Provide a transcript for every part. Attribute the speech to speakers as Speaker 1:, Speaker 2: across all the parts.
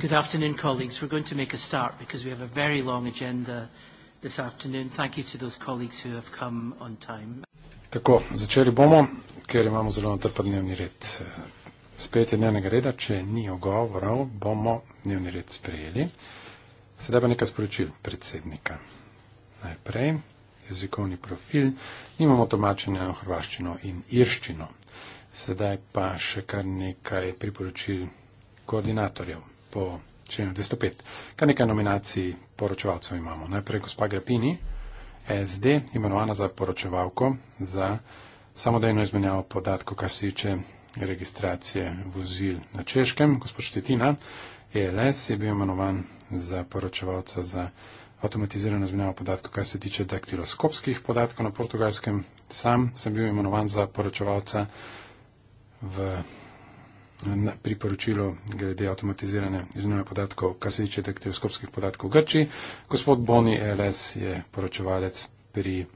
Speaker 1: Good afternoon, colleagues. We're going to make a start because we have a very long agenda this afternoon. Thank you to those colleagues who have come on time.
Speaker 2: Tako, začeli bomo, ker imamo zelo natrpan dnevni red. Spet je dnevnega reda, če ni ogovorov, bomo dnevni red sprejeli. Sedaj pa nekaj sporočil predsednika. Najprej, jezikovni profil, nimamo tomačenja na hrvaščino in irščino. Sedaj pa še kar nekaj priporočil koordinatorjev po členu 205. Kar nekaj nominacij poročevalcev imamo. Najprej gospa Grapini, SD, imenovana za poročevalko za samodejno izmenjavo podatkov, kar se tiče registracije vozil na Češkem. Gospod Štetina, ELS, je bil imenovan za poročevalca za automatizirano izmenjavo podatkov, kar se tiče daktiloskopskih podatkov na portugalskem. Sam sem bil imenovan za poročevalca v priporočilo glede avtomatizirane izmene podatkov, kar se tiče detektivskopskih podatkov v Grči. Gospod Boni e LS je poročevalec pri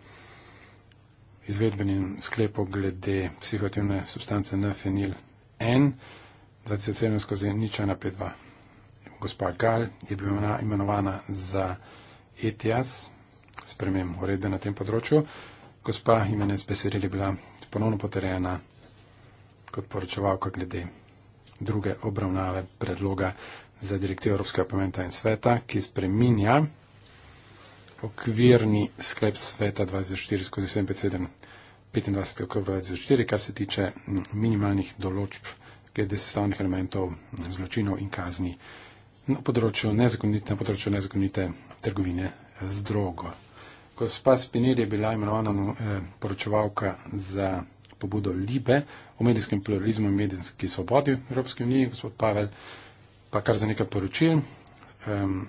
Speaker 2: izvedbenim sklepu glede psihotivne substance nefenil N 2017-0152. Gospa Gal je bila imenovana za ETS, spremem uredbe na tem področju. Gospa imenes Beseril je bila ponovno potrejena kot poročevalka glede druge obravnave predloga za direktivo Evropskega parlamenta in sveta, ki spreminja okvirni sklep sveta 24 skozi 25. oktober 2004, kar se tiče minimalnih določb glede sestavnih elementov zločinov in kazni na področju nezakonite, na področju nezakonite trgovine z drogo. Gospa Spinir je bila imenovana eh, poročevalka za pobudo Libe o medijskem pluralizmu in medijski svobodi v Evropski uniji, gospod Pavel, pa kar za nekaj poročil. Um,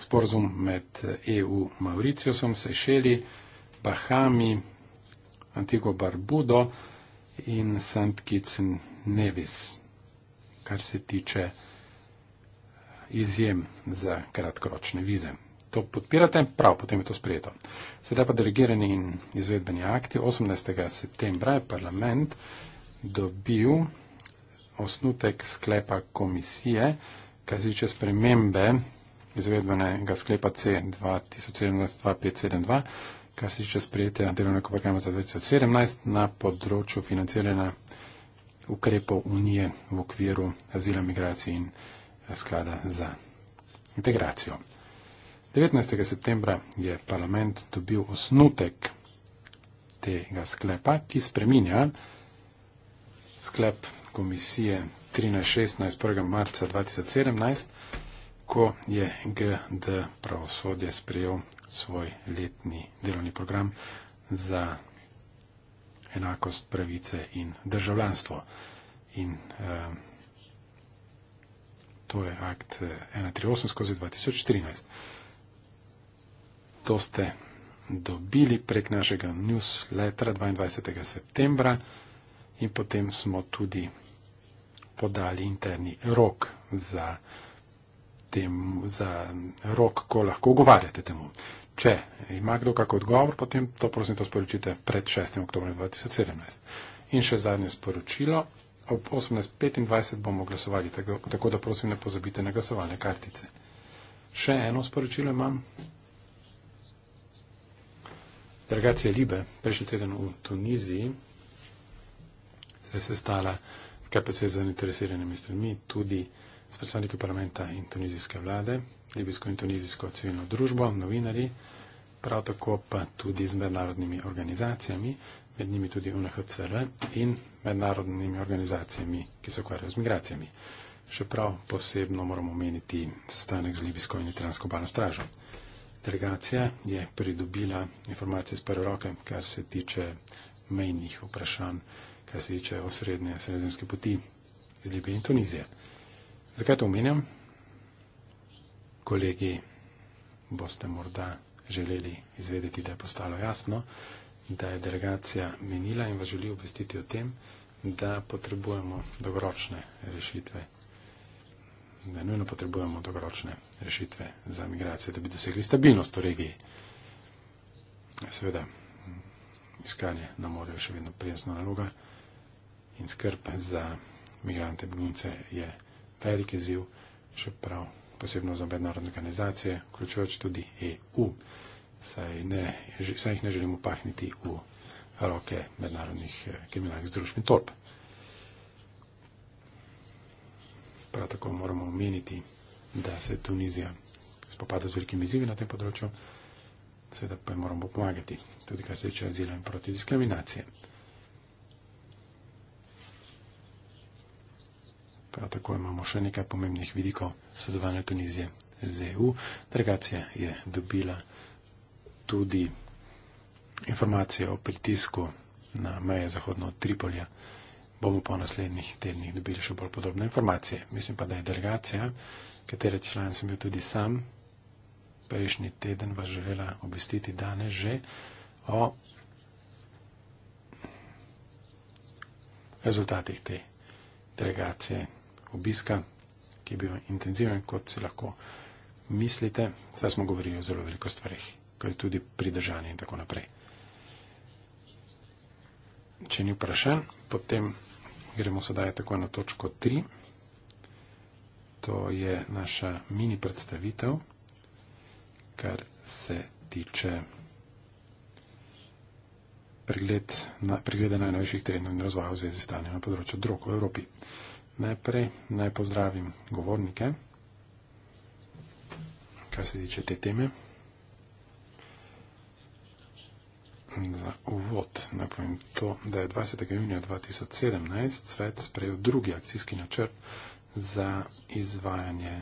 Speaker 2: sporozum med EU Mauriciusom, Sešeli, Bahami, Antigo Barbudo in St. Kitts Nevis, kar se tiče izjem za kratkoročne vize to podpirate, prav, potem je to sprejeto. Sedaj pa delegirani in izvedbeni akti. 18. septembra je parlament dobil osnutek sklepa komisije, kar se tiče spremembe izvedbenega sklepa C2017-2572, kar se tiče sprejetja delovnega programa za 2017 na področju financiranja ukrepov Unije v okviru azila, migracij in sklada za integracijo. 19. septembra je parlament dobil osnutek tega sklepa, ki spreminja sklep komisije 1316 1. marca 2017, ko je GD pravosodje sprejel svoj letni delovni program za enakost pravice in državljanstvo. In uh, to je akt 138 eh, skozi 2014 to ste dobili prek našega newslettera 22. septembra in potem smo tudi podali interni rok za, tem, za rok, ko lahko ogovarjate temu. Če ima kdo kak odgovor, potem to prosim to sporočite pred 6. oktober 2017. In še zadnje sporočilo. Ob 18.25 bomo glasovali, tako, tako da prosim ne pozabite na glasovalne kartice. Še eno sporočilo imam. Delegacija Libe prejšnji teden v Tuniziji se je sestala s KPC z zainteresiranimi stranmi, tudi s predstavniki parlamenta in tunizijske vlade, libijsko in tunizijsko civilno družbo, novinari, prav tako pa tudi z mednarodnimi organizacijami, med njimi tudi UNHCR in mednarodnimi organizacijami, ki se ukvarjajo z migracijami. Še prav posebno moramo omeniti sestanek z libijsko in italijansko obalno stražo delegacija je pridobila informacije z prve roke, kar se tiče mejnih vprašanj, kar se tiče osrednje sredozemske poti iz Libije in Tunizije. Zakaj to omenjam? Kolegi boste morda želeli izvedeti, da je postalo jasno, da je delegacija menila in vas želi obvestiti o tem, da potrebujemo dolgoročne rešitve da nujno potrebujemo dolgoročne rešitve za migracije, da bi dosegli stabilnost v regiji. Seveda, iskanje na morju je še vedno prijazna naloga in skrb za migrante in begunce je velik izziv, še prav posebno za mednarodne organizacije, vključujoč tudi EU, saj, ne, saj jih ne želimo pahniti v roke mednarodnih eh, kriminalnih združb in torb. Prav tako moramo omeniti, da se Tunizija spopada z velikimi izzivi na tem področju, seveda pa jim moramo pomagati, tudi kar se tiče azila in proti diskriminacije. Prav tako imamo še nekaj pomembnih vidikov sodelovanja Tunizije z EU. Delegacija je dobila tudi informacije o pritisku na meje zahodno od Tripolja bomo po naslednjih tednih dobili še bolj podobne informacije. Mislim pa, da je delegacija, katere član sem bil tudi sam, prejšnji teden vas želela obvestiti danes že o rezultatih te delegacije obiska, ki je bil intenziven, kot si lahko mislite. Saj smo govorili o zelo veliko stvarih, to je tudi pridržanje in tako naprej. Če ni vprašan, potem gremo sedaj takoj na točko 3. To je naša mini predstavitev, kar se tiče pregled na, pregleda najnovejših trendov in razvoja v zvezi s stanjem na področju drog v Evropi. Najprej naj pozdravim govornike, kar se tiče te teme. za uvod. Napomnim to, da je 20. junija 2017 svet sprejel drugi akcijski načrt za izvajanje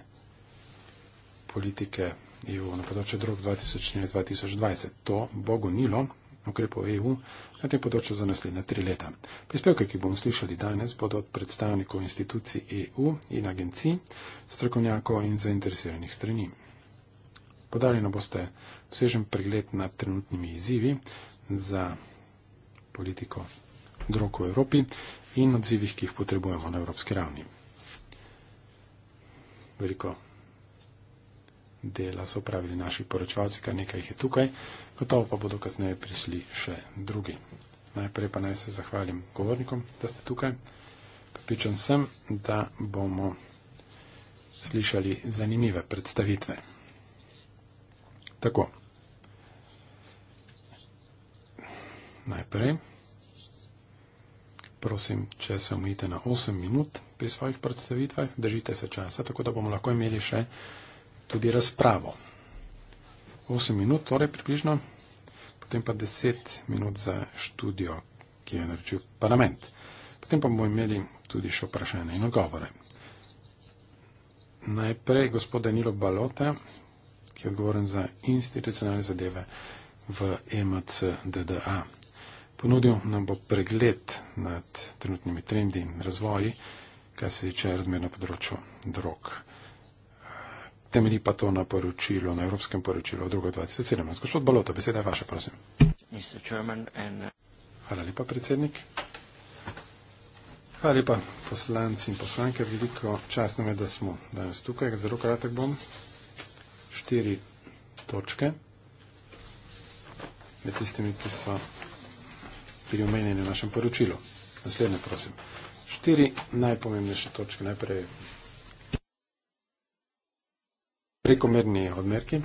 Speaker 2: politike EU na področju drug 2014-2020. To bo gonilo ukrepov EU na tem področju za naslednje tri leta. Prispevke, ki bomo slišali danes, bodo od predstavnikov institucij EU in agencij, strokovnjakov in zainteresiranih strani. Podaljeno boste vsežen pregled nad trenutnimi izzivi, za politiko drog v Evropi in odzivih, ki jih potrebujemo na evropski ravni. Veliko dela so pravili naši poročevalci, kar nekaj jih je tukaj, gotovo pa bodo kasneje prišli še drugi. Najprej pa naj se zahvalim govornikom, da ste tukaj. Pričan sem, da bomo slišali zanimive predstavitve. Tako. najprej. Prosim, če se omejite na 8 minut pri svojih predstavitvah, držite se časa, tako da bomo lahko imeli še tudi razpravo. 8 minut, torej približno, potem pa 10 minut za študijo, ki je naročil parlament. Potem pa bomo imeli tudi še vprašanje in odgovore. Najprej gospod Danilo Balota, ki je odgovoren za institucionalne zadeve v e MCDDA. Ponudil nam bo pregled nad trenutnimi trendi in razvoji, kar se tiče razmerno področju drog. Temelji pa to na poročilu, na evropskem poročilu od 2017. Gospod Balota, beseda je vaša, prosim. Uh, Hvala lepa, predsednik. Hvala lepa, poslanci in poslanke. Veliko čast nam je, da smo danes tukaj. Zelo kratek bom. Štiri točke. Med tistimi, ki so štiri omenjene v našem poročilu. Naslednje, prosim. Štiri najpomembnejše točke. Najprej prekomerni odmerki,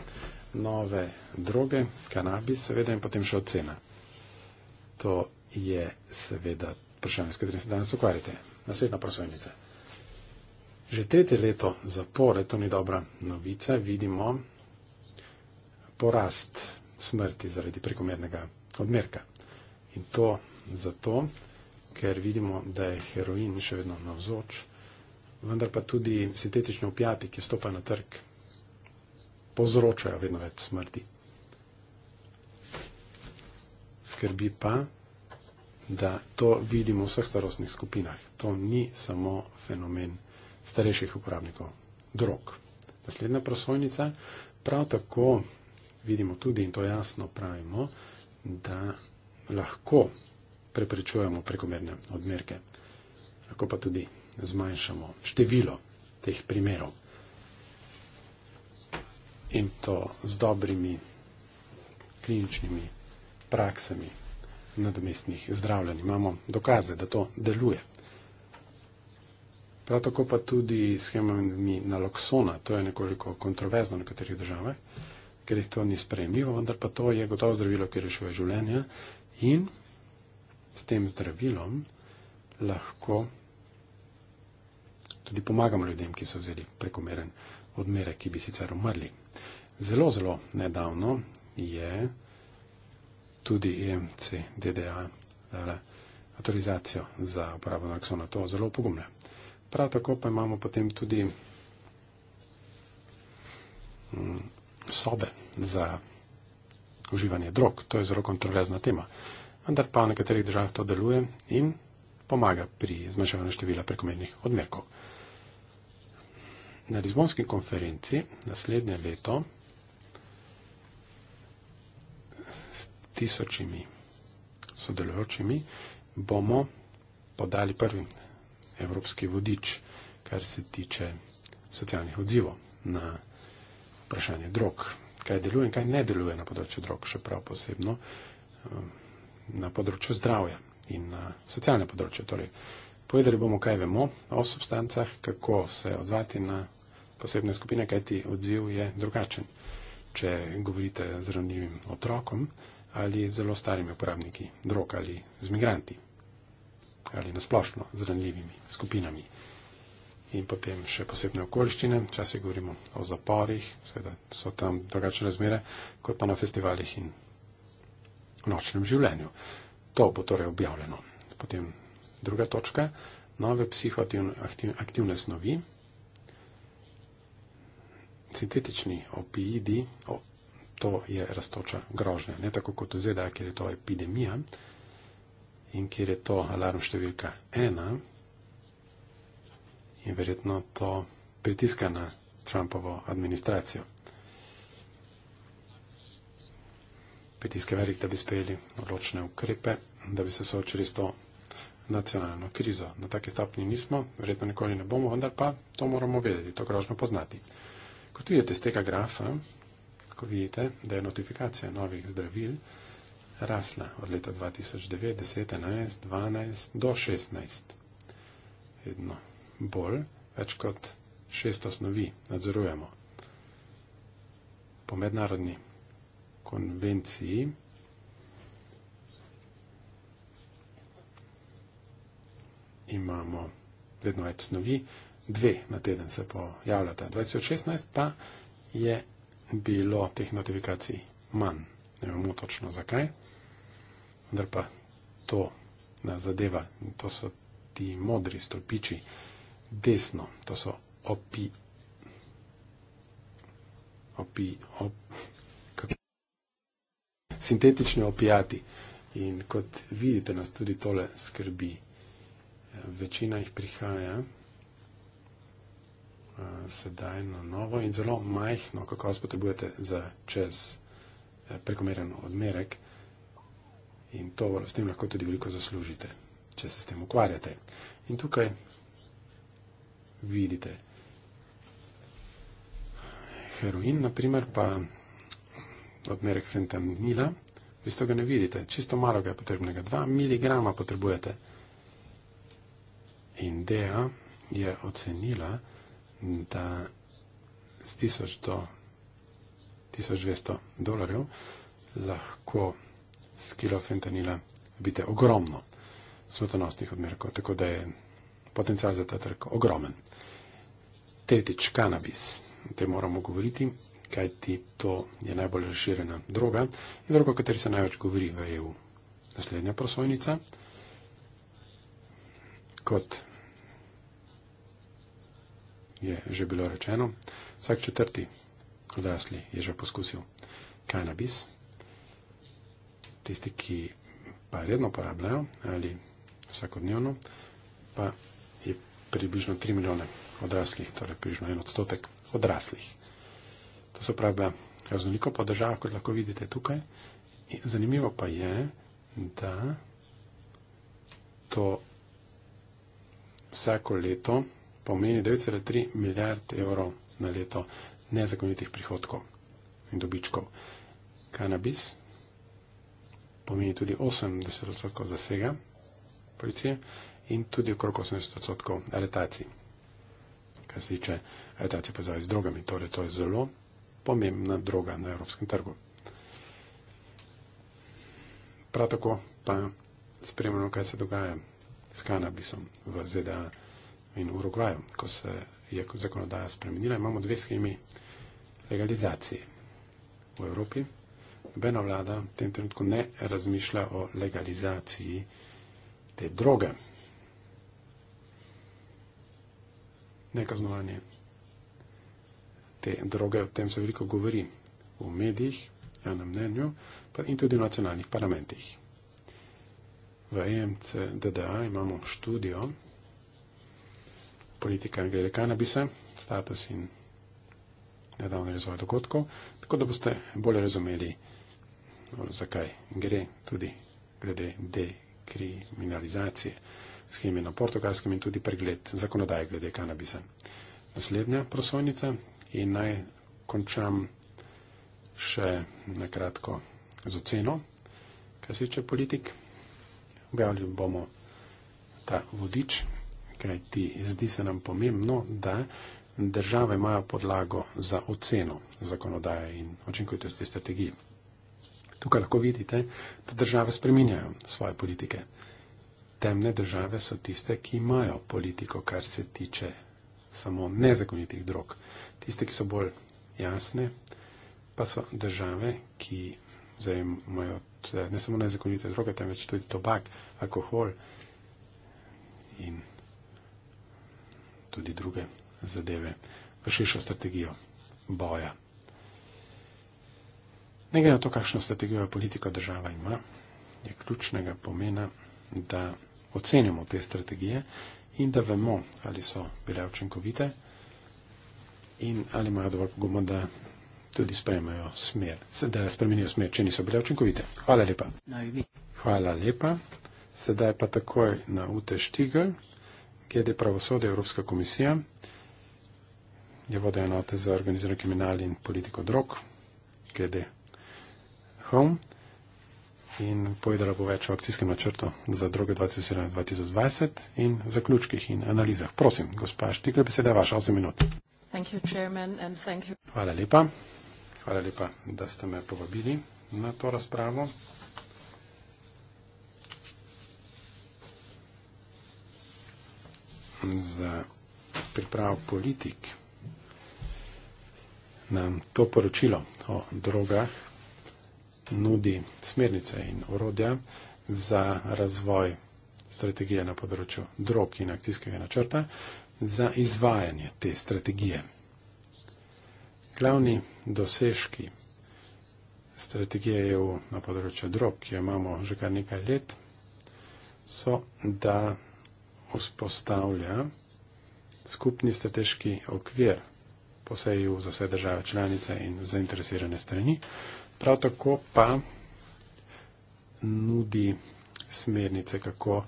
Speaker 2: nove droge, kanabis, seveda, in potem še ocena. To je seveda vprašanje, s katerim se danes ukvarjate. Naslednja prosojnica. Že tretje leto zapore, to ni dobra novica, vidimo porast smrti zaradi prekomernega odmerka. In to zato, ker vidimo, da je heroin še vedno navzoč, vendar pa tudi sintetični opijati, ki stopajo na trg, povzročajo vedno več smrti. Skrbi pa, da to vidimo v vseh starostnih skupinah. To ni samo fenomen starejših uporabnikov drog. Naslednja prosojnica, prav tako vidimo tudi, in to jasno pravimo, da lahko preprečujemo prekomerne odmerke, lahko pa tudi zmanjšamo število teh primerov. In to z dobrimi kliničnimi praksami nadomestnih zdravljenj. Imamo dokaze, da to deluje. Prav tako pa tudi schemami naloksona, to je nekoliko kontroverzno v nekaterih državah, ker jih to ni sprejemljivo, vendar pa to je gotovo zdravilo, ki rešuje življenja In s tem zdravilom lahko tudi pomagamo ljudem, ki so vzeli prekomeren odmerek, ki bi sicer umrli. Zelo, zelo nedavno je tudi EMC DDA dala avtorizacijo za uporabo naroksona. To je zelo pogumne. Prav tako pa imamo potem tudi mm, sobe za uživanje drog. To je zelo kontroverzna tema. Vendar pa v nekaterih državah to deluje in pomaga pri zmanjševanju števila prekomernih odmerkov. Na Lizbonski konferenci naslednje leto s tisočimi sodelujočimi bomo podali prvi evropski vodič, kar se tiče socialnih odzivov na vprašanje drog kaj deluje in kaj ne deluje na področju drog, še prav posebno um, na področju zdravja in na socialne področje. Torej, povedali bomo, kaj vemo o substancah, kako se odzvati na posebne skupine, kaj ti odziv je drugačen, če govorite z ranljivim otrokom ali zelo starimi uporabniki drog ali z migranti ali nasplošno z ranljivimi skupinami in potem še posebne okoliščine, včasih govorimo o zaporih, seveda so tam drugačne razmere, kot pa na festivalih in nočnem življenju. To bo torej objavljeno. Potem druga točka, nove psihoaktivne aktivne snovi, sintetični opidi, to je raztoča grožnja, ne tako kot v ZDA, kjer je to epidemija in kjer je to alarm številka ena, in verjetno to pritiska na Trumpovo administracijo. Pritiska velik, da bi sprejeli odločne ukrepe, da bi se soočili s to nacionalno krizo. Na take stopni nismo, verjetno nikoli ne bomo, vendar pa to moramo vedeti, to grožno poznati. Kot vidite z tega grafa, ko vidite, da je notifikacija novih zdravil rasla od leta 2009, 10, 11, 12 do 16. Vedno bolj, več kot šest osnovi nadzorujemo. Po mednarodni konvenciji imamo vedno več snovi, dve na teden se pojavljata. 2016 pa je bilo teh notifikacij manj. Ne vemo točno zakaj, vendar pa to nas zadeva in to so ti modri stolpiči, ki desno. To so opi. Opi, op, kak, sintetični opijati. In kot vidite, nas tudi tole skrbi. Večina jih prihaja sedaj na novo in zelo majhno, kako vas potrebujete za čez prekomeren odmerek. In to, s tem lahko tudi veliko zaslužite, če se s tem ukvarjate. In tukaj vidite. Heroin, naprimer, pa odmerek fentanila, v bistvu ga ne vidite, čisto malo ga je potrebnega, 2 mg potrebujete. In DEA je ocenila, da z 1000 do 1200 dolarjev lahko s kilo fentanila vidite ogromno smrtonosnih odmerkov, tako da je potencial za ta trg ogromen. Tretjič, kanabis. O tem moramo govoriti, kaj ti to je najbolj razširjena droga in droga, o kateri se največ govori v EU. Naslednja prosojnica. Kot je že bilo rečeno, vsak četrti odrasli je že poskusil kanabis. Tisti, ki pa redno porabljajo ali vsakodnevno, pa približno 3 milijone odraslih, torej približno en odstotek odraslih. To se uporablja raznoliko po državah, kot lahko vidite tukaj. Zanimivo pa je, da to vsako leto pomeni 9,3 milijard evrov na leto nezakonitih prihodkov in dobičkov. Kanabis pomeni tudi 80 odstotkov zasega policije in tudi okrog 80 odstotkov aretacij, kar se tiče aretacij povezave z drogami. Torej, to je zelo pomembna droga na evropskem trgu. Prav tako pa spremljamo, kaj se dogaja s kanabisom v ZDA in Urugvaju, ko se je zakonodaja spremenila. Imamo dve schemi legalizacije v Evropi. Nobena vlada v tem trenutku ne razmišlja o legalizaciji te droge. nekaznovanje te droge, o tem se veliko govori v medijih, javnem mnenju in tudi v nacionalnih parlamentih. V EMC DDA imamo študijo politika glede kanabisa, status in nedavni razvoj dogodkov, tako da boste bolje razumeli, zakaj gre tudi glede dekriminalizacije scheme na portugalskem in tudi pregled zakonodaje glede kanabisa. Naslednja prosojnica in naj končam še nakratko z oceno, kaj se tiče politik. Objavili bomo ta vodič, kaj ti zdi se nam pomembno, da države imajo podlago za oceno zakonodaje in očinkovitosti strategije. Tukaj lahko vidite, da države spreminjajo svoje politike temne države so tiste, ki imajo politiko, kar se tiče samo nezakonitih drog. Tiste, ki so bolj jasne, pa so države, ki zajemajo ne samo nezakonite droge, temveč tudi tobak, alkohol in tudi druge zadeve v širšo strategijo boja. Ne glede na to, kakšno strategijo politika država ima, je ključnega pomena, da ocenimo te strategije in da vemo, ali so bile učinkovite in ali imajo dovolj poguma, da tudi spremenijo smer, da spremenijo smer, če niso bile učinkovite. Hvala lepa. Hvala lepa. Sedaj pa takoj na UTE Štigl, GD Pravosodje Evropska komisija, je vodja enote za organiziran kriminal in politiko drog, GD Home in povedala bo več o akcijskem načrtu za druge 2017-2020 in zaključkih in analizah. Prosim, gospa Štikle, beseda je vaša 8 minut.
Speaker 3: You, chairman,
Speaker 2: Hvala lepa. Hvala lepa, da ste me povabili na to razpravo. Za priprav politik nam to poročilo o drogah nudi smernice in orodja za razvoj strategije na področju drog in akcijskega načrta za izvajanje te strategije. Glavni dosežki strategije EU na področju drog, ki jo imamo že kar nekaj let, so, da vzpostavlja skupni strateški okvir po vsej EU za vse države članice in zainteresirane strani, Prav tako pa nudi smernice, kako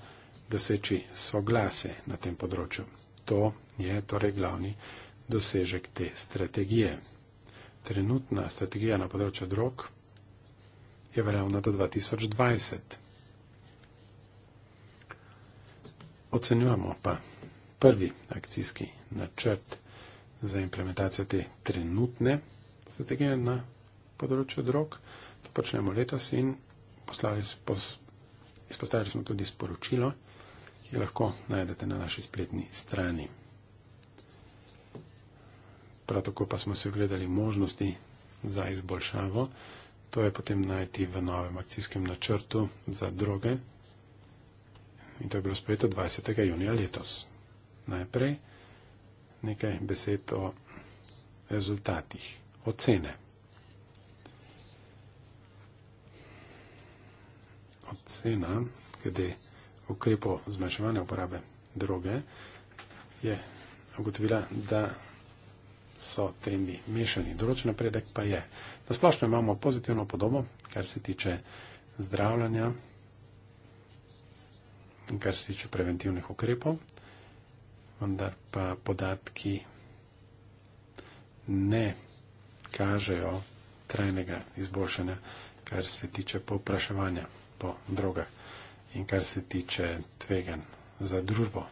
Speaker 2: doseči soglase na tem področju. To je torej glavni dosežek te strategije. Trenutna strategija na področju drog je veljavna do 2020. Ocenjujemo pa prvi akcijski načrt za implementacijo te trenutne strategije na področju drog. To počnemo letos in poslali, pos, izpostavili smo tudi sporočilo, ki lahko najdete na naši spletni strani. Prav tako pa smo se ogledali možnosti za izboljšavo. To je potem najti v novem akcijskem načrtu za droge. In to je bilo sprejeto 20. junija letos. Najprej nekaj besed o rezultatih, ocene. ocena glede ukrepov zmanjševanja uporabe droge je ugotovila, da so trendi mešani. Določen napredek pa je. Na splošno imamo pozitivno podobo, kar se tiče zdravljanja in kar se tiče preventivnih ukrepov, vendar pa podatki ne kažejo trajnega izboljšanja, kar se tiče popraševanja po drogah. In kar se tiče tvegan za družbo,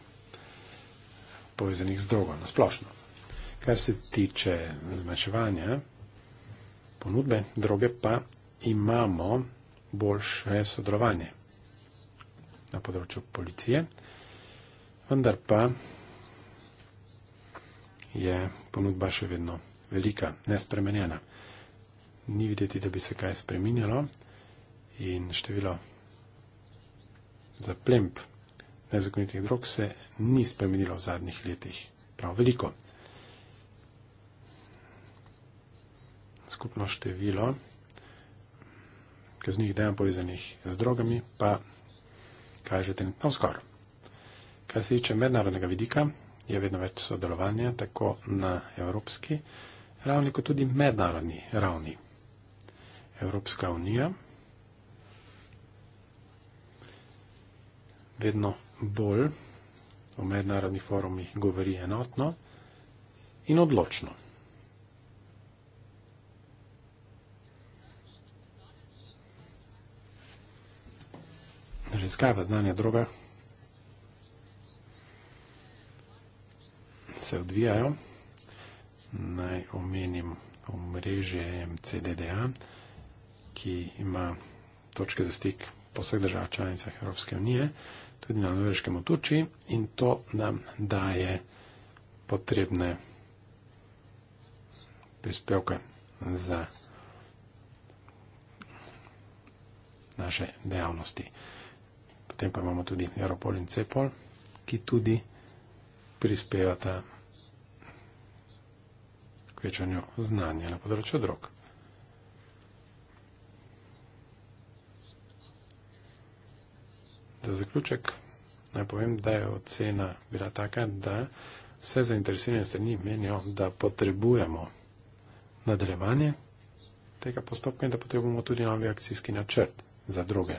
Speaker 2: povezanih z drogo, nasplošno. Kar se tiče zmanjševanja ponudbe droge, pa imamo boljše sodelovanje na področju policije, vendar pa je ponudba še vedno velika, nespremenjena. Ni videti, da bi se kaj spremenjalo, in število zaplemb nezakonitih drog se ni spremenilo v zadnjih letih prav veliko. Skupno število kaznih dejanj povezanih z drogami pa kaže trenutno skor. Kar se tiče mednarodnega vidika, je vedno več sodelovanja tako na evropski ravni, kot tudi mednarodni ravni. Evropska unija vedno bolj o mednarodnih forumih govori enotno in odločno. Raziskava znanja droga se odvijajo. Naj omenim omrežje MCDDA, ki ima točke za stik po vseh državah članicah Evropske unije tudi na norveškem otoči in to nam daje potrebne prispevke za naše dejavnosti. Potem pa imamo tudi Europol in Cepol, ki tudi prispevata k večanju znanja na področju drog. Za zaključek naj povem, da je ocena bila taka, da se zainteresirane strani menijo, da potrebujemo nadaljevanje tega postopka in da potrebujemo tudi novi akcijski načrt za druge.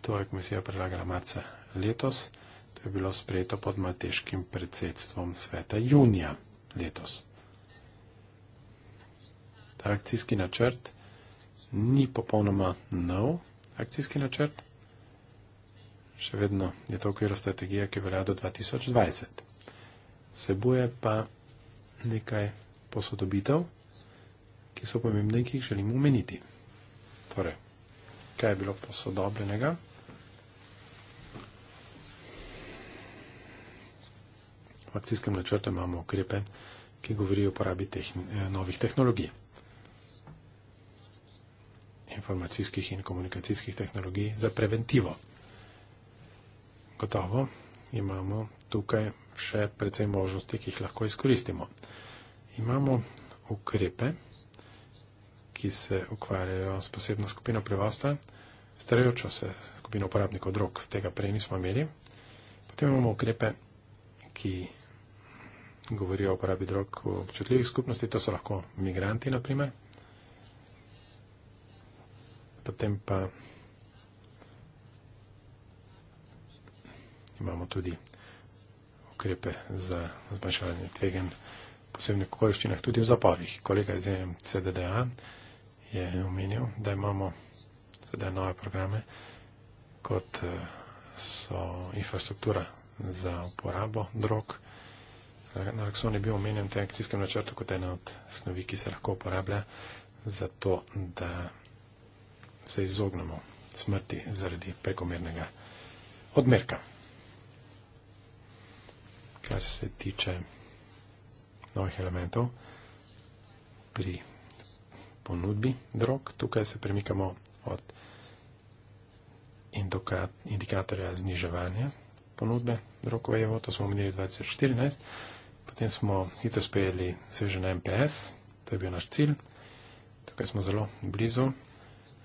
Speaker 2: To je komisija predlagala marca letos, to je bilo sprejeto pod mateškim predsedstvom sveta junija letos. Ta akcijski načrt ni popolnoma nov akcijski načrt še vedno je to okvir strategije, ki velja do 2020. Sebuje pa nekaj posodobitev, ki so pomembne in ki jih želim umeniti. Torej, kaj je bilo posodobljenega? V akcijskem načrtu imamo ukrepe, ki govorijo o uporabi tehn eh, novih tehnologij. Informacijskih in komunikacijskih tehnologij za preventivo gotovo imamo tukaj še precej možnosti, ki jih lahko izkoristimo. Imamo ukrepe, ki se ukvarjajo s posebno skupino prevostva, starajočo se skupino uporabnikov drog, tega prej nismo imeli. Potem imamo ukrepe, ki govorijo o uporabi drog v občutljivih skupnosti, to so lahko migranti, naprimer. Potem pa imamo tudi ukrepe za zmanjševanje tvegen, posebnih okoliščinah tudi v zaporih. Kolega iz CDDA je omenil, da imamo sedaj nove programe, kot eh, so infrastruktura za uporabo drog. Narakson je bil omenjen v tem akcijskem načrtu kot ena od snovi, ki se lahko uporablja za to, da se izognemo smrti zaradi prekomernega odmerka kar se tiče novih elementov pri ponudbi drog. Tukaj se premikamo od indikatorja zniževanja ponudbe drog v EVO, to smo omenili 2014. Potem smo hitro spejeli sveže na MPS, to je bil naš cilj. Tukaj smo zelo blizu.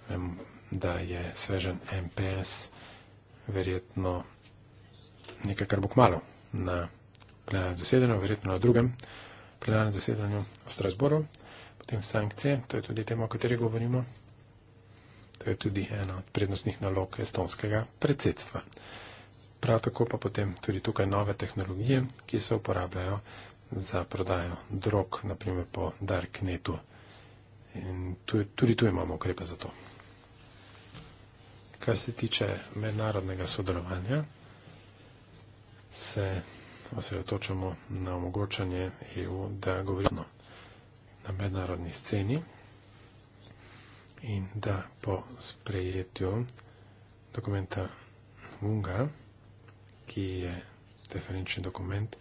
Speaker 2: Vem, da je svežen MPS verjetno nekaj, kar bo kmalo na MPS plenarnem zasedanju, verjetno na drugem plenarnem zasedanju v Strasboru. Potem sankcije, to je tudi tema, o kateri govorimo. To je tudi ena od prednostnih nalog estonskega predsedstva. Prav tako pa potem tudi tukaj nove tehnologije, ki se uporabljajo za prodajo drog, naprimer po Darknetu. In tudi, tudi tu imamo ukrepe za to. Kar se tiče mednarodnega sodelovanja, se osredotočamo na omogočanje EU, da govorimo na mednarodni sceni in da po sprejetju dokumenta Munga, ki je referenčni dokument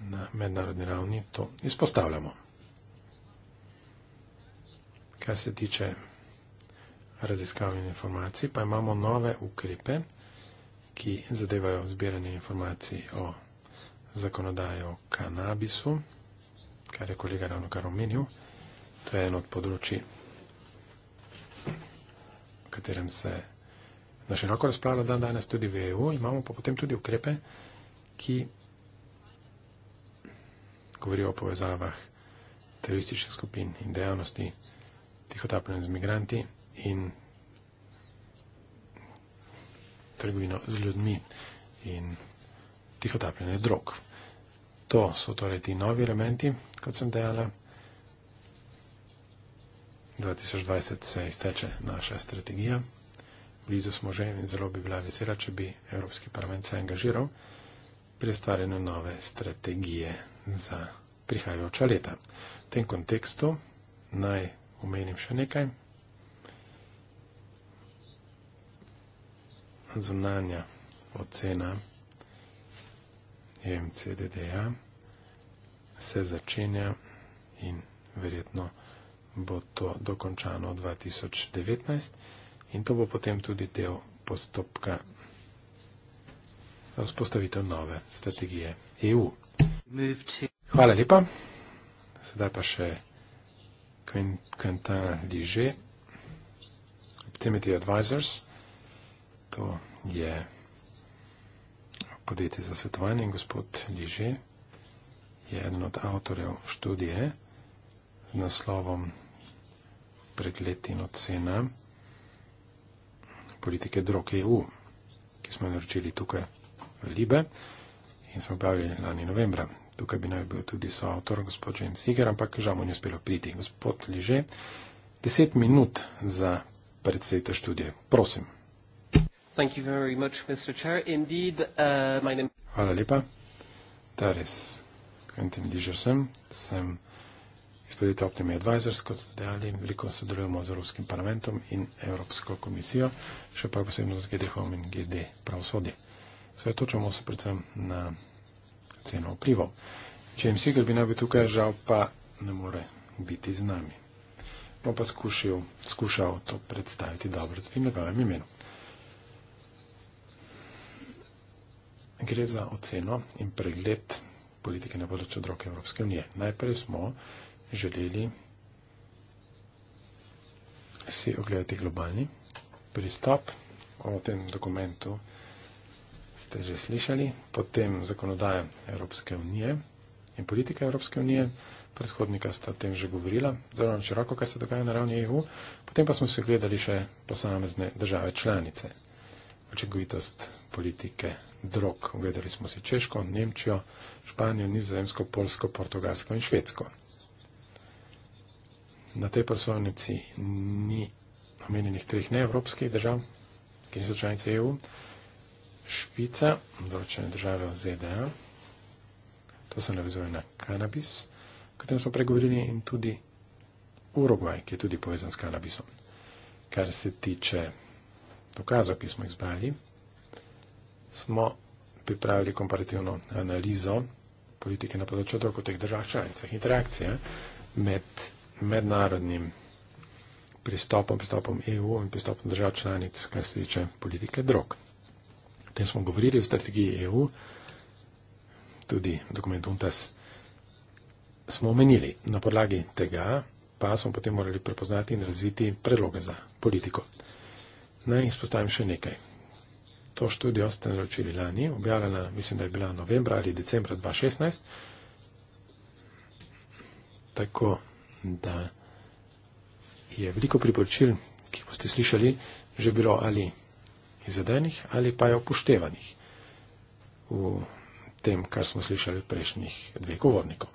Speaker 2: na mednarodni ravni, to izpostavljamo. Kar se tiče raziskav in informacij, pa imamo nove ukrepe, ki zadevajo zbiranje informacij o zakonodajo o kanabisu, kar je kolega ravno kar omenil. To je eno od področji, v katerem se na široko razpravlja dan danes tudi v EU. Imamo pa potem tudi ukrepe, ki govorijo o povezavah terorističnih skupin in dejavnosti tihotapljenih z migranti in trgovino z ljudmi in tihotapljenje drog. To so torej ti novi elementi, kot sem dejala. 2020 se izteče naša strategija. Blizu smo že in zelo bi bila vesela, če bi Evropski parlament se angažiral pri ustvarjanju nove strategije za prihajajoča leta. V tem kontekstu naj omenim še nekaj. Zunanja ocena MCDD-ja se začenja in verjetno bo to dokončano v 2019 in to bo potem tudi del postopka za vzpostavitev nove strategije EU. Hvala lepa. Sedaj pa še Quentin Liget, Optimity Advisors. To je. Yeah podjetje za svetovanje in gospod Liže je eden od avtorjev študije z naslovom Pregled in ocena politike drog EU, ki smo jo naročili tukaj v Libe in smo objavili lani novembra. Tukaj bi naj bil tudi soavtor, gospod James Seeger, ampak žal mu ni uspelo priti. Gospod Liže, deset minut za predsedita študije. Prosim.
Speaker 4: Thank you very much, Mr.
Speaker 2: Chair. Indeed, uh, my name Hvala lepa. Teres, Quentin Ližer sem, sem izpoditev Optimi Advisors, kot ste dejali, veliko sodelujemo z Evropskim parlamentom in Evropsko komisijo, še pa posebno z GD Home in GD Pravosodje. Svetočamo se predvsem na ceno vplivov. James Seagal bi naj bil tukaj, žal pa ne more biti z nami. Bom pa skušil, skušal to predstaviti dobro tudi v njegovem imenu. gre za oceno in pregled politike na področju droge Evropske unije. Najprej smo želeli si ogledati globalni pristop. O tem dokumentu ste že slišali. Potem zakonodaja Evropske unije in politika Evropske unije. Predhodnika sta o tem že govorila, zelo široko, kaj se dogaja na ravni EU. Potem pa smo si ogledali še posamezne države članice. Očegovitost politike drog. Uvedeli smo si Češko, Nemčijo, Španijo, Nizozemsko, Polsko, Portugalsko in Švedsko. Na tej prosovnici ni omenjenih treh neevropskih držav, ki niso članice EU. Švica, določene države v ZDA, to se navezuje na kanabis, o katerem smo pregovorili, in tudi Urugvaj, ki je tudi povezan s kanabisom. Kar se tiče dokazov, ki smo jih zbrali, smo pripravili komparativno analizo politike na področju otrok v teh državah članicah. Interakcija med mednarodnim pristopom, pristopom EU in pristopom držav članic, kar se tiče politike drog. O tem smo govorili v strategiji EU, tudi dokument UNTAS smo omenili. Na podlagi tega pa smo potem morali prepoznati in razviti predloge za politiko. Naj izpostavim še nekaj to študijo ste naročili lani, objavljena, mislim, da je bila novembra ali decembra 2016. Tako da je veliko priporočil, ki boste slišali, že bilo ali izvedenih ali pa je upoštevanih v tem, kar smo slišali prejšnjih dveh govornikov.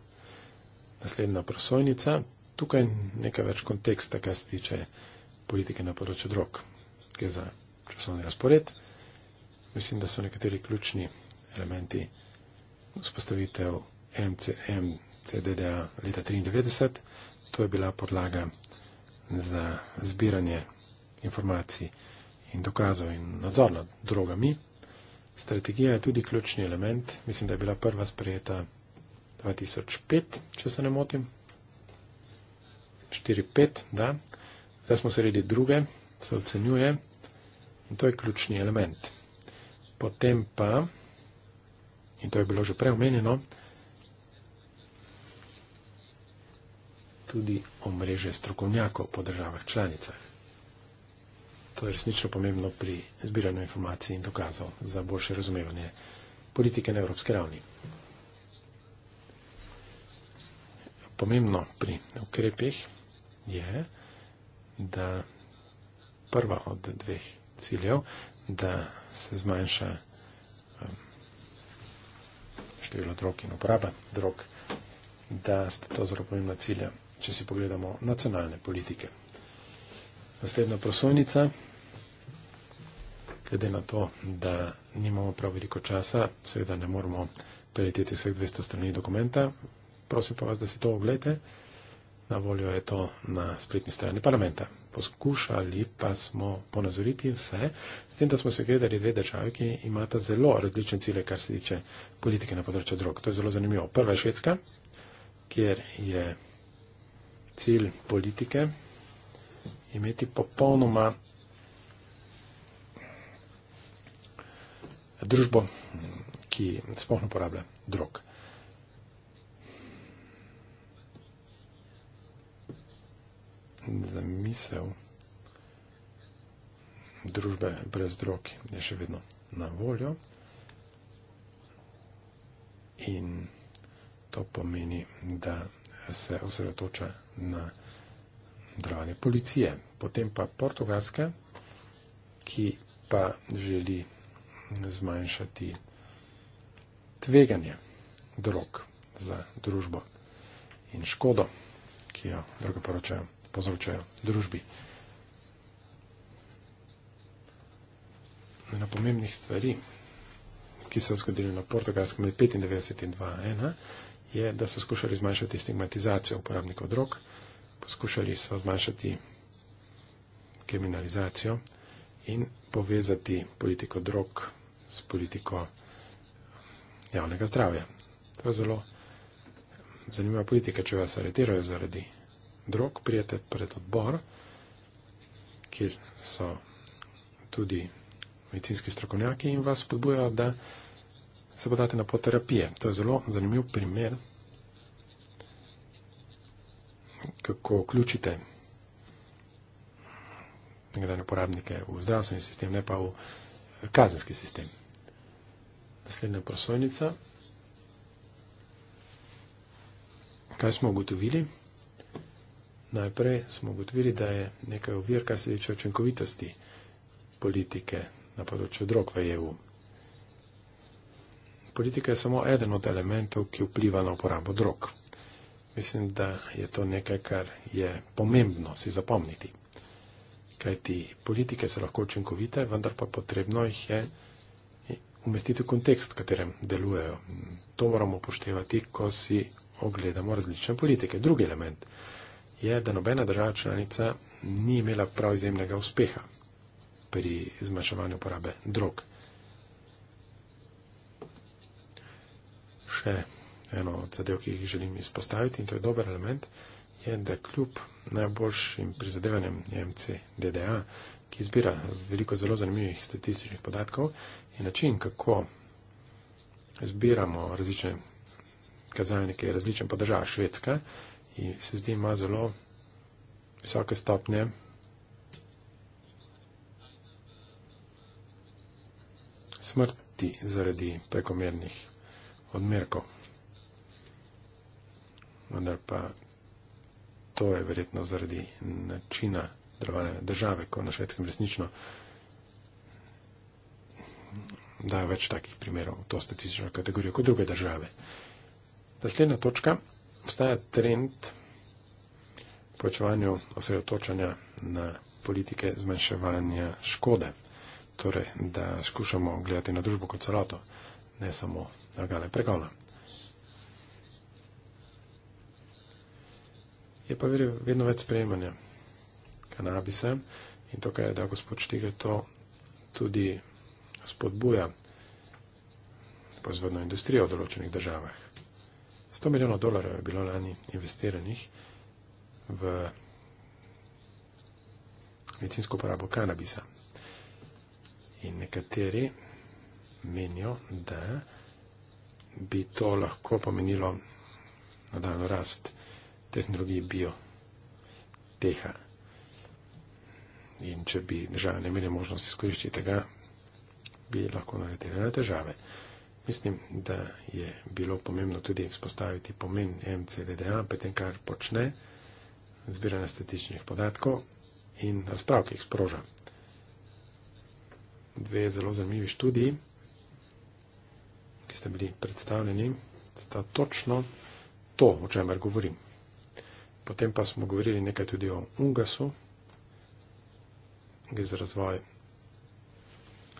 Speaker 2: Naslednja prosojnica, tukaj nekaj več konteksta, kar se tiče politike na področju drog. Gre za časovni razpored mislim, da so nekateri ključni elementi vzpostavitev MC, MCDDA leta 1993. To je bila podlaga za zbiranje informacij in dokazov in nadzor nad drogami. Strategija je tudi ključni element. Mislim, da je bila prva sprejeta 2005, če se ne motim. 4-5, da. Zdaj smo sredi druge, se ocenjuje. In to je ključni element. Potem pa, in to je bilo že preomenjeno, tudi omrežje strokovnjakov po državah članicah. To je resnično pomembno pri zbiranju informacij in dokazov za boljše razumevanje politike na evropski ravni. Pomembno pri ukrepih je, da prva od dveh ciljev, da se zmanjša um, število drog in uporaba drog, da sta to zelo pomembna cilja, če si pogledamo nacionalne politike. Naslednja prosojnica, glede na to, da nimamo prav veliko časa, seveda ne moremo preleteti vseh 200 strani dokumenta, prosim pa vas, da si to ogledate. Na voljo je to na spletni strani parlamenta. Poskušali pa smo ponazoriti vse, s tem, da smo se gledali dve državi, ki imata zelo različne cilje, kar se tiče politike na področju drog. To je zelo zanimivo. Prva je Švedska, kjer je cilj politike imeti popolnoma družbo, ki spohno porablja drog. zamisel družbe brez drog je še vedno na voljo in to pomeni, da se osredotoča na delovanje policije. Potem pa Portugalska, ki pa želi zmanjšati tveganje drog za družbo in škodo, ki jo drugo poročajo povzročajo družbi. Na pomembnih stvari, ki so zgodili na portugalskem med 95 in 2.1, je, da so skušali zmanjšati stigmatizacijo uporabnikov drog, poskušali so zmanjšati kriminalizacijo in povezati politiko drog s politiko javnega zdravja. To je zelo zanimiva politika, če vas aretirajo zaradi drog, prijete pred odbor, kjer so tudi medicinski strokovnjaki in vas podbujajo, da se podate na poterapije. To je zelo zanimiv primer, kako vključite nekdajne uporabnike v zdravstveni sistem, ne pa v kazenski sistem. Naslednja prosojnica. Kaj smo ugotovili? Najprej smo ugotovili, da je nekaj ovir, kar se tiče učinkovitosti politike na področju drog v EU. Politika je samo eden od elementov, ki vpliva na uporabo drog. Mislim, da je to nekaj, kar je pomembno si zapomniti. Kajti politike so lahko učinkovite, vendar pa potrebno jih je umestiti v kontekst, v katerem delujejo. To moramo upoštevati, ko si ogledamo različne politike. Drugi element je, da nobena država članica ni imela prav izjemnega uspeha pri zmanjševanju porabe drog. Še eno od zadev, ki jih želim izpostaviti, in to je dober element, je, da kljub najboljšim prizadevanjem Nemci DDA, ki zbira veliko zelo zanimivih statističnih podatkov, je način, kako zbiramo različne kazalnike različen po državah Švedska, in se zdi ima zelo visoke stopnje. smrti zaradi prekomernih odmerkov. Vendar pa to je verjetno zaradi načina države, ko na švedskem resnično da več takih primerov v to statistično kategorijo kot druge države. Naslednja točka obstaja trend počevanju osredotočanja na politike zmanjševanja škode. Torej, da skušamo gledati na družbo kot celoto, ne samo na gale pregola. Je pa verjel vedno več sprejemanja kanabisa in to, kaj je, da gospod Štigl to tudi spodbuja proizvodno industrijo v določenih državah. 100 milijonov dolarjev je bilo lani investiranih v medicinsko uporabo kanabisa. In nekateri menijo, da bi to lahko pomenilo nadaljno rast tehnologije bio teha. In če bi države ne imeli možnosti skoriščiti tega, bi lahko naredili na težave. Mislim, da je bilo pomembno tudi izpostaviti pomen MCDDA, potem kar počne zbiranje statičnih podatkov in razprav, ki jih sproža. Dve zelo zanimivi študiji, ki ste bili predstavljeni, sta točno to, o čemer govorim. Potem pa smo govorili nekaj tudi o UNGAS-u, gre za razvoj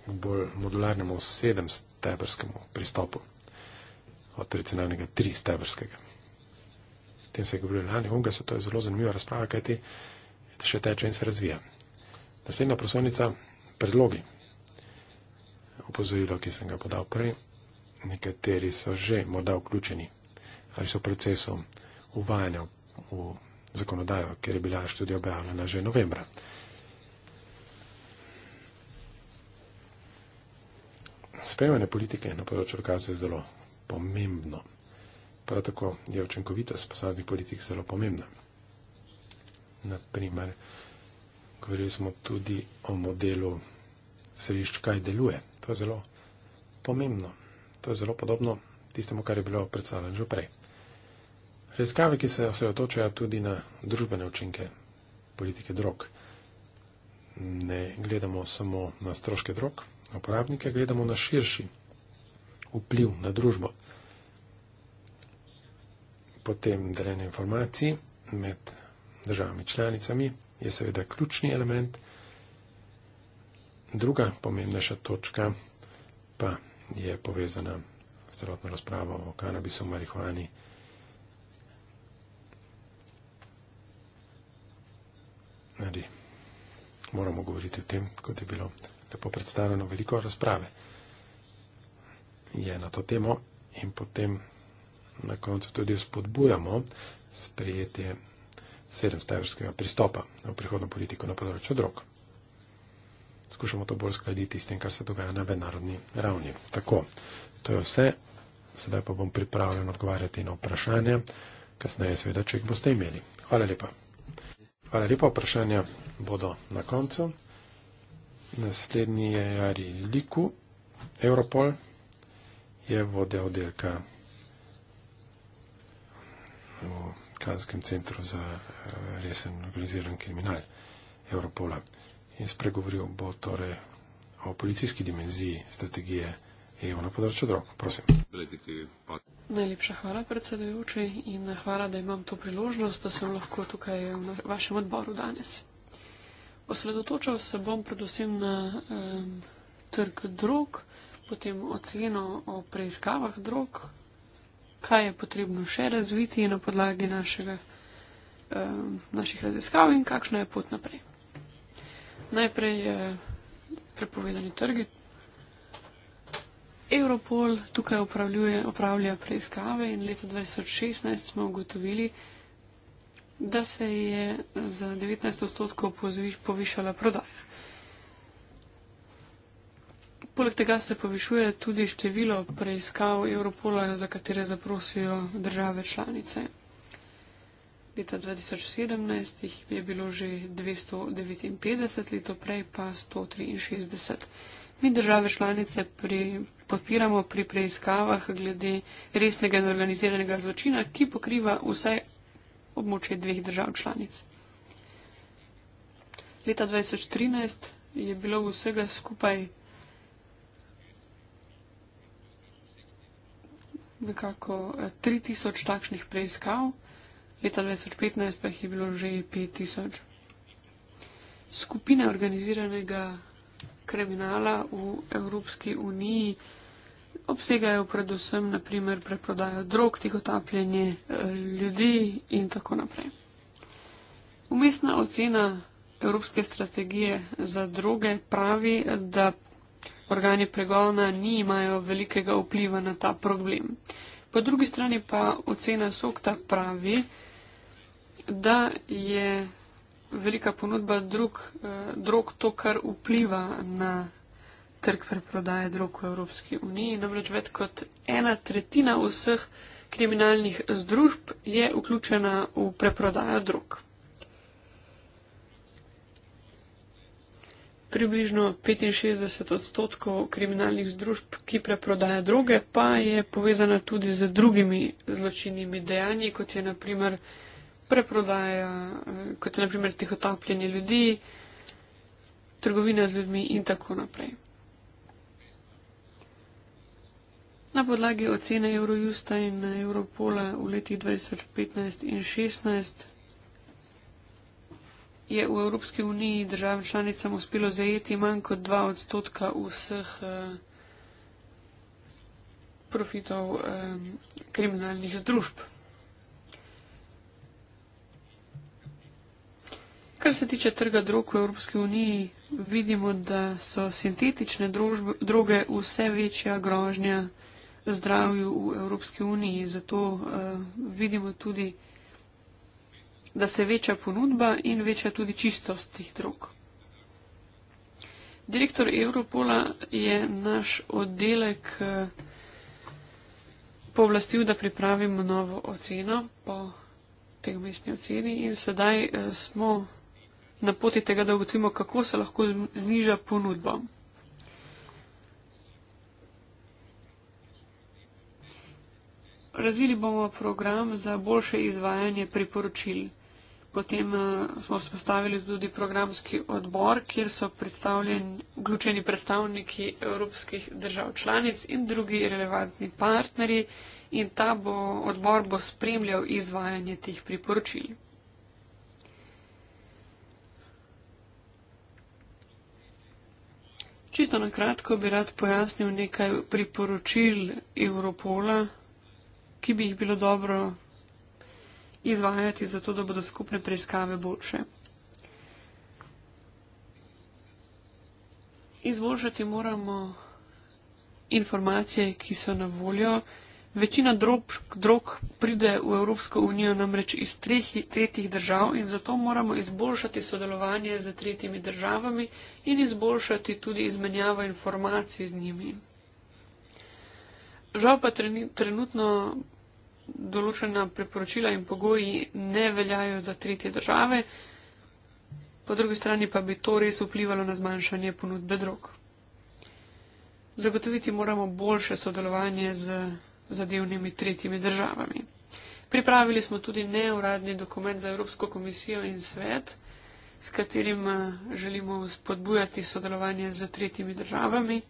Speaker 2: k bolj modularnemu 700 stebrskemu pristopu. Od tradicionalnega tri stebrskega. O tem se je govorilo lani, unga so to je zelo zanimiva razprava, kajti še teče in se razvija. Naslednja prosovnica, predlogi. Opozorilo, ki sem ga podal prej, nekateri so že morda vključeni ali so v procesu uvajanja v zakonodajo, ker je bila študija objavljena že novembra. Sprejemanje politike na področju okazov je zelo pomembno. Prav tako je učinkovitost posameznih politik zelo pomembna. Naprimer, govorili smo tudi o modelu središč, kaj deluje. To je zelo pomembno. To je zelo podobno tistemu, kar je bilo predstavljeno že prej. Raziskave, ki se osredotočajo tudi na družbene učinke politike drog, ne gledamo samo na stroške drog, na uporabnike, gledamo na širši vpliv na družbo. Potem deljenje informacij med državami članicami je seveda ključni element. Druga pomembnejša točka pa je povezana s celotno razpravo o kanabisu, marihuani. Nadi, moramo govoriti o tem, kot je bilo lepo predstavljeno veliko razprave je na to temo in potem na koncu tudi spodbujamo sprejetje sedemstaverskega pristopa v prihodno politiko na področju drog. Skušamo to bolj skladiti s tem, kar se dogaja na mednarodni ravni. Tako, to je vse. Sedaj pa bom pripravljen odgovarjati na vprašanja, kasneje seveda, če jih boste imeli. Hvala lepa. Hvala lepa, vprašanja bodo na koncu. Naslednji je Jari Liku, Europol, je vode oddelka v Kazanskem centru za eh, resen organiziran kriminal Europola. In spregovoril bo torej o policijski dimenziji strategije EU na področju drog. Prosim.
Speaker 3: Najlepša hvala, predsedujoči, in hvala, da imam to priložnost, da sem lahko tukaj v vašem odboru danes. Osredotočal se bom predvsem na um, trg drog, potem oceno o preiskavah drog, kaj je potrebno še razviti na podlagi našega, um, naših raziskav in kakšna je pot naprej. Najprej je eh, prepovedani trgi. Europol tukaj upravlja preiskave in leta 2016 smo ugotovili, da se je za 19 odstotkov povišala prodaja. Poleg tega se povišuje tudi število preiskav Evropola, za katere zaprosijo države članice. Leta 2017 jih je bilo že 259, leto prej pa 163. Mi države članice pri, podpiramo pri preiskavah glede resnega in organiziranega zločina, ki pokriva vsaj območje dveh držav članic. Leta 2013 je bilo vsega skupaj nekako 3000 eh, takšnih preiskav, leta 2015 pa jih je bilo že 5000. Skupine organiziranega kriminala v Evropski uniji obsegajo predvsem naprimer, preprodajo drog, tihotapljenje eh, ljudi in tako naprej. Umestna ocena Evropske strategije za droge pravi, da organi pregona ni imajo velikega vpliva na ta problem. Po drugi strani pa ocena SOKTA pravi, da je velika ponudba drug, eh, drog to, kar vpliva na trg preprodaje drog v Evropski uniji. Namreč več kot ena tretjina vseh kriminalnih združb je vključena v preprodajo drog. Približno 65 odstotkov kriminalnih združb, ki preprodaja droge, pa je povezana tudi z drugimi zločinnimi dejanji, kot je naprimer preprodaja, kot je naprimer tihotapljenje ljudi, trgovina z ljudmi in tako naprej. Na podlagi ocene Eurojusta in Europola v letih 2015 in 2016 je v Evropski uniji državam članicam uspelo zajeti manj kot 2 odstotka vseh uh, profitov um, kriminalnih združb. Kar se tiče trga drog v Evropski uniji, vidimo, da so sintetične drožbe, droge vse večja grožnja zdravju v Evropski uniji. Zato uh, vidimo tudi, da se veča ponudba in veča tudi čistost teh drog. Direktor Evropola je naš oddelek uh, eh, povlastil, da pripravimo novo oceno po tej mestni oceni in sedaj uh, smo na poti tega, da ugotovimo, kako se lahko zniža ponudbo. razvili bomo program za boljše izvajanje priporočil. Potem eh, smo spostavili tudi programski odbor, kjer so predstavljeni vključeni predstavniki evropskih držav članic in drugi relevantni partnerji in ta bo, odbor bo spremljal izvajanje teh priporočil. Čisto na kratko bi rad pojasnil nekaj priporočil Evropola ki bi jih bilo dobro izvajati, zato da bodo skupne preiskave boljše. Izboljšati moramo informacije, ki so na voljo. Večina drog, drog pride v Evropsko unijo namreč iz treh, tretjih držav in zato moramo izboljšati sodelovanje z tretjimi državami in izboljšati tudi izmenjavo informacij z njimi. Žal pa trenutno določena priporočila in pogoji ne veljajo za tretje države, po drugi strani pa bi to res vplivalo na zmanjšanje ponudbe drog. Zagotoviti moramo boljše sodelovanje z zadevnimi tretjimi državami. Pripravili smo tudi neuradni dokument za Evropsko komisijo in svet, s katerim eh, želimo spodbujati sodelovanje z tretjimi državami.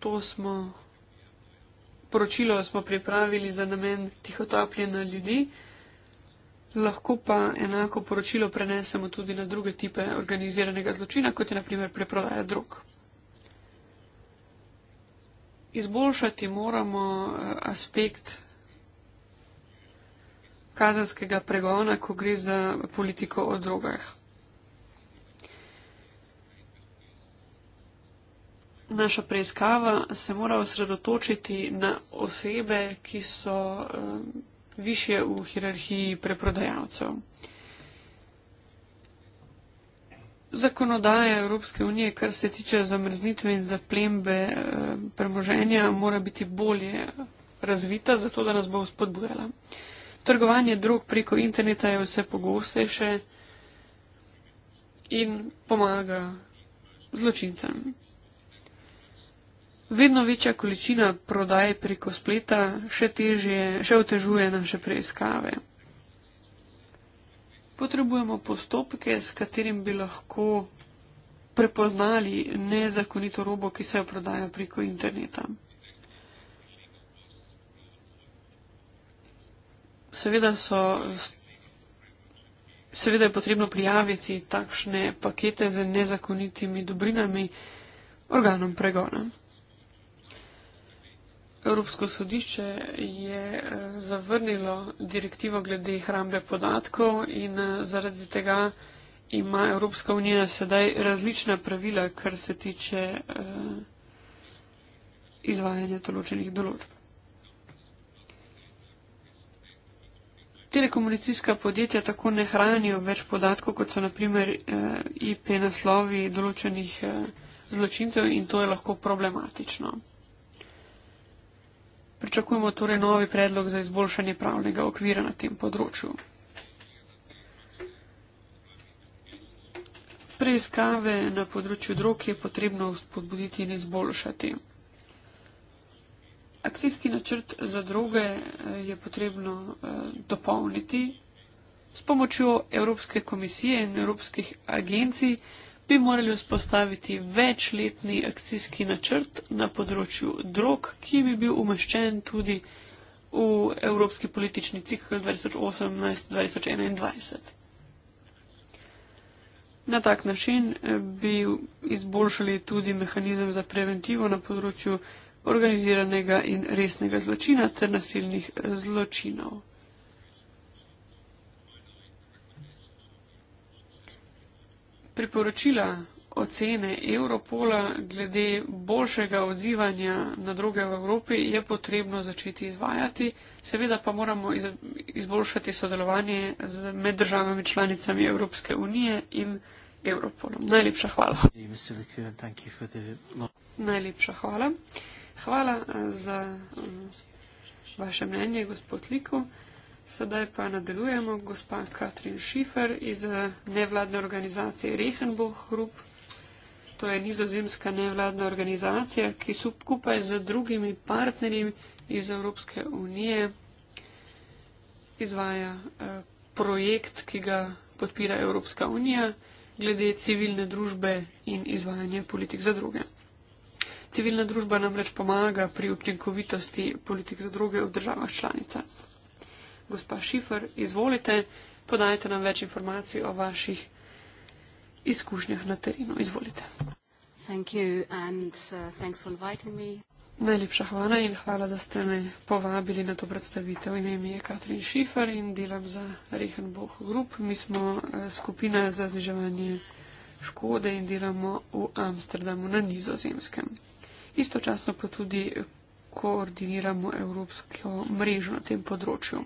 Speaker 3: To smo poročilo smo pripravili za namen tihotapljena ljudi, lahko pa enako poročilo prenesemo tudi na druge type organiziranega zločina, kot je naprimer preprodaja drog. Izboljšati moramo eh, aspekt kazanskega pregona, ko gre za politiko o drogah. naša preiskava se mora osredotočiti na osebe, ki so uh, eh, više v hierarhiji preprodajalcev. Zakonodaja Evropske unije, kar se tiče zamrznitve in zaplembe eh, premoženja, mora biti bolje razvita, zato da nas bo spodbujala. Trgovanje drog preko interneta je vse pogostejše in pomaga zločincem. Vedno večja količina prodaje preko spleta še težje, še otežuje naše preiskave. Potrebujemo postopke, s katerim bi lahko prepoznali nezakonito robo, ki se jo prodaja preko interneta. Seveda, so, seveda je potrebno prijaviti takšne pakete z nezakonitimi dobrinami organom pregona. Evropsko sodišče je eh, zavrnilo direktivo glede hrambe podatkov in eh, zaradi tega ima Evropska unija sedaj različna pravila, kar se tiče eh, izvajanja določenih določb. Telekomunicijska podjetja tako ne hranijo več podatkov, kot so naprimer IP naslovi določenih zločincev in to je lahko problematično. Pričakujemo torej novi predlog za izboljšanje pravnega okvira na tem področju. Preiskave na področju drog je potrebno spodbuditi in izboljšati. Akcijski načrt za droge eh, je potrebno eh, dopolniti s pomočjo Evropske komisije in Evropskih agencij bi morali vzpostaviti večletni akcijski načrt na področju drog, ki bi bil umeščen tudi v evropski politični cikl 2018-2021. Na tak način eh, bi izboljšali tudi mehanizem za preventivo na področju organiziranega in resnega zločina ter nasilnih eh, zločinov. priporočila ocene Europola glede boljšega odzivanja na druge v Evropi je potrebno začeti izvajati. Seveda pa moramo izboljšati sodelovanje z med državami članicami Evropske unije in Europolom. Najlepša hvala. Najlepša hvala. Hvala eh, za eh, vaše mnenje, gospod Liku. Sedaj pa nadaljujemo gospa Katrin Šifer iz eh, nevladne organizacije Rehenboh Group. To je nizozemska nevladna organizacija, ki skupaj z drugimi partnerji iz Evropske unije izvaja eh, projekt, ki ga podpira Evropska unija glede civilne družbe in izvajanje politik za druge. Civilna družba namreč pomaga pri učinkovitosti politik za druge v državah članicah. Gospa Šifr, izvolite, podajte nam več informacij o vaših izkušnjah na terenu. Izvolite. Uh, Najlepša hvala in hvala, da ste me povabili na to predstavitev. Ime mi je Katrin Šifer in delam za Rehenboh Group. Mi smo eh, skupina za zniževanje škode in delamo v Amsterdamu na nizozemskem. Istočasno pa tudi koordiniramo evropsko mrežo na tem področju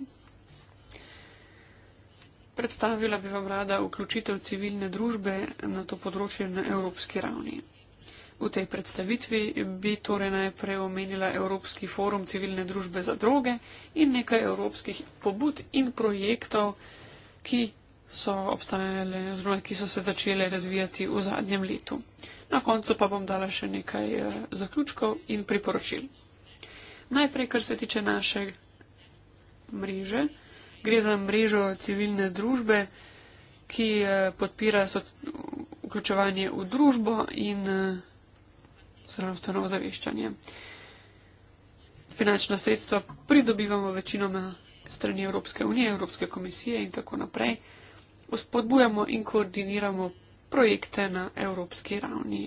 Speaker 3: predstavila bi vam rada vključitev civilne družbe na to področje na evropski ravni. V tej predstavitvi bi torej najprej omenila Evropski forum civilne družbe za droge in nekaj evropskih pobud in projektov, ki so obstajale oziroma ki so se začele razvijati v zadnjem letu. Na koncu pa bom dala še nekaj eh, zaključkov in priporočil. Najprej, kar se tiče naše mreže. Gre za mrežo civilne družbe, ki eh, podpira vključevanje v družbo in eh, zdravstveno ozaveščanje. Finančna sredstva pridobivamo večinoma strani Evropske unije, Evropske komisije in tako naprej. Uspodbujamo in koordiniramo projekte na evropski ravni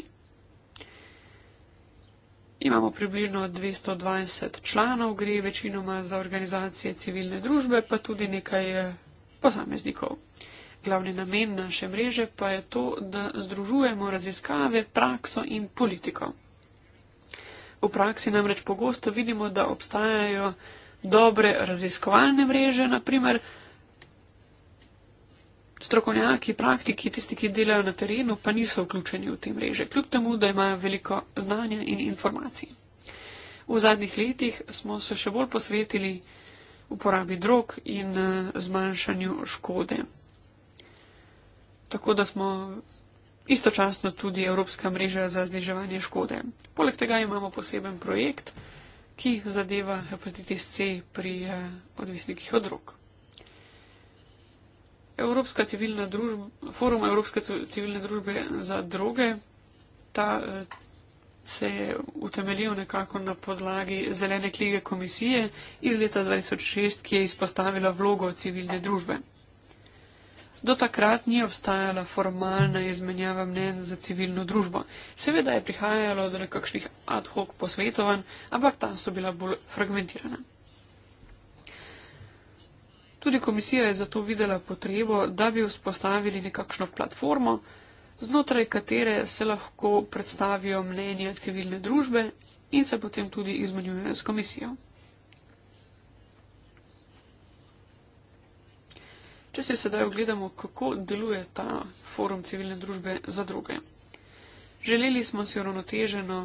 Speaker 3: Imamo približno 220 članov, gre večinoma za organizacije civilne družbe, pa tudi nekaj eh, posameznikov. Glavni namen naše mreže pa je to, da združujemo raziskave, prakso in politiko. V praksi namreč pogosto vidimo, da obstajajo dobre raziskovalne mreže, naprimer, strokovnjaki, praktiki, tisti, ki delajo na terenu, pa niso vključeni v te mreže, kljub temu, da imajo veliko znanja in informacij. V zadnjih letih smo se še bolj posvetili uporabi drog in eh, zmanjšanju škode. Tako da smo istočasno tudi Evropska mreža za zniževanje škode. Poleg tega imamo poseben projekt, ki zadeva hepatitis C pri eh, odvisnikih od drog. Evropska civilna družba, forum Evropske civilne družbe za droge, ta eh, se je utemeljil nekako na podlagi zelene knjige komisije iz leta 2006, ki je izpostavila vlogo civilne družbe. Do takrat ni obstajala formalna izmenjava mnen za civilno družbo. Seveda je prihajalo do nekakšnih ad hoc posvetovanj, ampak ta so bila bolj fragmentirana. Tudi komisija je zato videla potrebo, da bi vzpostavili nekakšno platformo, znotraj katere se lahko predstavijo mnenja civilne družbe in se potem tudi izmenjujejo s komisijo. Če se sedaj ogledamo, kako deluje ta forum civilne družbe za druge. Želeli smo si uravnoteženo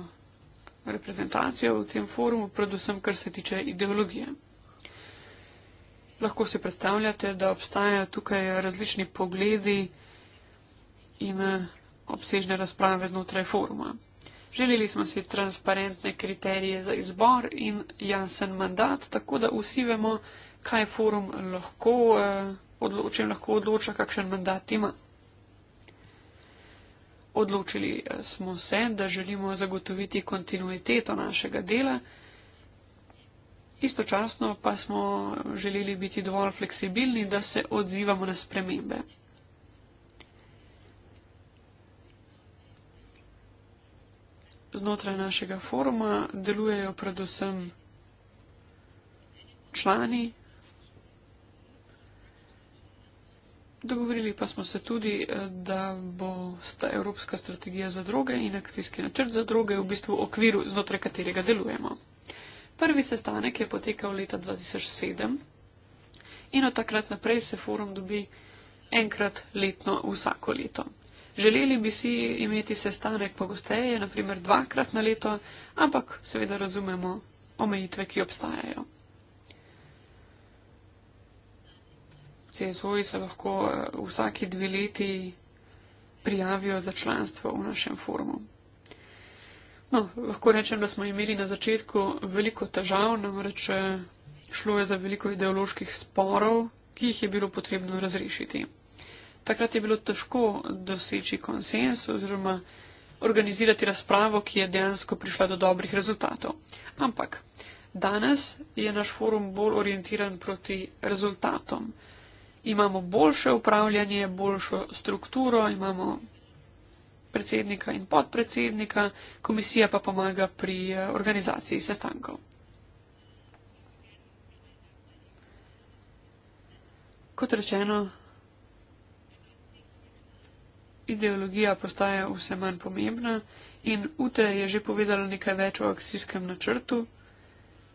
Speaker 3: reprezentacijo v tem forumu, predvsem kar se tiče ideologije lahko si predstavljate, da obstajajo tukaj različni pogledi in eh, obsežne razprave znotraj foruma. Želeli smo si transparentne kriterije za izbor in jasen mandat, tako da vsi vemo, kaj forum lahko eh, odloči, lahko odloča, kakšen mandat ima. Odločili eh, smo se, da želimo zagotoviti kontinuiteto našega dela istočasno pa smo želeli biti dovolj fleksibilni, da se odzivamo na spremembe. Znotraj našega foruma delujejo predvsem člani. Dogovorili pa smo se tudi, eh, da bo sta Evropska strategija za droge in akcijski načrt za droge v bistvu okviru, znotraj katerega delujemo. Prvi sestanek je potekal leta 2007 in od takrat naprej se forum dobi enkrat letno vsako leto. Želeli bi si imeti sestanek pogosteje, naprimer dvakrat na leto, ampak seveda razumemo omejitve, ki obstajajo. CSO-ji se lahko eh, vsaki dve leti prijavijo za članstvo v našem forumu. No, lahko rečem, da smo imeli na začetku veliko težav, namreč eh, šlo je za veliko ideoloških sporov, ki jih je bilo potrebno razrešiti. Takrat je bilo težko doseči konsens oziroma organizirati razpravo, ki je dejansko prišla do dobrih rezultatov. Ampak danes je naš forum bolj orientiran proti rezultatom. Imamo boljše upravljanje, boljšo strukturo, imamo predsednika in podpredsednika, komisija pa pomaga pri eh, organizaciji sestankov. Kot rečeno, ideologija postaja vse manj pomembna in UTE je že povedala nekaj več o akcijskem načrtu.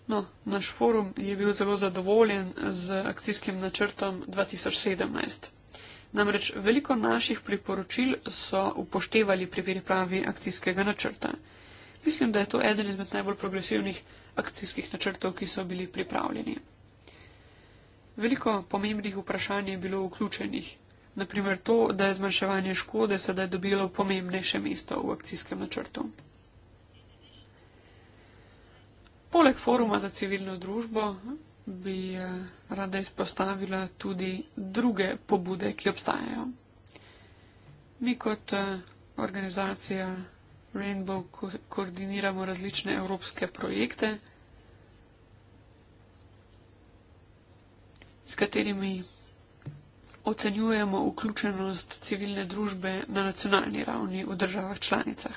Speaker 3: No, naš forum je bil zelo zadovoljen z akcijskim načrtom 2017. Namreč veliko naših priporočil so upoštevali pri pripravi akcijskega načrta. Mislim, da je to eden izmed najbolj progresivnih akcijskih načrtov, ki so bili pripravljeni. Veliko pomembnih vprašanj je bilo vključenih, naprimer to, da je zmanjševanje škode sedaj dobilo pomembnejše mesto v akcijskem načrtu. Poleg foruma za civilno družbo bi eh, rada izpostavila tudi druge pobude, ki obstajajo. Mi kot eh, organizacija Rainbow ko koordiniramo različne evropske projekte, s katerimi ocenjujemo vključenost civilne družbe na nacionalni ravni v državah članicah.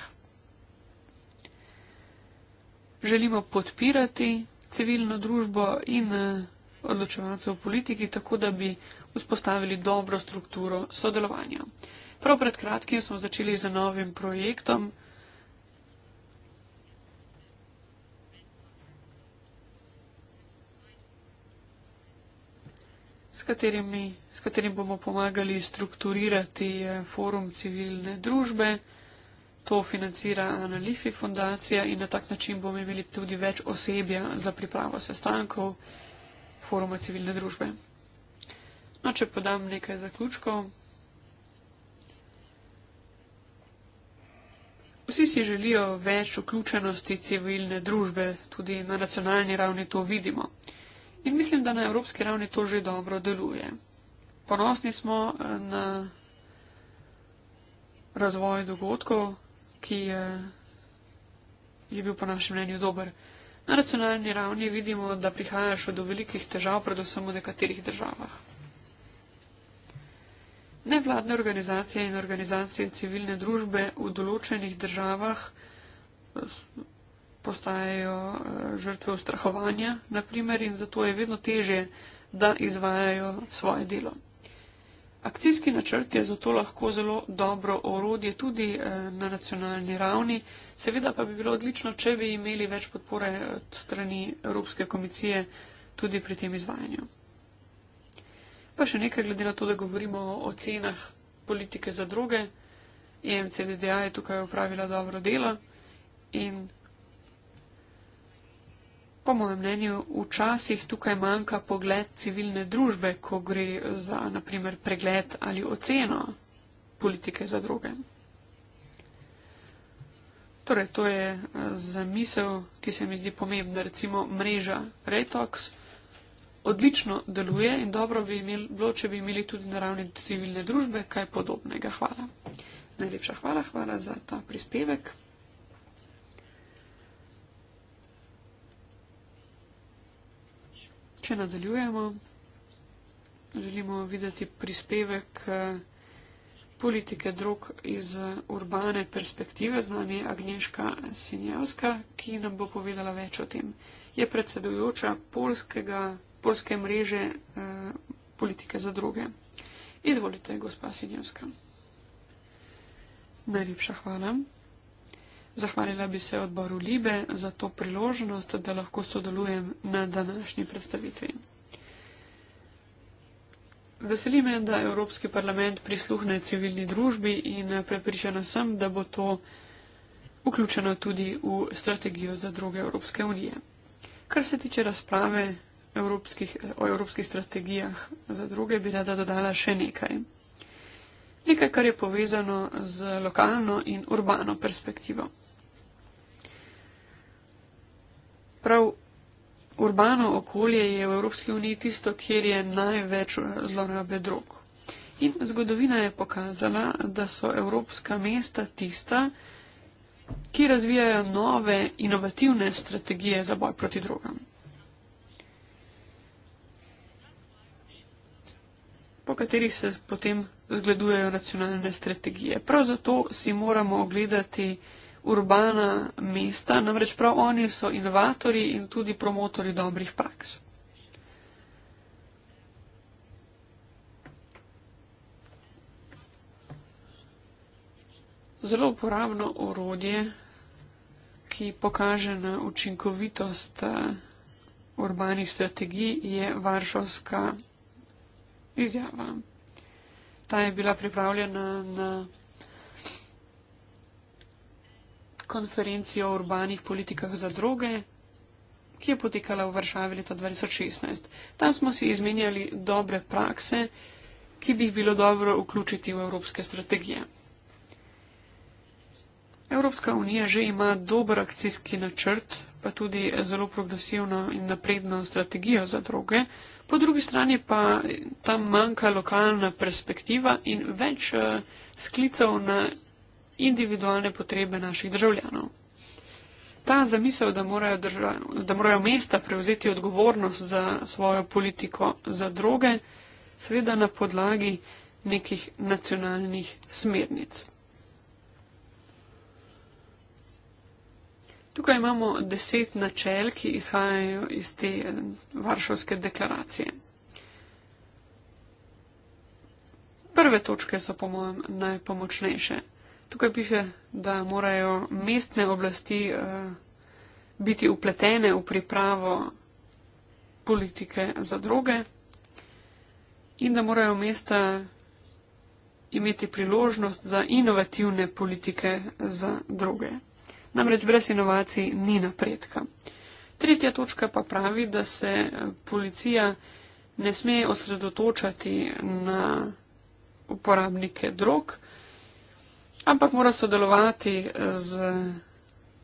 Speaker 3: Želimo podpirati civilno družbo in eh, odločevalce v politiki, tako da bi vzpostavili dobro strukturo sodelovanja. Prav pred kratkim smo začeli z novim projektom. S katerim bomo pomagali strukturirati eh, forum civilne družbe to financira Analifi fundacija in na tak način bomo imeli tudi več osebja za pripravo sestankov foruma civilne družbe. No, če podam nekaj zaključkov. Vsi si želijo več vključenosti civilne družbe, tudi na nacionalni ravni to vidimo. In mislim, da na evropski ravni to že dobro deluje. Ponosni smo eh, na razvoj dogodkov, ki je, je bil po našem mnenju dober. Na racionalni ravni vidimo, da prihaja še do velikih težav, predvsem v nekaterih državah. Nevladne organizacije in organizacije civilne družbe v določenih državah eh, postajajo eh, žrtve ustrahovanja, naprimer, in zato je vedno težje, da izvajajo svoje delo. Akcijski načrt je zato lahko zelo dobro orodje tudi eh, na nacionalni ravni. Seveda pa bi bilo odlično, če bi imeli več podpore eh, od strani Evropske komisije tudi pri tem izvajanju. Pa še nekaj glede na to, da govorimo o cenah politike za droge. EMCDDA je tukaj upravila dobro delo in Po mojem mnenju, včasih tukaj manjka pogled civilne družbe, ko gre za naprimer pregled ali oceno politike za droge. Torej, to je eh, zamisel, ki se mi zdi pomembna, recimo mreža Retox. Odlično deluje in dobro bi bilo, če bi imeli tudi na ravni civilne družbe kaj podobnega. Hvala. Najlepša hvala, hvala za ta prispevek. Če nadaljujemo, želimo videti prispevek eh, politike drog iz urbane perspektive, znani Agnieszka Sinjavska, ki nam bo povedala več o tem. Je predsedujoča polskega, polske mreže eh, politike za droge. Izvolite, gospa Sinjavska. Najlepša hvala. Zahvalila bi se odboru Libe za to priložnost, da lahko sodelujem na današnji predstavitvi. Veseli me, da Evropski parlament prisluhne civilni družbi in prepričana sem, da bo to vključeno tudi v strategijo za druge Evropske unije. Kar se tiče razprave o evropskih strategijah za druge, bi rada dodala še nekaj nekaj, kar je povezano z lokalno in urbano perspektivo. Prav urbano okolje je v Evropski uniji tisto, kjer je največ zlorabe drog. In zgodovina je pokazala, da so evropska mesta tista, ki razvijajo nove inovativne strategije za boj proti drogam. po katerih se potem zgledujejo nacionalne strategije. Prav zato si moramo ogledati urbana mesta, namreč prav oni so inovatori in tudi promotori dobrih praks. Zelo uporabno orodje, ki pokaže na učinkovitost eh, urbanih strategij, je Varšavska izjava. Ta je bila pripravljena na konferenci o urbanih politikah za droge, ki je potekala v Varšavi leta 2016. Tam smo si izmenjali dobre prakse, ki bi jih bilo dobro vključiti v evropske strategije. Evropska unija že ima dober akcijski načrt, pa tudi zelo progresivno in napredno strategijo za droge, Po drugi strani pa tam manjka lokalna perspektiva in več eh, sklicev na individualne potrebe naših državljanov. Ta zamisel, da morajo, držav, da morajo mesta prevzeti odgovornost za svojo politiko za droge, seveda na podlagi nekih nacionalnih smernic. Tukaj imamo deset načel, ki izhajajo iz te eh, varšavske deklaracije. Prve točke so po mojem najpomočnejše. Tukaj piše, da morajo mestne oblasti eh, biti upletene v pripravo politike za droge in da morajo mesta imeti priložnost za inovativne politike za droge. Namreč brez inovacij ni napredka. Tretja točka pa pravi, da se eh, policija ne sme osredotočati na uporabnike drog, ampak mora sodelovati z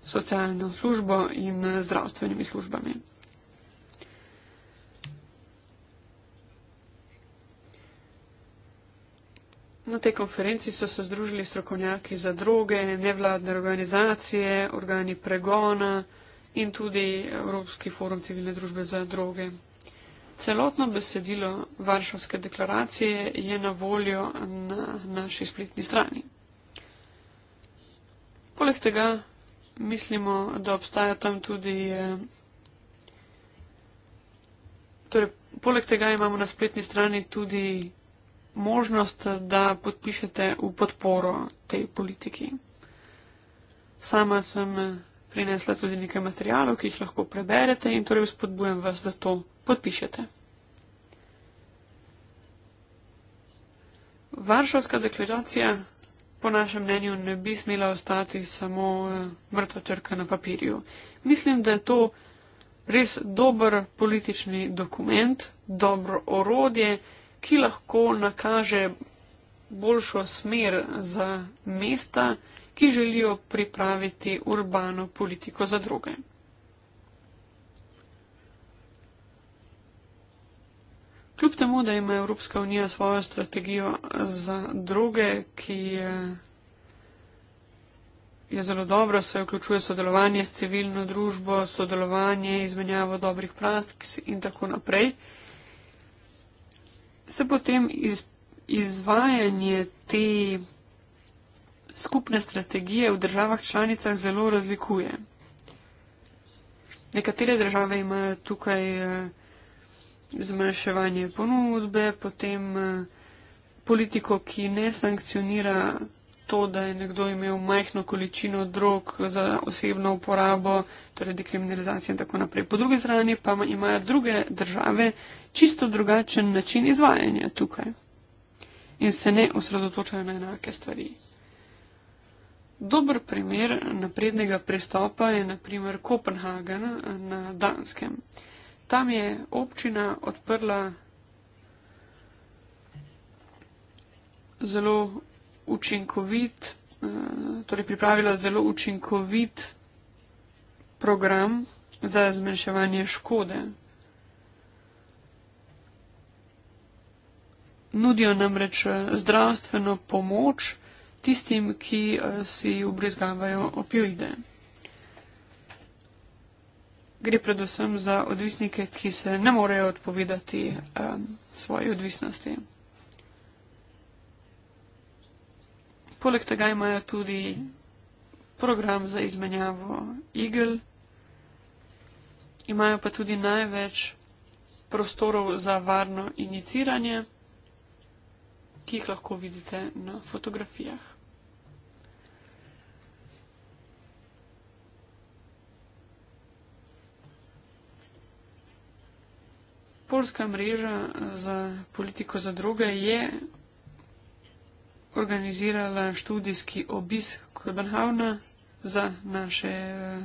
Speaker 3: socialno službo in zdravstvenimi službami. Na tej konferenci so se združili strokovnjaki za droge, nevladne organizacije, organi pregona in tudi Evropski forum civilne družbe za droge. Celotno besedilo Varšavske deklaracije je na voljo na naši spletni strani. Poleg tega mislimo, da obstaja tam tudi. Eh, torej, poleg tega imamo na spletni strani tudi možnost, da podpišete v podporo tej politiki. Sama sem prinesla tudi nekaj materijalov, ki jih lahko preberete in torej spodbujam vas, da to podpišete. Varšavska deklaracija po našem mnenju ne bi smela ostati samo eh, mrtva črka na papirju. Mislim, da je to res dober politični dokument, dobro orodje, ki lahko nakaže boljšo smer za mesta, ki želijo pripraviti urbano politiko za druge. Kljub temu, da ima Evropska unija svojo strategijo za druge, ki je, je zelo dobra, se vključuje sodelovanje s civilno družbo, sodelovanje, izmenjavo dobrih praks in tako naprej se potem iz, izvajanje te skupne strategije v državah članicah zelo razlikuje. Nekatere države imajo tukaj eh, zmanjševanje ponudbe, potem eh, politiko, ki ne sankcionira to, da je nekdo imel majhno količino drog za osebno uporabo, torej dekriminalizacijo in tako naprej. Po drugi strani pa imajo druge države čisto drugačen način izvajanja tukaj in se ne osredotočajo na enake stvari. Dober primer naprednega pristopa je naprimer Kopenhagen na Danskem. Tam je občina odprla zelo učinkovit, eh, torej pripravila zelo učinkovit program za zmanjševanje škode. Nudijo namreč eh, zdravstveno pomoč tistim, ki eh, si ubrizgavajo opioide. Gre predvsem za odvisnike, ki se ne morejo odpovedati um, svoji odvisnosti. Poleg tega imajo tudi program za izmenjavo igel, imajo pa tudi največ prostorov za varno iniciranje, ki jih lahko vidite na fotografijah. Polska mreža za politiko za droge je organizirala študijski obisk Kobenhavna za naše eh,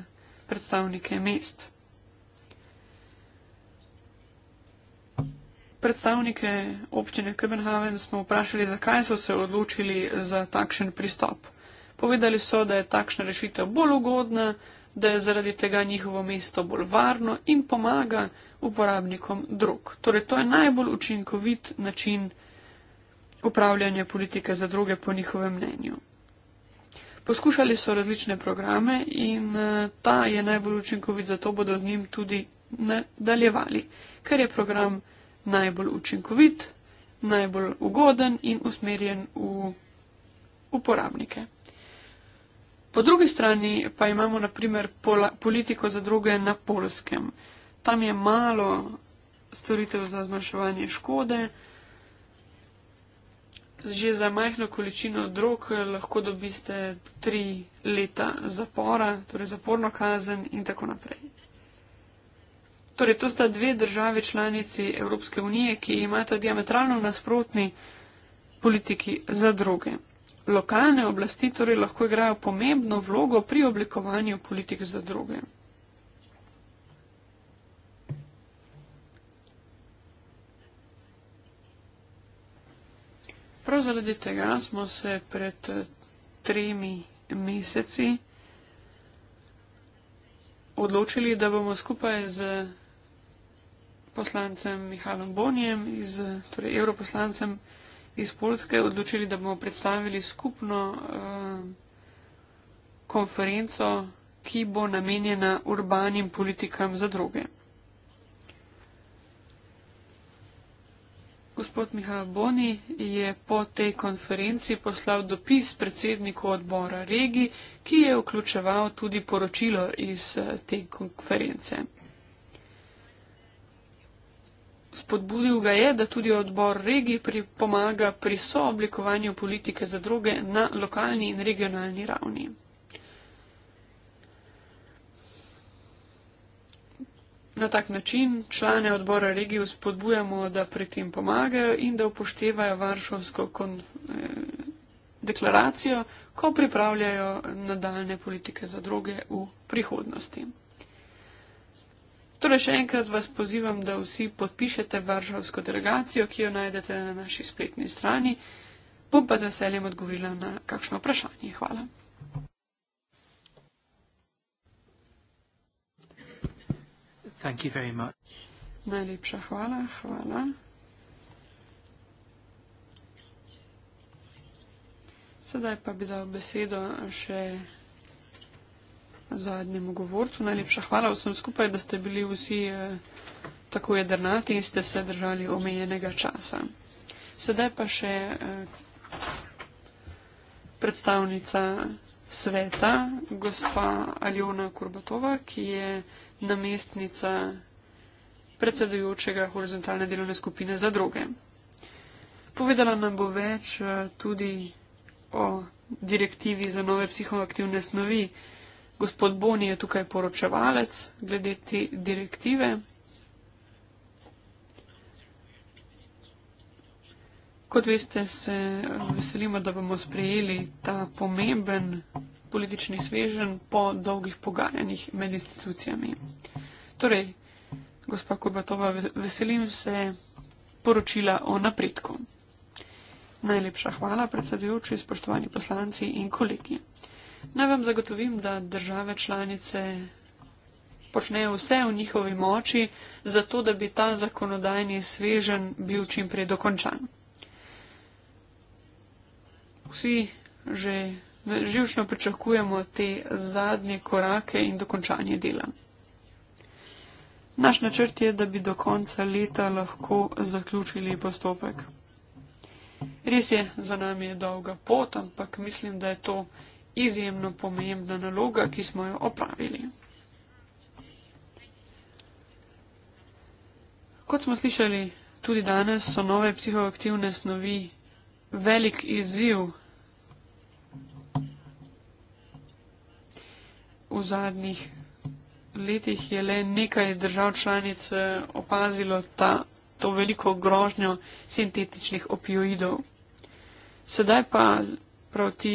Speaker 3: predstavnike mest. Predstavnike občine Kobenhaven smo vprašali, zakaj so se odločili za takšen pristop. Povedali so, da je takšna rešitev bolj ugodna, da je zaradi tega njihovo mesto bolj varno in pomaga uporabnikom drug. Torej, to je najbolj učinkovit način, da upravljanje politike za druge po njihovem mnenju. Poskušali so različne programe in eh, ta je najbolj učinkovit, zato bodo z njim tudi nadaljevali, ker je program najbolj učinkovit, najbolj ugoden in usmerjen v uporabnike. Po drugi strani pa imamo naprimer politiko za druge na polskem. Tam je malo storitev za zmanjševanje škode, že za majhno količino drog eh, lahko dobite tri leta zapora, torej zaporno kazen in tako naprej. Torej, to sta dve države članici Evropske unije, ki imata diametralno nasprotni politiki za droge. Lokalne oblasti torej lahko igrajo pomembno vlogo pri oblikovanju politik za droge. Prav zaradi tega smo se pred eh, tremi meseci odločili, da bomo skupaj z poslancem Mihajlom Bonjem, iz, torej europoslancem iz Polske, odločili, da bomo predstavili skupno uh, konferenco, ki bo namenjena urbanim politikam za droge. Gospod Mihajl Boni je po tej konferenci poslal dopis predsedniku odbora regi, ki je vključeval tudi poročilo iz eh, te konference. Spodbudil ga je, da tudi odbor regi pri, pomaga pri sooblikovanju politike za droge na lokalni in regionalni ravni. Na tak način člane odbora regijo spodbujamo, da pri tem pomagajo in da upoštevajo varšavsko kon, eh, deklaracijo, ko pripravljajo nadaljne politike za droge v prihodnosti. Torej še enkrat vas pozivam, da vsi podpišete varšavsko delegacijo, ki jo najdete na naši spletni strani. Bom pa z veseljem odgovorila na kakšno vprašanje. Hvala.
Speaker 1: Thank you very much.
Speaker 3: Najlepša hvala. Hvala. Sedaj pa bi dal besedo še zadnjemu govorcu. Najlepša hvala vsem skupaj, da ste bili vsi eh, tako jedrnati in ste se držali omejenega časa. Sedaj pa še eh, predstavnica sveta, gospa Aljona Kurbatova, ki je namestnica predsedujočega horizontalne delovne skupine za droge. Povedala nam bo več eh, tudi o direktivi za nove psihoaktivne snovi. Gospod Boni je tukaj poročevalec glede te direktive. Kot veste, se veselimo, da bomo sprejeli ta pomemben političnih svežen po dolgih pogajanjih med institucijami. Torej, gospa Kurbatova, veselim se poročila o napredku. Najlepša hvala, predsedujoči, spoštovani poslanci in kolegi. Naj vam zagotovim, da države članice počnejo vse v njihovi moči, zato da bi ta zakonodajni svežen bil čimprej dokončan. Vsi že živčno pričakujemo te zadnje korake in dokončanje dela. Naš načrt je, da bi do konca leta lahko zaključili postopek. Res je, za nami je dolga pot, ampak mislim, da je to izjemno pomembna naloga, ki smo jo opravili. Kot smo slišali, tudi danes so nove psihoaktivne snovi velik izziv v zadnjih letih je le nekaj držav članic eh, opazilo ta, to veliko grožnjo sintetičnih opioidov. Sedaj pa prav ti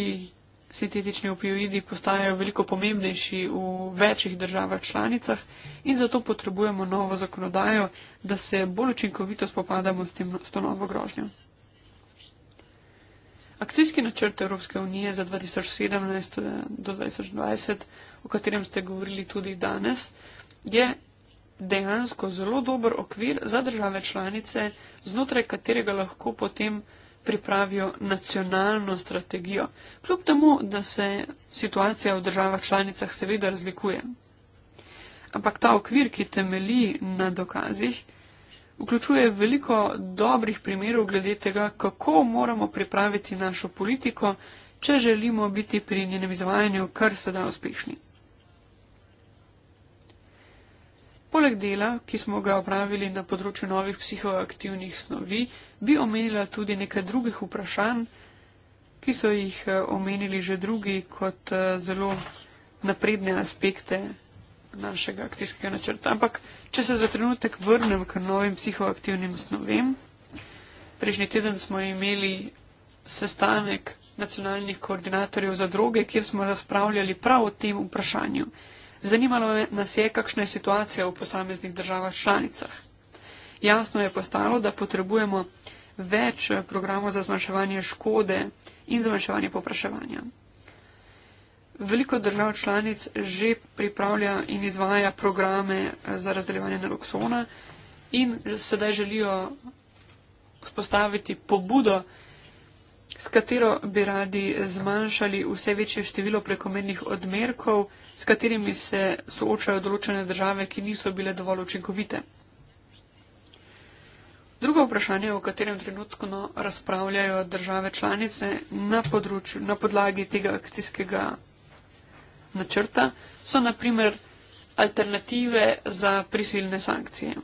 Speaker 3: sintetični opioidi postajajo veliko pomembnejši v večjih državah članicah in zato potrebujemo novo zakonodajo, da se bolj učinkovito spopadamo s, tem, s to novo grožnjo. Akcijski načrt Evropske unije za 2017 eh, do 2020 o katerem ste govorili tudi danes, je dejansko zelo dober okvir za države članice, znotraj katerega lahko potem pripravijo nacionalno strategijo. Kljub temu, da se situacija v državah članicah seveda razlikuje. Ampak ta okvir, ki temelji na dokazih, vključuje veliko dobrih primerov glede tega, kako moramo pripraviti našo politiko, če želimo biti pri njenem izvajanju kar se da uspešni. Poleg dela, ki smo ga opravili na področju novih psihoaktivnih snovi, bi omenila tudi nekaj drugih vprašanj, ki so jih eh, omenili že drugi kot eh, zelo napredne aspekte našega akcijskega načrta. Ampak, če se za trenutek vrnem k novim psihoaktivnim snovem, prejšnji teden smo imeli sestanek nacionalnih koordinatorjev za droge, kjer smo razpravljali prav o tem vprašanju. Zanimalo nas je, kakšna je situacija v posameznih državah članicah. Jasno je postalo, da potrebujemo več programov za zmanjševanje škode in zmanjševanje popraševanja. Veliko držav članic že pripravlja in izvaja programe eh, za razdeljevanje naloksona in sedaj želijo vzpostaviti pobudo, s katero bi radi zmanjšali vse večje število prekomernih odmerkov, s katerimi se soočajo določene države, ki niso bile dovolj učinkovite. Drugo vprašanje, o katerem trenutno razpravljajo države članice na, področju, na podlagi tega akcijskega načrta, so naprimer alternative za prisilne sankcije.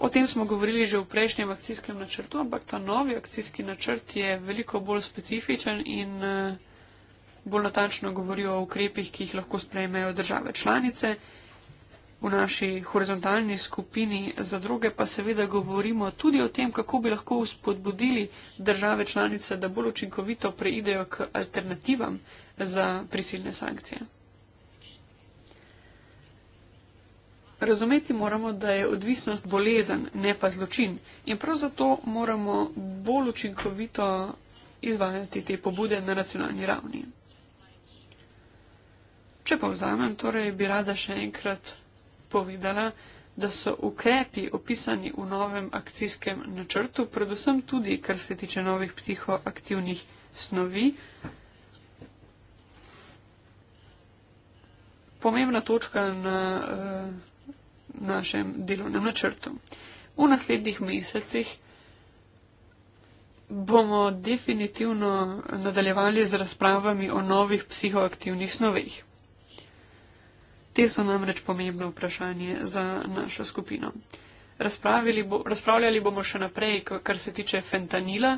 Speaker 3: O tem smo govorili že v prejšnjem akcijskem načrtu, ampak ta novi akcijski načrt je veliko bolj specifičen in eh, bolj natančno govori o ukrepih, ki jih lahko sprejmejo države članice. V naši horizontalni skupini za druge pa seveda govorimo tudi o tem, kako bi lahko uspodbudili države članice, da bolj učinkovito preidejo k alternativam za prisilne sankcije. Razumeti moramo, da je odvisnost bolezen, ne pa zločin. In prav zato moramo bolj učinkovito izvajati te pobude na nacionalni ravni. Če povzamem, torej bi rada še enkrat povedala, da so ukrepi opisani v novem akcijskem načrtu, predvsem tudi, kar se tiče novih psihoaktivnih snovi. Pomembna točka na. Uh, našem delovnem načrtu. V naslednjih mesecih bomo definitivno nadaljevali z razpravami o novih psihoaktivnih snoveh. Te so namreč pomembno vprašanje za našo skupino. Bo, razpravljali bomo še naprej, kar se tiče fentanila,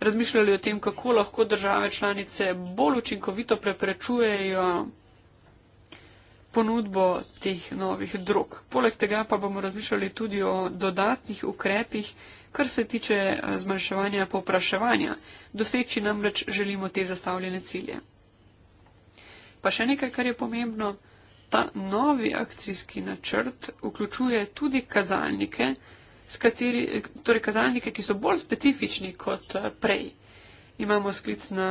Speaker 3: razmišljali o tem, kako lahko države članice bolj učinkovito preprečujejo ponudbo teh novih drog. Poleg tega pa bomo razmišljali tudi o dodatnih ukrepih, kar se tiče eh, zmanjševanja popraševanja, doseči namreč želimo te zastavljene cilje. Pa še nekaj, kar je pomembno, ta novi akcijski načrt vključuje tudi kazalnike, kateri, torej kazalnike, ki so bolj specifični kot eh, prej. Imamo sklic na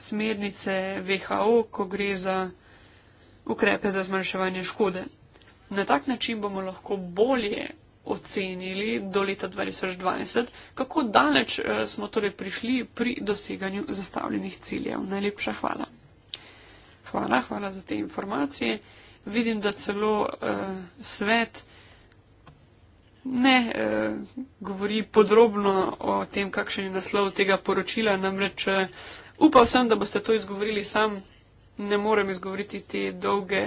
Speaker 3: smernice WHO, ko gre za ukrepe za zmanjševanje škode. Na tak način bomo lahko bolje ocenili do leta 2020, kako daleč eh, smo torej prišli pri doseganju zastavljenih ciljev. Najlepša hvala. Hvala, hvala za te informacije. Vidim, da celo eh, svet ne eh, govori podrobno o tem, kakšen je naslov tega poročila, namreč eh, upal sem, da boste to izgovorili sam ne morem izgovoriti te dolge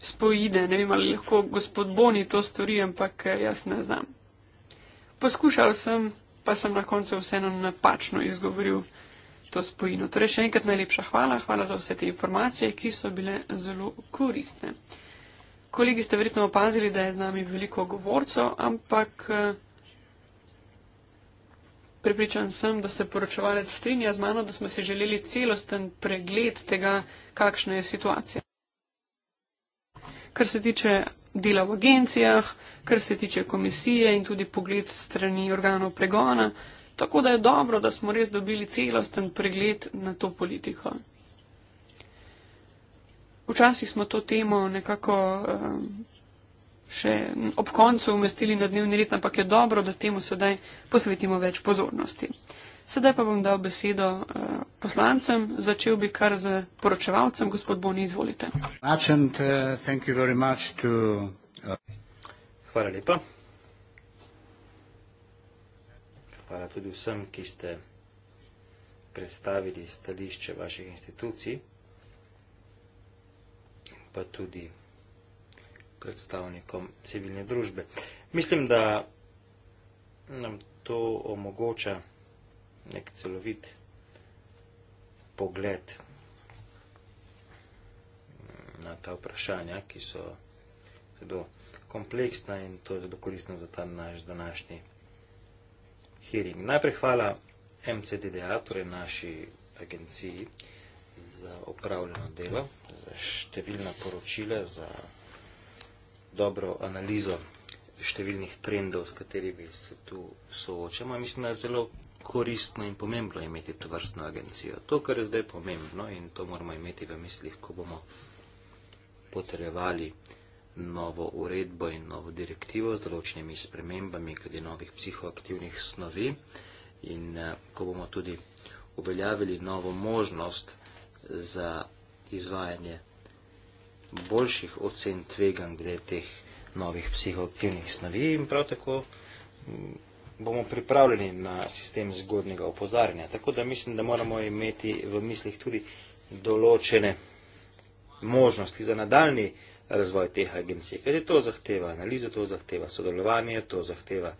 Speaker 3: spojide. Ne vem, ali lahko gospod Boni to stori, ampak eh, jaz ne znam. Poskušal sem, pa sem na koncu vseeno napačno izgovoril to spojino. Torej, še enkrat najlepša hvala, hvala za vse te informacije, ki so bile zelo koristne. Kolegi ste verjetno opazili, da je z nami veliko govorcev, ampak. Eh, Pripričan sem, da se poročevalec strinja z mano, da smo si želeli celosten pregled tega, kakšna je situacija. Kar se tiče dela v agencijah, kar se tiče komisije in tudi pogled strani organov pregona, tako da je dobro, da smo res dobili celosten pregled na to politiko. Včasih smo to temo nekako. Um, še ob koncu umestili na dnevni red, ampak je dobro, da temu sedaj posvetimo več pozornosti. Sedaj pa bom dal besedo uh, poslancem, začel bi kar z poročevalcem, gospod Boni, izvolite.
Speaker 4: Merchant, eh, uh, to, uh... Hvala lepa. Hvala tudi vsem, ki ste predstavili stališče vaših institucij, pa tudi predstavnikom civilne družbe. Mislim, da nam to omogoča nek celovit pogled na ta vprašanja, ki so zelo kompleksna in to je zelo koristno za ta naš današnji hearing. Najprej hvala MCDDA, torej naši agenciji, za opravljeno delo, za številna poročila, za dobro analizo številnih trendov, s katerimi se tu soočamo. Mislim, da je zelo koristno in pomembno imeti to vrstno agencijo. To, kar je zdaj pomembno in to moramo imeti v mislih, ko bomo potrebovali novo uredbo in novo direktivo z določenimi spremembami glede novih psihoaktivnih snovi in eh, ko bomo tudi uveljavili novo možnost za izvajanje boljših ocen tvegan glede teh novih psihoaktivnih snovi in prav tako mm, bomo pripravljeni na sistem zgodnega opozarjanja. Tako da mislim, da moramo imeti v mislih tudi določene možnosti za nadaljni razvoj teh agencij. Kajde to zahteva analizo, to zahteva sodelovanje, to zahteva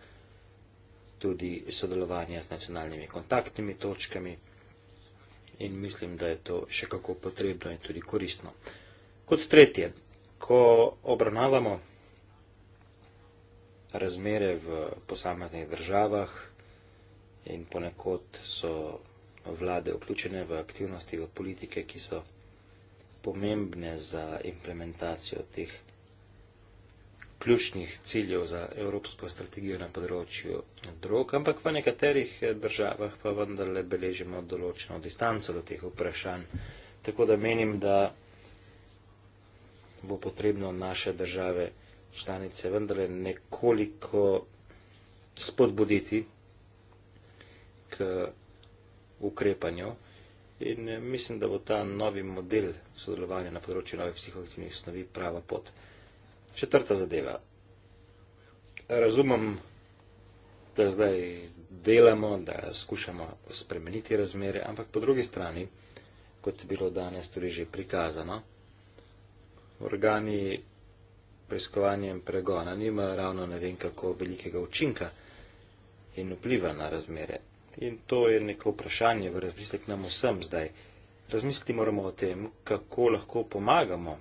Speaker 4: tudi sodelovanje z nacionalnimi kontaktnimi točkami in mislim, da je to še kako potrebno in tudi koristno. Kot tretje, ko obravnavamo razmere v posameznih državah in ponekod so vlade vključene v aktivnosti, v politike, ki so pomembne za implementacijo teh ključnih ciljev za evropsko strategijo na področju drog, ampak v nekaterih državah pa vendarle beležimo določeno distanco do teh vprašanj. Tako da menim, da bo potrebno naše države članice vendarle nekoliko spodbuditi k ukrepanju. In eh, mislim, da bo ta novi model sodelovanja na področju novih psihoaktivnih snovi prava pot. Četrta zadeva. Razumem, da zdaj delamo, da skušamo spremeniti razmere, ampak po drugi strani, kot je bilo danes tudi že prikazano, organi preiskovanja in pregona nimajo ravno ne vem kako velikega učinka in vpliva na razmere. In to je neko vprašanje v razmislek nam vsem zdaj. Razmisliti moramo o tem, kako lahko pomagamo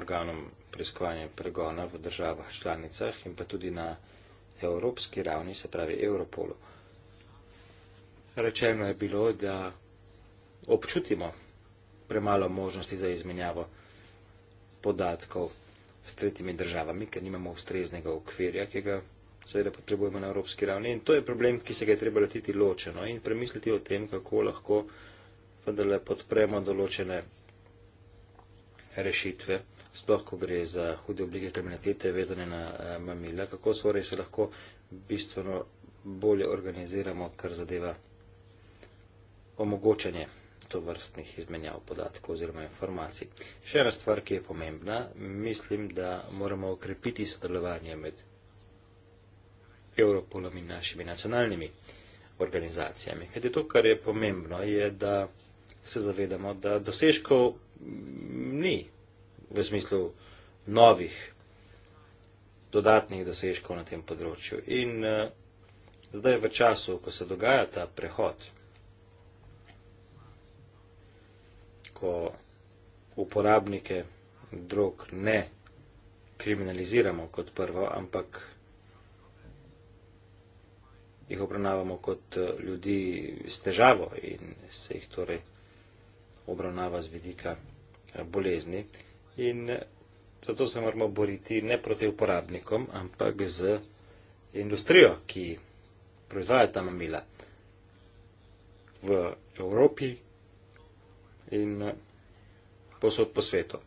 Speaker 4: organom preiskovanja in pregona v državah članicah in pa tudi na evropski ravni, se pravi Europolu. Rečeno je bilo, da občutimo premalo možnosti za izmenjavo podatkov s tretjimi državami, ker nimamo ustreznega okvirja, ki ga seveda potrebujemo na evropski ravni. In to je problem, ki se ga je treba lotiti ločeno in premisliti o tem, kako lahko vendarle podpremo določene rešitve, sploh ko gre za hude oblike kriminalitete vezane na eh, mamila, kako svore se lahko bistveno bolje organiziramo, kar zadeva omogočanje to vrstnih izmenjav podatkov oziroma informacij. Še ena stvar, ki je pomembna, mislim, da moramo okrepiti sodelovanje med Europolom in našimi nacionalnimi organizacijami. Kajti to, kar je pomembno, je, da se zavedamo, da dosežkov ni v smislu novih, dodatnih dosežkov na tem področju. In uh, zdaj v času, ko se dogaja ta prehod ko uporabnike drog ne kriminaliziramo kot prvo, ampak jih obravnavamo kot eh, ljudi s težavo in se jih torej obravnava z vidika eh, bolezni. In eh, zato se moramo boriti ne proti uporabnikom, ampak z industrijo, ki proizvaja ta mamila. V Evropi in eh, posod po svetu.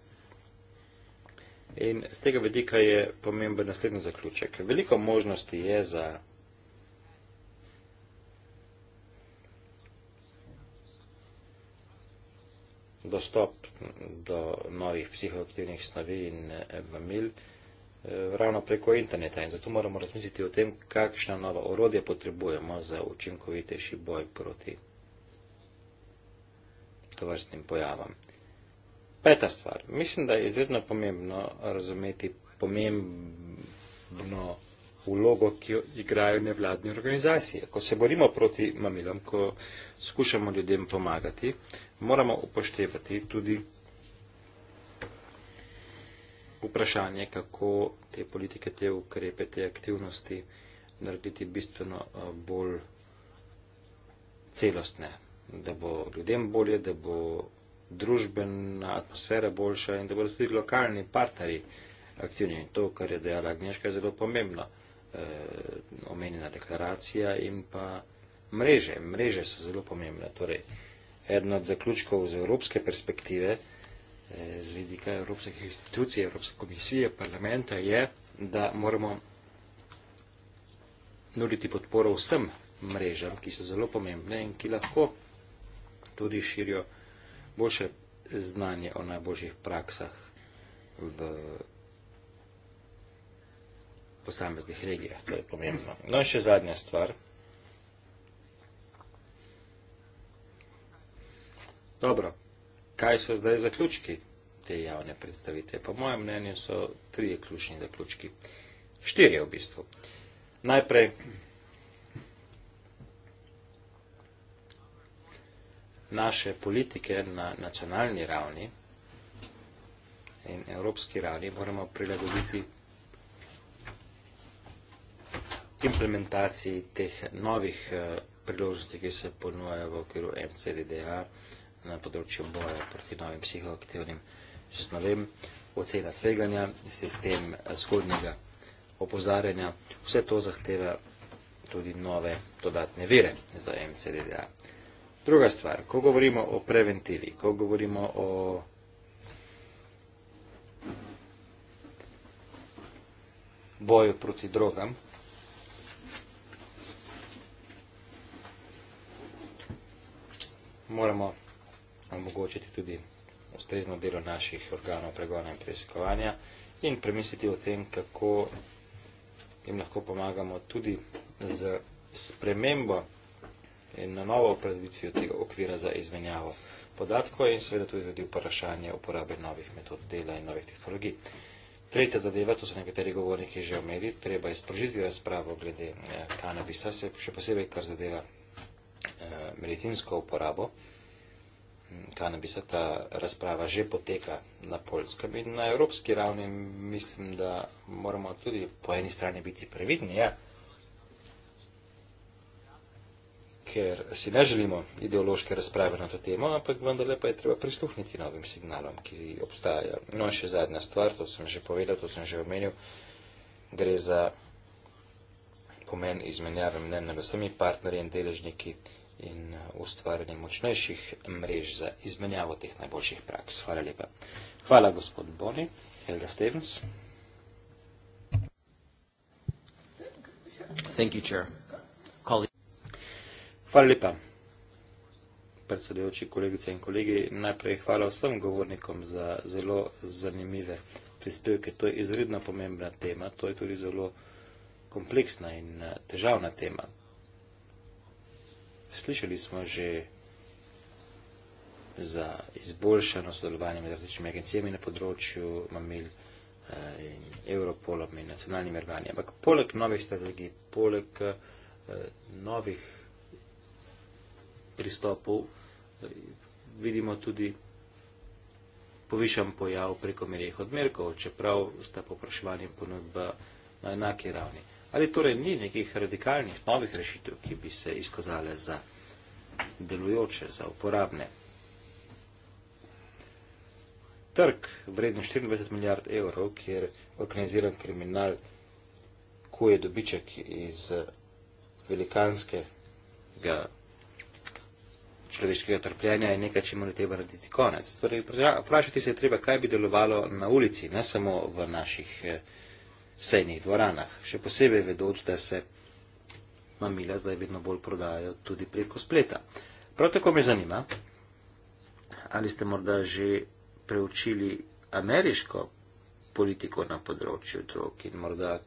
Speaker 4: In z tega vidika je pomemben naslednji zaključek. Veliko možnosti je za dostop do novih psihoaktivnih snovi in eh, mamil eh, ravno preko interneta in zato moramo razmisliti o tem, kakšna nova orodja potrebujemo za učinkovitejši boj proti tovrstnim pojavam. Peta stvar. Mislim, da je izredno pomembno razumeti pomembno vlogo, ki jo igrajo nevladne organizacije. Ko se borimo proti mamilom, ko skušamo ljudem pomagati, moramo upoštevati tudi vprašanje, kako te politike, te ukrepe, te aktivnosti narediti bistveno eh, bolj celostne, da bo ljudem bolje, da bo družbena atmosfera boljša in da bodo tudi lokalni partneri aktivni. To, kar je dejala Agneška, je zelo pomembno. E, omenjena deklaracija in pa mreže. Mreže so zelo pomembne. Torej, eden od zaključkov z evropske perspektive, e, z vidika evropskih institucij, Evropske komisije, parlamenta je, da moramo nuditi podporo vsem mrežam, ki so zelo pomembne in ki lahko tudi širijo boljše znanje o najboljših praksah v posameznih regijah. To je pomembno. No in še zadnja stvar. Dobro, kaj so zdaj zaključki te javne predstavitve? Po mojem mnenju so trije ključni zaključki. Štirje v bistvu. Najprej, naše politike na nacionalni ravni in evropski ravni moramo prilagoditi implementaciji teh novih eh, priložnosti, ki se ponujajo v okviru MCDDA na področju boja proti novim psihoaktivnim snovem, ocena tveganja, sistem eh, zgodnjega opozarjanja. Vse to zahteva tudi nove dodatne vire za MCDDA. Druga stvar, ko govorimo o preventivi, ko govorimo o boju proti drogam, moramo omogočiti tudi ustrezno delo naših organov pregona in preiskovanja in premisliti o tem, kako jim lahko pomagamo tudi z spremembo in na novo opredelitvijo tega okvira za izmenjavo podatkov in seveda tudi tudi vprašanje uporabe novih metod dela in novih tehnologij. Tretja zadeva, to so nekateri govorniki že omeli, treba je sprožiti razpravo glede eh, kanabisa, se še posebej kar zadeva eh, medicinsko uporabo hm, kanabisa. Ta razprava že poteka na polskem in na evropski ravni mislim, da moramo tudi po eni strani biti previdni. Ja. ker si ne želimo ideološke razprave na to temo, ampak vendarle pa je treba prisluhniti novim signalom, ki obstajajo. No in še zadnja stvar, to sem že povedal, to sem že omenil, gre za pomen izmenjave mnen nad vsemi partnerji in deležniki in uh, ustvarjanje močnejših mrež za izmenjavo teh najboljših praks. Hvala lepa. Hvala, gospod Boni. Helga Stevens. Thank you, Chair. Hvala lepa. Predsedujoči kolegice in kolegi, najprej hvala vsem govornikom za zelo zanimive prispevke. To je izredno pomembna tema, to je tudi zelo kompleksna in eh, težavna tema. Slišali smo že za izboljšano sodelovanje med različnimi agencijami na področju mamil eh, in Europolom in nacionalnimi organi. Ampak poleg novih strategij, poleg eh, novih pristopov eh, vidimo tudi povišan pojav prekomernih odmerkov, čeprav sta popraševanje in ponudba na enaki ravni. Ali torej ni nekih radikalnih novih rešitev, ki bi se izkazale za delujoče, za uporabne? Trg vredno 24 milijard evrov, kjer organiziran kriminal kuje dobiček iz velikanskega človeškega trpljenja je nekaj, čemu ne treba narediti konec. Torej, vprašati se je treba, kaj bi delovalo na ulici, ne samo v naših eh, sejnih dvoranah. Še posebej vedoč, da se mamila zdaj vedno bolj prodajajo tudi preko spleta. Prav tako me zanima, ali ste morda že preučili ameriško politiko na področju drog in morda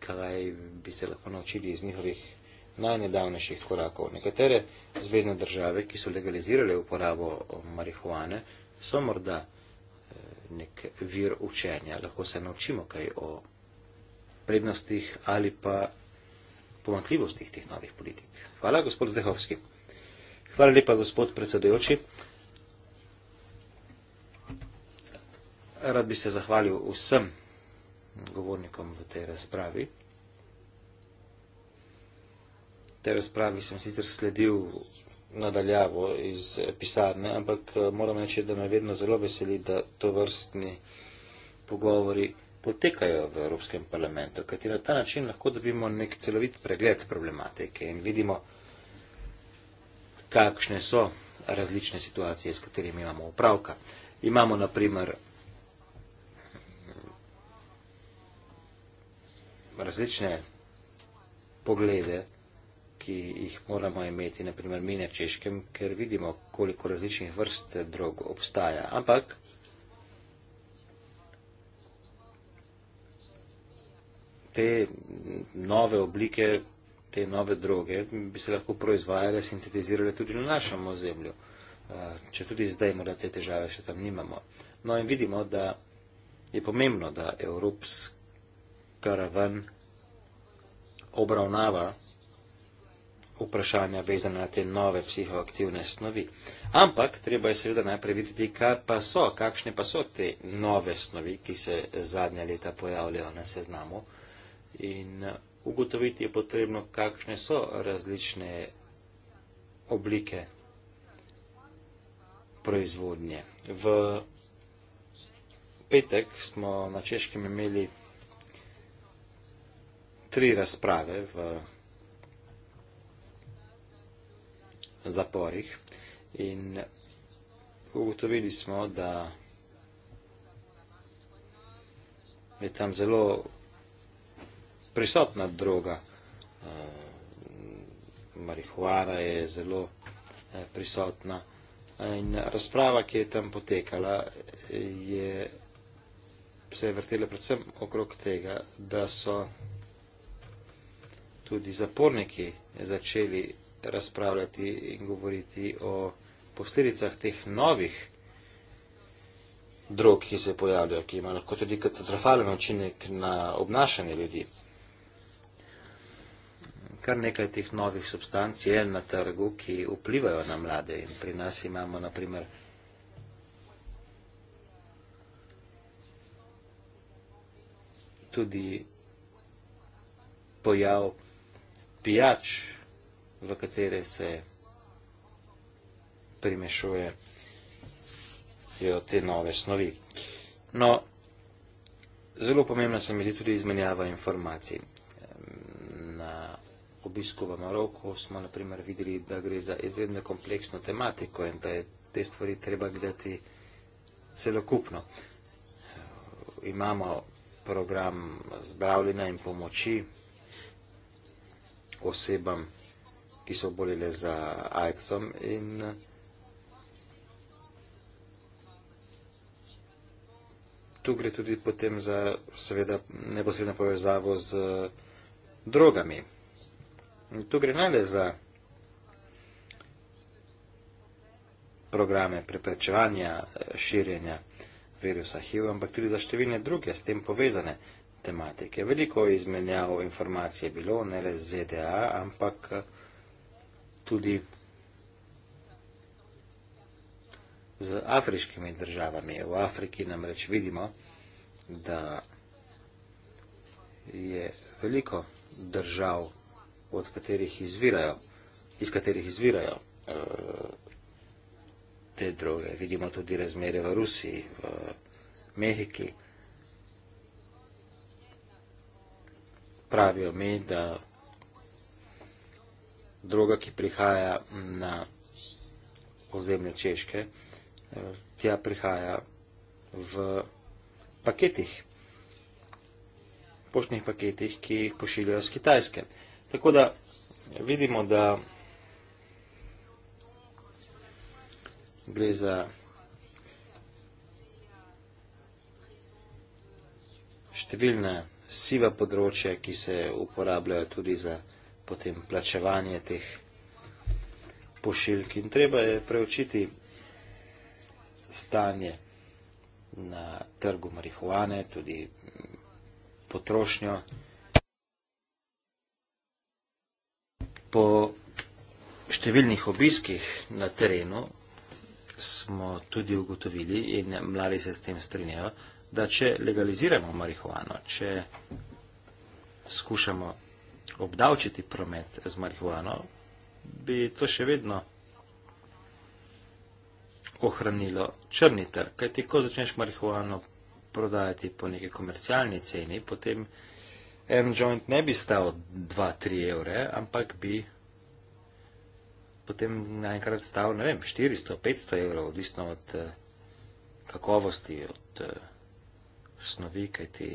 Speaker 4: kaj bi se lahko naučili iz njihovih najnedavnejših korakov. Nekatere zvezdne države, ki so legalizirale uporabo eh, marihuane, so morda eh, nek vir učenja. Lahko se naučimo kaj o prednostih ali pa pomankljivostih teh novih politik. Hvala, gospod Zdehovski. Hvala lepa, gospod predsedujoči. Rad bi se zahvalil vsem govornikom v tej razpravi te razpravi sem sicer sledil nadaljavo iz pisarne, ampak eh, moram reči, da me vedno zelo veseli, da to vrstni pogovori potekajo v Evropskem parlamentu, kajti na ta način lahko dobimo nek celovit pregled problematike in vidimo, kakšne so različne situacije, s katerimi imamo upravka. Imamo na primer različne poglede ki jih moramo imeti, naprimer mi na češkem, ker vidimo, koliko različnih vrst drog obstaja. Ampak te nove oblike, te nove droge bi se lahko proizvajale, sintetizirale tudi na našem ozemlju. Eh, če tudi zdaj morda te težave še tam nimamo. No in vidimo, da je pomembno, da evropski karavan obravnava vprašanja vezane na te nove psihoaktivne snovi. Ampak treba je seveda najprej videti, kaj pa so, kakšne pa so te nove snovi, ki se zadnja leta pojavljajo na seznamu. In eh, ugotoviti je potrebno, kakšne so različne oblike proizvodnje. V petek smo na Češkem imeli tri razprave v zaporih in ugotovili smo, da je tam zelo prisotna droga. Eh, Marihuara je zelo eh, prisotna in razprava, ki je tam potekala, je se je vrtela predvsem okrog tega, da so tudi zaporniki začeli razpravljati in govoriti o posledicah teh novih drog, ki se pojavljajo, ki imajo lahko tudi katastrofalen učinek na obnašanje ljudi. Kar nekaj teh novih substanc je na trgu, ki vplivajo na mlade in pri nas imamo naprimer tudi pojav pijač, v katere se primešujejo te nove snovi. No, zelo pomembna se mi zdi tudi izmenjava informacij. Na obisku v Maroku smo naprimer videli, da gre za izredno kompleksno tematiko in da je te stvari treba gledati celokupno. Imamo program zdravljenja in pomoči osebam, ki so bolele za AIDS-om in tu gre tudi potem za seveda neposredno povezavo z drogami. Tu gre najle za programe preprečevanja širjenja virusa HIV, ampak tudi za številne druge s tem povezane tematike. Veliko izmenjav informacije je bilo, ne le z ZDA, ampak tudi z afriškimi državami. V Afriki namreč vidimo, da je veliko držav, od katerih izvirajo, iz katerih izvirajo eh, te droge. Vidimo tudi razmere v Rusiji, v Mehiki. Pravijo mi, da droga, ki prihaja na ozemlje Češke, eh, tja prihaja v paketih, poštnih paketih, ki jih pošiljajo z Kitajske. Tako da vidimo, da gre za številne siva področja, ki se uporabljajo tudi za potem plačevanje teh pošiljk. In treba je preučiti stanje na trgu marihuane, tudi potrošnjo. Po številnih obiskih na terenu smo tudi ugotovili in mladi se s tem strinjajo, da če legaliziramo marihuano, če skušamo obdavčiti promet z marihuano, bi to še vedno ohranilo črni trg. Kaj ti, ko začneš marihuano prodajati po neki komercialni ceni, potem en joint ne bi stal 2-3 evre, ampak bi potem naenkrat stal, ne vem, 400-500 evrov, odvisno od eh, kakovosti, od eh, snovi, kaj ti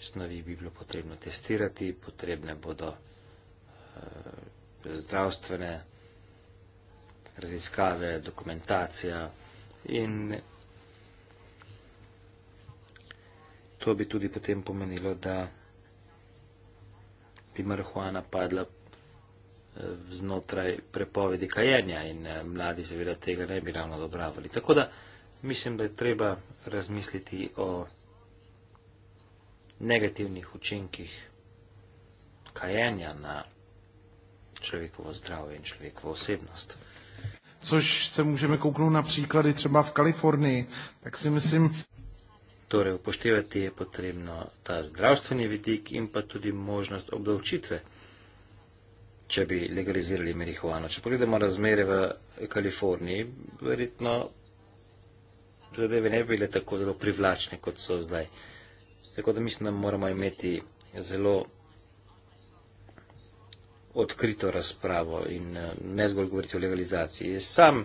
Speaker 4: snovi bi bilo potrebno testirati, potrebne bodo uh, zdravstvene raziskave, dokumentacija in to bi tudi potem pomenilo, da bi marihuana padla uh, znotraj prepovedi kajenja in uh, mladi seveda tega ne bi ravno dobravali. Tako da mislim, da je treba razmisliti o negativnih učinkih kajenja na človekovo zdravje in človekovo osebnost.
Speaker 2: Což se můžeme kouknout na příklady třeba v Kalifornii, tak si myslím...
Speaker 4: Torej upoštevati je potrebno ta zdravstveni vidik in pa tudi možnost obdavčitve, če bi legalizirali marihuano. Če pogledamo razmere v Kaliforniji, verjetno zadeve ne bi bile tako zelo privlačne, kot so zdaj. Tako da mislim, da moramo imeti zelo odkrito razpravo in eh, ne zgolj govoriti o legalizaciji. Sam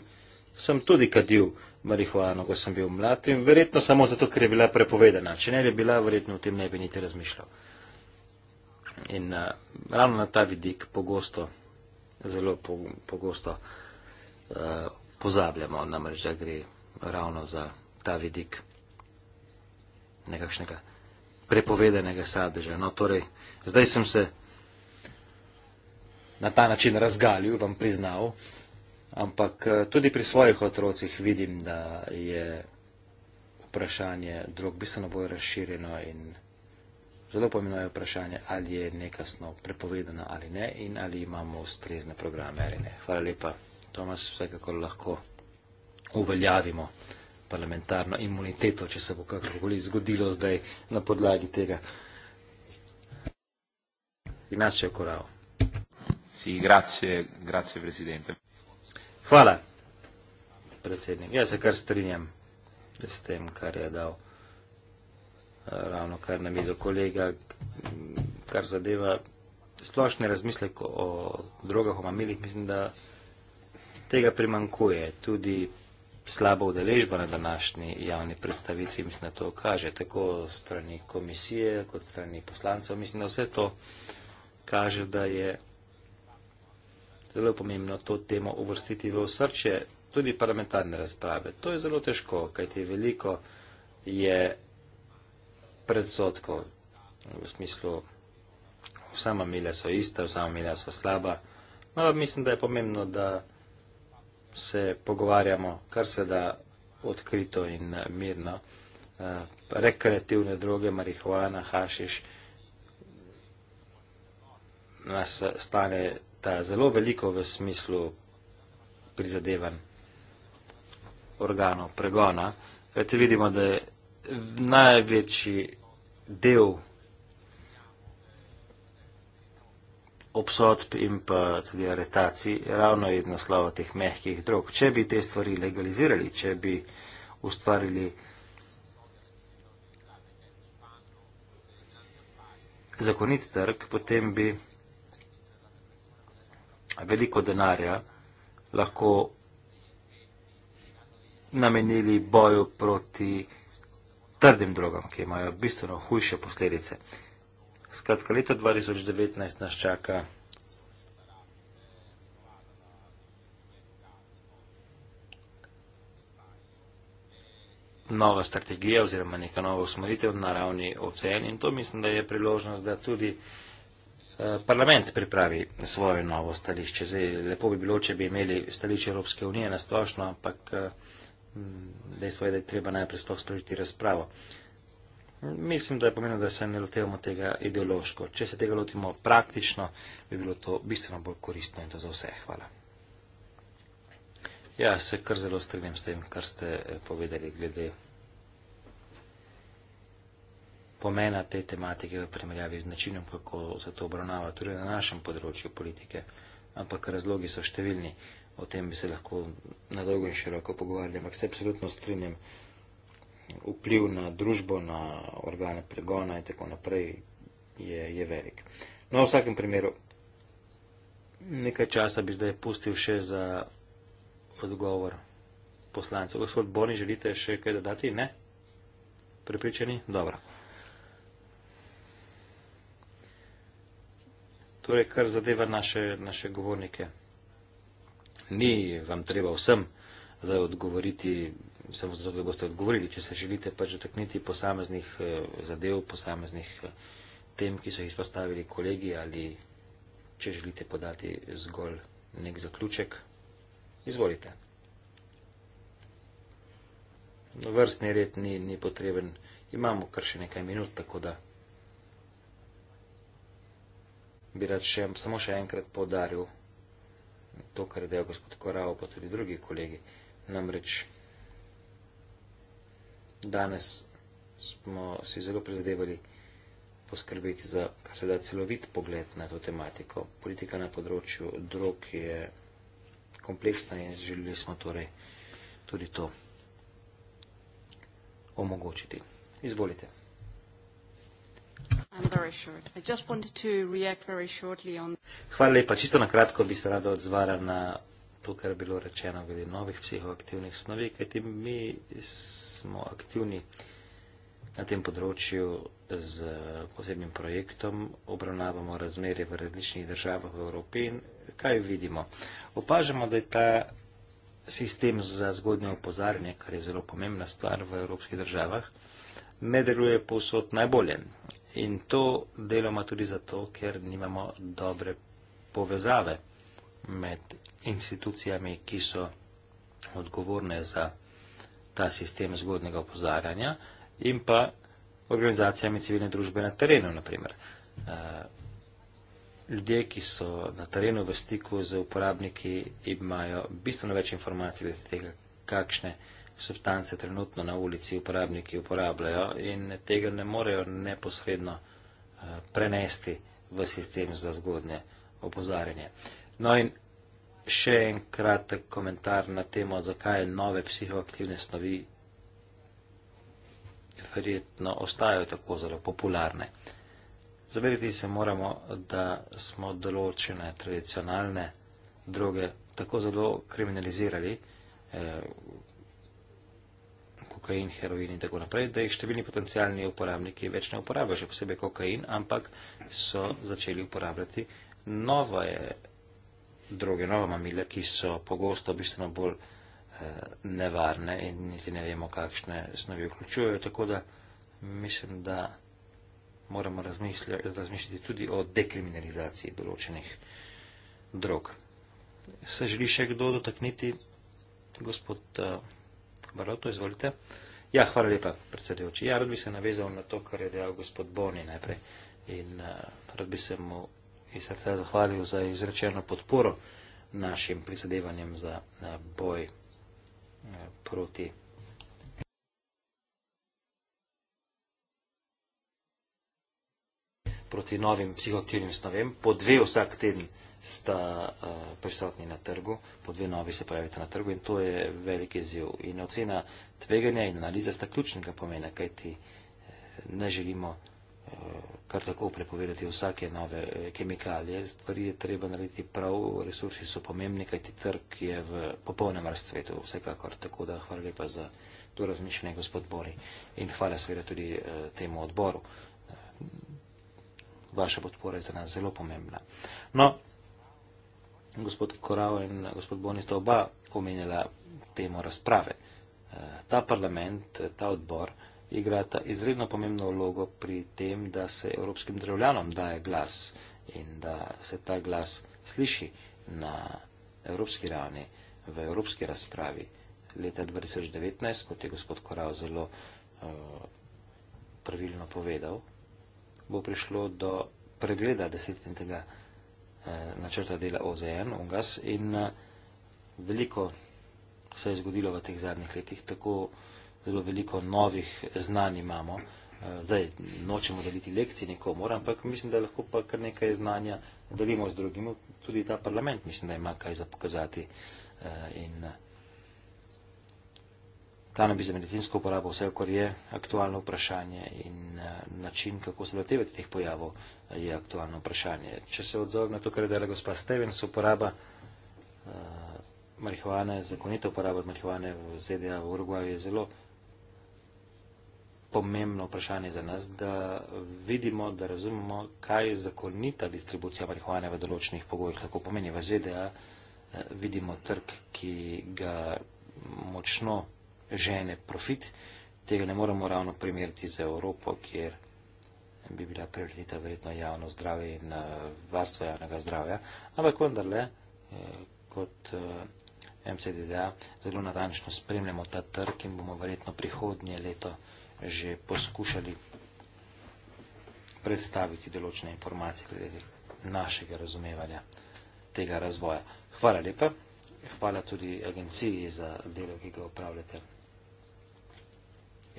Speaker 4: sem tudi kadil marihuano, ko sem bil mlad in verjetno samo zato, ker je bila prepovedana. Če ne bi bila, verjetno o tem ne bi niti razmišljal. In uh, ravno na ta vidik pogosto, zelo po, pogosto uh, pozabljamo, namreč da gre ravno za ta vidik nekakšnega prepovedanega sadeža. No, torej, zdaj sem se na ta način razgalil, vam priznal, ampak eh, tudi pri svojih otrocih vidim, da je vprašanje drug bistveno bolj razširjeno in zelo pomembno je vprašanje, ali je nekasno prepovedano ali ne in ali imamo ustrezne programe ali ne. Hvala lepa, Tomas, vsekakor lahko uveljavimo parlamentarno imuniteto, če se bo kakorkoli zgodilo zdaj na podlagi tega. Ignacio Corao. Si, grazie, grazie, presidente. Hvala, predsednik. Jaz se kar strinjam s tem, kar je dal ravno kar na mizo kolega, kar zadeva splošne razmisleke o drogah, o mamilih. Mislim, da tega primankuje tudi slaba udeležba na današnji javni predstavitvi, mislim, da to kaže tako strani komisije kot strani poslancev. Mislim, da vse to kaže, da je zelo pomembno to temo uvrstiti v osrče tudi parlamentarne razprave. To je zelo težko, kajti veliko je predsotkov v smislu vsa mamilja so ista, vsa mamilja so slaba. No, mislim, da je pomembno, da se pogovarjamo kar se da odkrito in eh, mirno. Eh, rekreativne droge, marihuana, hašiš, nas eh, stane ta zelo veliko v smislu prizadevanj organov pregona. Vete, vidimo, da je največji del obsodb in pa tudi aretacij ravno iz naslova teh mehkih drog. Če bi te stvari legalizirali, če bi ustvarili zakonit trg, potem bi veliko denarja lahko namenili boju proti trdim drogam, ki imajo bistveno hujše posledice. Skratka, leto 2019 nas čaka. nova strategija oziroma neka nova usmeritev na ravni ocen in to mislim, da je priložnost, da tudi eh, parlament pripravi svoje novo stališče. Zdaj, lepo bi bilo, če bi imeli stališče Evropske unije na splošno, ampak eh, dejstvo je, da je treba najprej sploh sprožiti razpravo. Mislim, da je pomembno, da se ne lotevamo tega ideološko. Če se tega lotimo praktično, bi bilo to bistveno bolj koristno in to za vse. Hvala. Ja, se kar zelo strinjam s tem, kar ste eh, povedali glede pomena te tematike v primerjavi z načinom, kako se to obravnava tudi na našem področju politike. Ampak razlogi so številni, o tem bi se lahko na dolgo in široko pogovarjali, ampak se absolutno strinjam vpliv na družbo, na organe pregona in tako naprej je, je velik. No, v vsakem primeru, nekaj časa bi zdaj pustil še za odgovor poslancev. Gospod Boni, želite še kaj dodati? Ne? Prepričani? Dobro. Torej, kar zadeva naše, naše govornike. Ni vam treba vsem zdaj odgovoriti sem zato, da boste odgovorili, če se želite pač dotakniti posameznih eh, zadev, posameznih eh, tem, ki so jih izpostavili kolegi ali če želite podati zgolj nek zaključek, izvolite. No, vrstni red ni, ni potreben, imamo kar še nekaj minut, tako da bi rad še, samo še enkrat podaril to, kar je del gospod Korao, pa tudi drugi kolegi, namreč danes smo si zelo prizadevali poskrbeti za, kar se da, celovit pogled na to tematiko. Politika na področju drog je kompleksna in želeli smo torej tudi to omogočiti. Izvolite. Hvala lepa. Čisto na kratko bi se rada odzvala na to, kar je bilo rečeno glede novih psihoaktivnih snovi, kajti mi smo aktivni na tem področju z posebnim projektom, obravnavamo razmere v različnih državah v Evropi in kaj vidimo? Opažamo, da je ta sistem za zgodnje opozarjanje, kar je zelo pomembna stvar v evropskih državah, ne deluje povsod najbolje. In to deloma tudi zato, ker nimamo dobre povezave med institucijami, ki so odgovorne za ta sistem zgodnega opozarjanja in pa organizacijami civilne družbe na terenu, naprimer. Eh, ljudje, ki so na terenu v stiku z uporabniki, imajo bistveno več informacij glede tega, kakšne substance trenutno na ulici uporabniki uporabljajo in tega ne morejo neposredno eh, prenesti v sistem za zgodnje opozarjanje. Uh, No in še en kratek komentar na temo, zakaj nove psihoaktivne snovi verjetno ostajajo tako zelo popularne. Zavedati se moramo, da smo določene tradicionalne droge tako zelo kriminalizirali, eh, kokain, heroin in tako naprej, da jih številni potencijalni uporabniki več ne uporabljajo, še posebej kokain, ampak so začeli uporabljati nove druge nove mamile, ki so pogosto bistveno bolj eh, nevarne in niti ne vemo, kakšne snovi vključujejo. Tako da mislim, da moramo razmišljati tudi o dekriminalizaciji določenih drog. Se želi še kdo dotakniti? Gospod eh, Baroto, izvolite. Ja, hvala lepa, predsedujoči. Ja, rad bi se navezal na to, kar je dejal gospod Boni najprej. In eh, rad bi se mu iz srca zahvalil za izrečeno podporo našim prizadevanjem za eh, boj eh, proti. proti novim psihoaktivnim snovem. Po dve vsak teden sta uh, prisotni na trgu, po dve novi se pojavite na trgu in to je veliki izziv. In ocena tveganja in analiza sta ključnega pomena, kajti ne želimo kar tako prepovedati vsake nove eh, kemikalije. Stvari je treba narediti prav, resursi so pomembni, kajti trg je v popolnem razcvetu, vsekakor. Tako da hvala lepa za to razmišljanje, gospod Bori. In hvala seveda tudi eh, temu odboru. Eh, vaša podpora je za nas zelo pomembna. No, gospod Korao in gospod Boni sta oba omenjala temu razprave. Ta parlament, ta odbor, igrata izredno pomembno vlogo pri tem, da se evropskim državljanom daje glas in da se ta glas sliši na evropski ravni, v evropski razpravi. Leta 2019, kot je gospod Korao zelo eh, pravilno povedal, bo prišlo do pregleda desetnetega eh, načrta dela OZN, UNGAS, in eh, veliko se je zgodilo v teh zadnjih letih, tako vsega, zelo veliko novih znanj imamo. Eh, zdaj nočemo deliti lekcije nikomor, ampak mislim, da lahko pa kar nekaj znanja delimo z drugim. Tudi ta parlament mislim, da ima kaj za pokazati. Eh, in eh, kanabis za medicinsko uporabo, vse, kar je aktualno vprašanje in način, kako se lotevati teh pojavov, je aktualno vprašanje. Če se odzovem na to, kar je dela gospa Stevens, uporaba marihuane, zakonita uporaba marihuane v ZDA v Uruguaju je zelo pomembno vprašanje za nas, da vidimo, da razumemo, kaj zakonita distribucija marihuane v določenih pogojih lahko pomeni. V ZDA eh, vidimo trg, ki ga močno žene profit, tega ne moremo ravno primeriti z Evropo, kjer bi bila prioriteta verjetno javno zdravje in eh, varstvo javnega zdravja, ampak vendarle, eh, kot MCDDA, zelo natančno spremljamo ta trg in bomo verjetno prihodnje leto že poskušali predstaviti določene informacije glede našega razumevanja tega razvoja. Hvala lepa. Hvala tudi agenciji za delo, ki ga upravljate.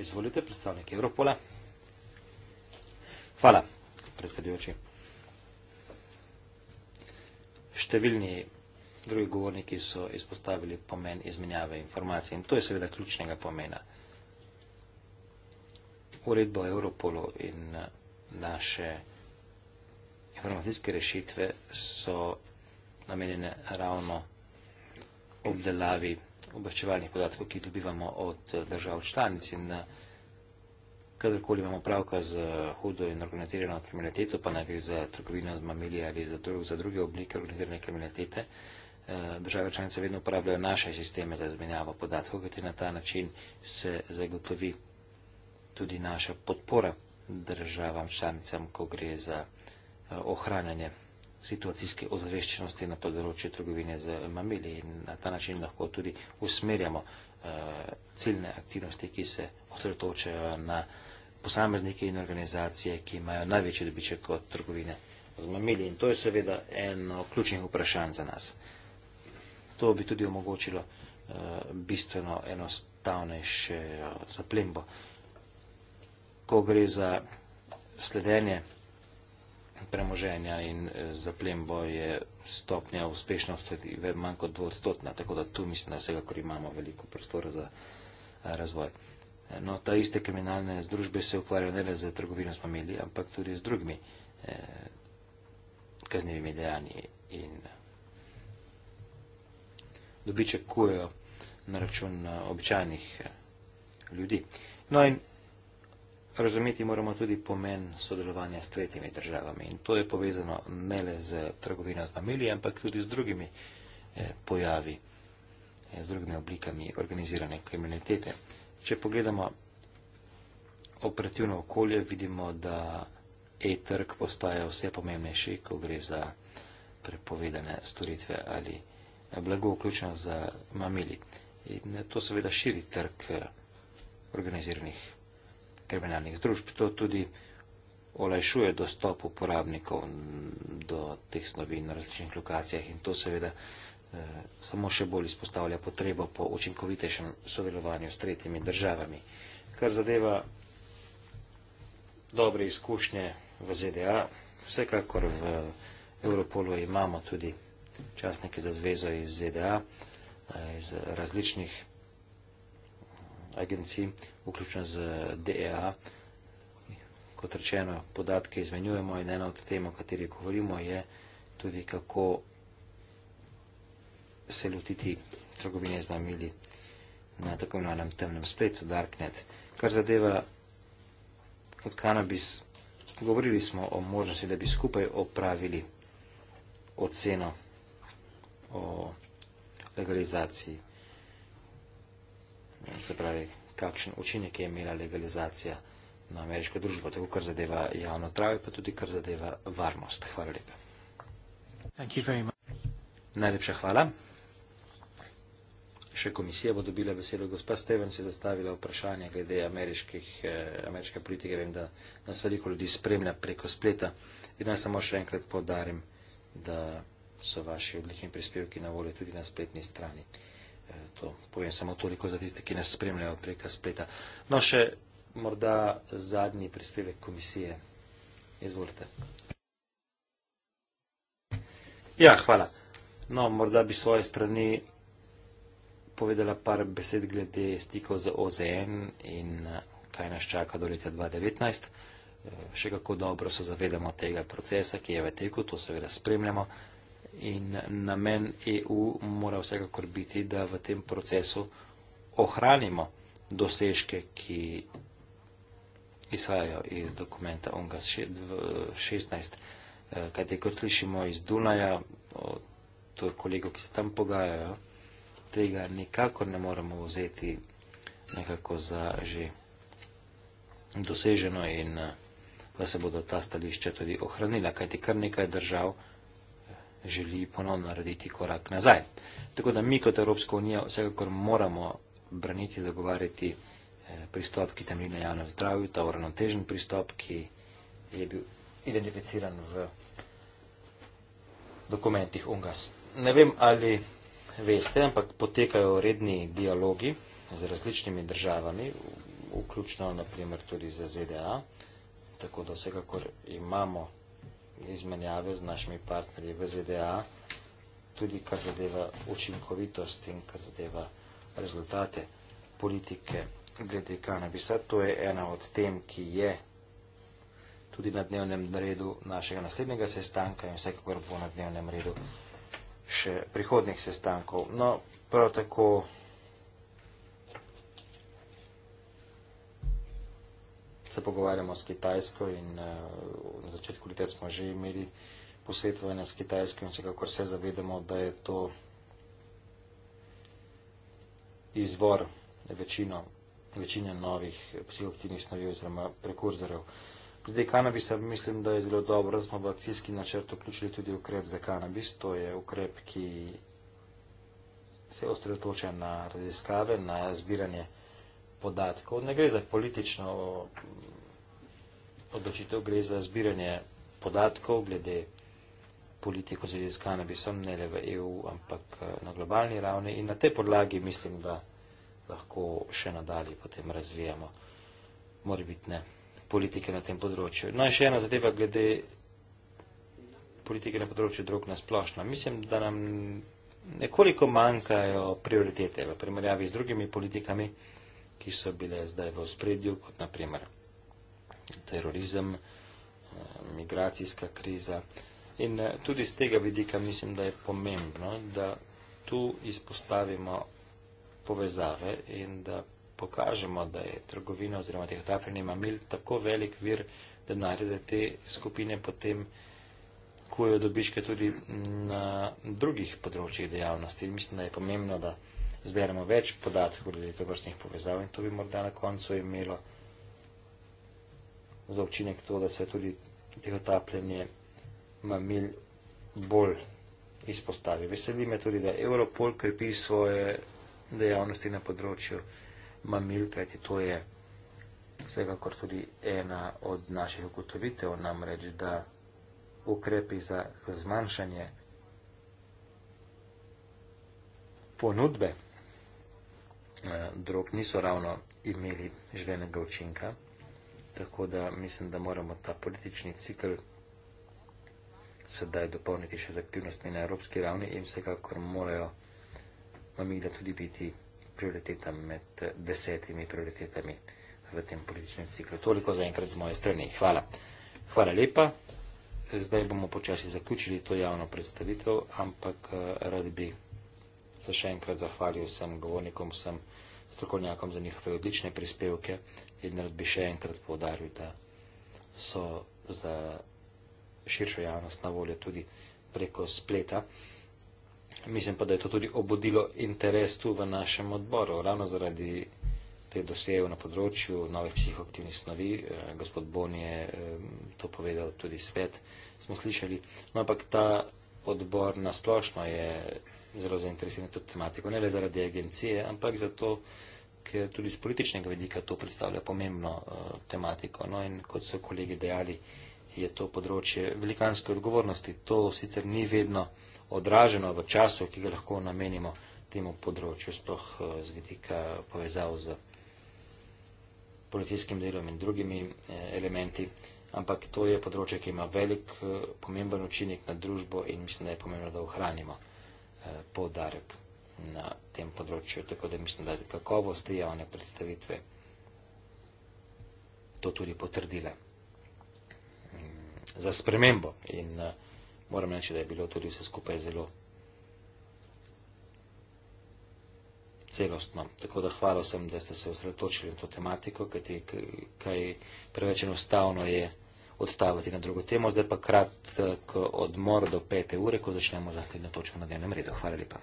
Speaker 4: Izvolite, predstavnik Evropola. Hvala, predsedujoči. Številni drugi govorniki so izpostavili pomen izmenjave informacij in to je seveda ključnega pomena uredba o Europolu in eh, naše informacijske rešitve so namenjene ravno obdelavi obveščevalnih podatkov, ki jih dobivamo od eh, držav članic in eh, kadarkoli imamo pravka z hudo in organizirano kriminaliteto, pa naj gre za trgovino z mamili ali za, drug, za druge oblike organizirane kriminalitete, države članice vedno uporabljajo naše sisteme za izmenjavo podatkov, kajti na ta način se zagotovi tudi naša podpora državam članicam, ko gre za eh, ohranjanje situacijske ozaveščenosti na področju trgovine z mamili in na ta način lahko tudi usmerjamo uh, ciljne aktivnosti, ki se osredotočajo na posameznike in organizacije, ki imajo največji dobiček od trgovine z mamili. In to je seveda eno ključnih vprašanj za nas. To bi tudi omogočilo uh, bistveno enostavnejše uh, zaplembo uh, ko gre za sledenje premoženja in eh, zaplembo, je stopnja uspešnosti manj kot dvodstotna, tako da tu mislim, da vsega, kar imamo veliko prostora za eh, razvoj. Eh, no, ta iste kriminalne združbe se ukvarjajo ne le z trgovino s pomeli, ampak tudi z drugimi eh, kaznevimi dejanji in dobiček kujejo na račun običajnih ljudi. No in Razumeti moramo tudi pomen sodelovanja s tretjimi državami in to je povezano ne le z trgovino z mamili, ampak tudi z drugimi eh, pojavi, eh, z drugimi oblikami organizirane kriminalitete. Če pogledamo operativno okolje, vidimo, da e-trg postaja vse pomembnejši, ko gre za prepovedane storitve ali eh, blago vključno za mamili. In to seveda širi trg organiziranih kriminalnih združb. To tudi olajšuje dostop uporabnikov do teh snovi na različnih lokacijah in to seveda eh, samo še bolj izpostavlja potrebo po učinkovitejšem sodelovanju s tretjimi državami. Kar zadeva dobre izkušnje v ZDA, vsekakor v Europolu imamo tudi častnike za zvezo iz ZDA, eh, iz različnih agencij, vključno z DEA. Kot rečeno, podatke izmenjujemo in ena od tem, o kateri govorimo, je tudi kako se lotiti trgovine z mamili na tako imenovanem temnem spletu, Darknet. Kar zadeva kanabis, govorili smo o možnosti, da bi skupaj opravili oceno o legalizaciji se pravi, kakšen učinek je imela legalizacija na ameriško družbo, tako kar zadeva javno travi, pa tudi kar zadeva varnost. Hvala lepa. Najlepša hvala. Še komisija bo dobila veselo. Gospa Steven se je zastavila vprašanje glede eh, ameriške politike. Vem, da nas veliko ljudi spremlja preko spleta. In naj samo še enkrat podarim, da so vaši oblični prispevki na voljo tudi na spletni strani. Eh, to povem samo toliko za tiste, ki nas spremljajo preka spleta. No, še morda zadnji prispevek komisije. Izvolite. Ja, hvala. No, morda bi svoje strani povedala par besed glede stikov za OZN in eh, kaj nas čaka do leta 2019. Eh, še kako dobro se zavedamo tega procesa, ki je v teku, to seveda spremljamo. In namen EU mora vsekakor biti, da v tem procesu ohranimo dosežke, ki izhajajo iz dokumenta UNGAS 16. Kajte, kot slišimo iz Dunaja, to je kolego, ki se tam pogajajo, tega nikakor ne moramo vzeti nekako za že doseženo in eh, da se bodo ta stališča tudi ohranila. Kajte, kar nekaj držav, želi ponovno narediti korak nazaj. Tako da mi kot Evropska unija vsekakor moramo braniti, zagovarjati eh, pristop, ki temelji na javnem zdravju, ta uravnotežen pristop, ki je bil identificiran v dokumentih UNGAS. Ne vem, ali veste, ampak potekajo redni dialogi z različnimi državami, vključno naprimer tudi za ZDA, tako da vsekakor imamo izmenjave z našimi partnerji v ZDA, tudi kar zadeva učinkovitost in kar zadeva rezultate politike glede kanabisa. To je ena od tem, ki je tudi na dnevnem redu našega naslednjega sestanka in vsekakor bo na dnevnem redu še prihodnih sestankov. No, prav tako se pogovarjamo s Kitajsko in eh, na začetku leta smo že imeli posvetovanje s Kitajsko in vsekakor se zavedamo, da je to izvor večino, večine novih psihoaktivnih snovi oziroma prekurzorjev. Glede kanabisa mislim, da je zelo dobro, da smo v akcijski načrt vključili tudi ukrep za kanabis. To je ukrep, ki se osredotoča na raziskave, na zbiranje kanabisa podatkov. Ne gre za politično mm, odločitev, gre za zbiranje podatkov glede politiko zvezi s kanabisom, ne le v EU, ampak eh, na globalni ravni. In na tej podlagi mislim, da lahko še nadalje potem razvijamo morbitne politike na tem področju. No in še ena zadeva glede politike na področju drug na splošno. Mislim, da nam nekoliko manjkajo prioritete v primerjavi z drugimi politikami ki so bile zdaj v spredju, kot naprimer terorizem, eh, migracijska kriza. In eh, tudi z tega vidika mislim, da je pomembno, da tu izpostavimo povezave in da pokažemo, da je trgovina oziroma teh otapljenih mamil tako velik vir denarja, da te skupine potem kujejo dobičke tudi na drugih področjih dejavnosti. In mislim, da je pomembno, da zberemo več podatkov glede tovrstnih povezav in to bi morda na koncu imelo za učinek to, da se je tudi tehotapljenje mamil bolj izpostavi. Veseli me tudi, da Europol krepi svoje dejavnosti na področju mamil, kajti to je vsekakor tudi ena od naših ugotovitev, namreč, da ukrepi za zmanjšanje ponudbe Eh, drog niso ravno imeli želenega učinka, tako da mislim, da moramo ta politični cikl sedaj dopolniti še z aktivnostmi na evropski ravni in vsekakor morajo mamila tudi biti prioriteta med desetimi prioritetami v tem političnem ciklu. Toliko za enkrat z moje strani. Hvala. Hvala lepa. Zdaj bomo počasi zaključili to javno predstavitev, ampak eh, rad bi se še enkrat zahvalil vsem govornikom, vsem govornikom strokovnjakom za njihove odlične prispevke in rad bi še enkrat povdaril, da so za širšo javnost na voljo tudi preko spleta. Mislim pa, da je to tudi obudilo interes tu v našem odboru, ravno zaradi te dosejev na področju novih psihoaktivnih snovi. Eh, gospod Bon je eh, to povedal tudi svet, smo slišali. No, ampak ta odbor nasplošno je zelo zainteresirani to tematiko, ne le zaradi agencije, ampak zato, ker tudi z političnega vidika to predstavlja pomembno uh, tematiko. No in kot so kolegi dejali, je to področje velikanske odgovornosti. To sicer ni vedno odraženo v času, ki ga lahko namenimo temu področju, sploh uh, z vidika povezav z policijskim delom in drugimi eh, elementi, ampak to je področje, ki ima velik eh, pomemben učinek na družbo in mislim, da je pomembno, da ohranimo. Eh, podarek na tem področju. Tako da mislim, da je kakovost javne predstavitve to tudi potrdila mm, za spremembo. In eh, moram reči, da je bilo tudi vse skupaj zelo celostno. Tako da hvala vsem, da ste se osredotočili na to tematiko, kajti kaj preveč enostavno je odstaviti na drugo temo, zdaj pa kratek odmor do pete ure, ko začnemo z naslednjo točko na dnevnem redu. Hvala lepa.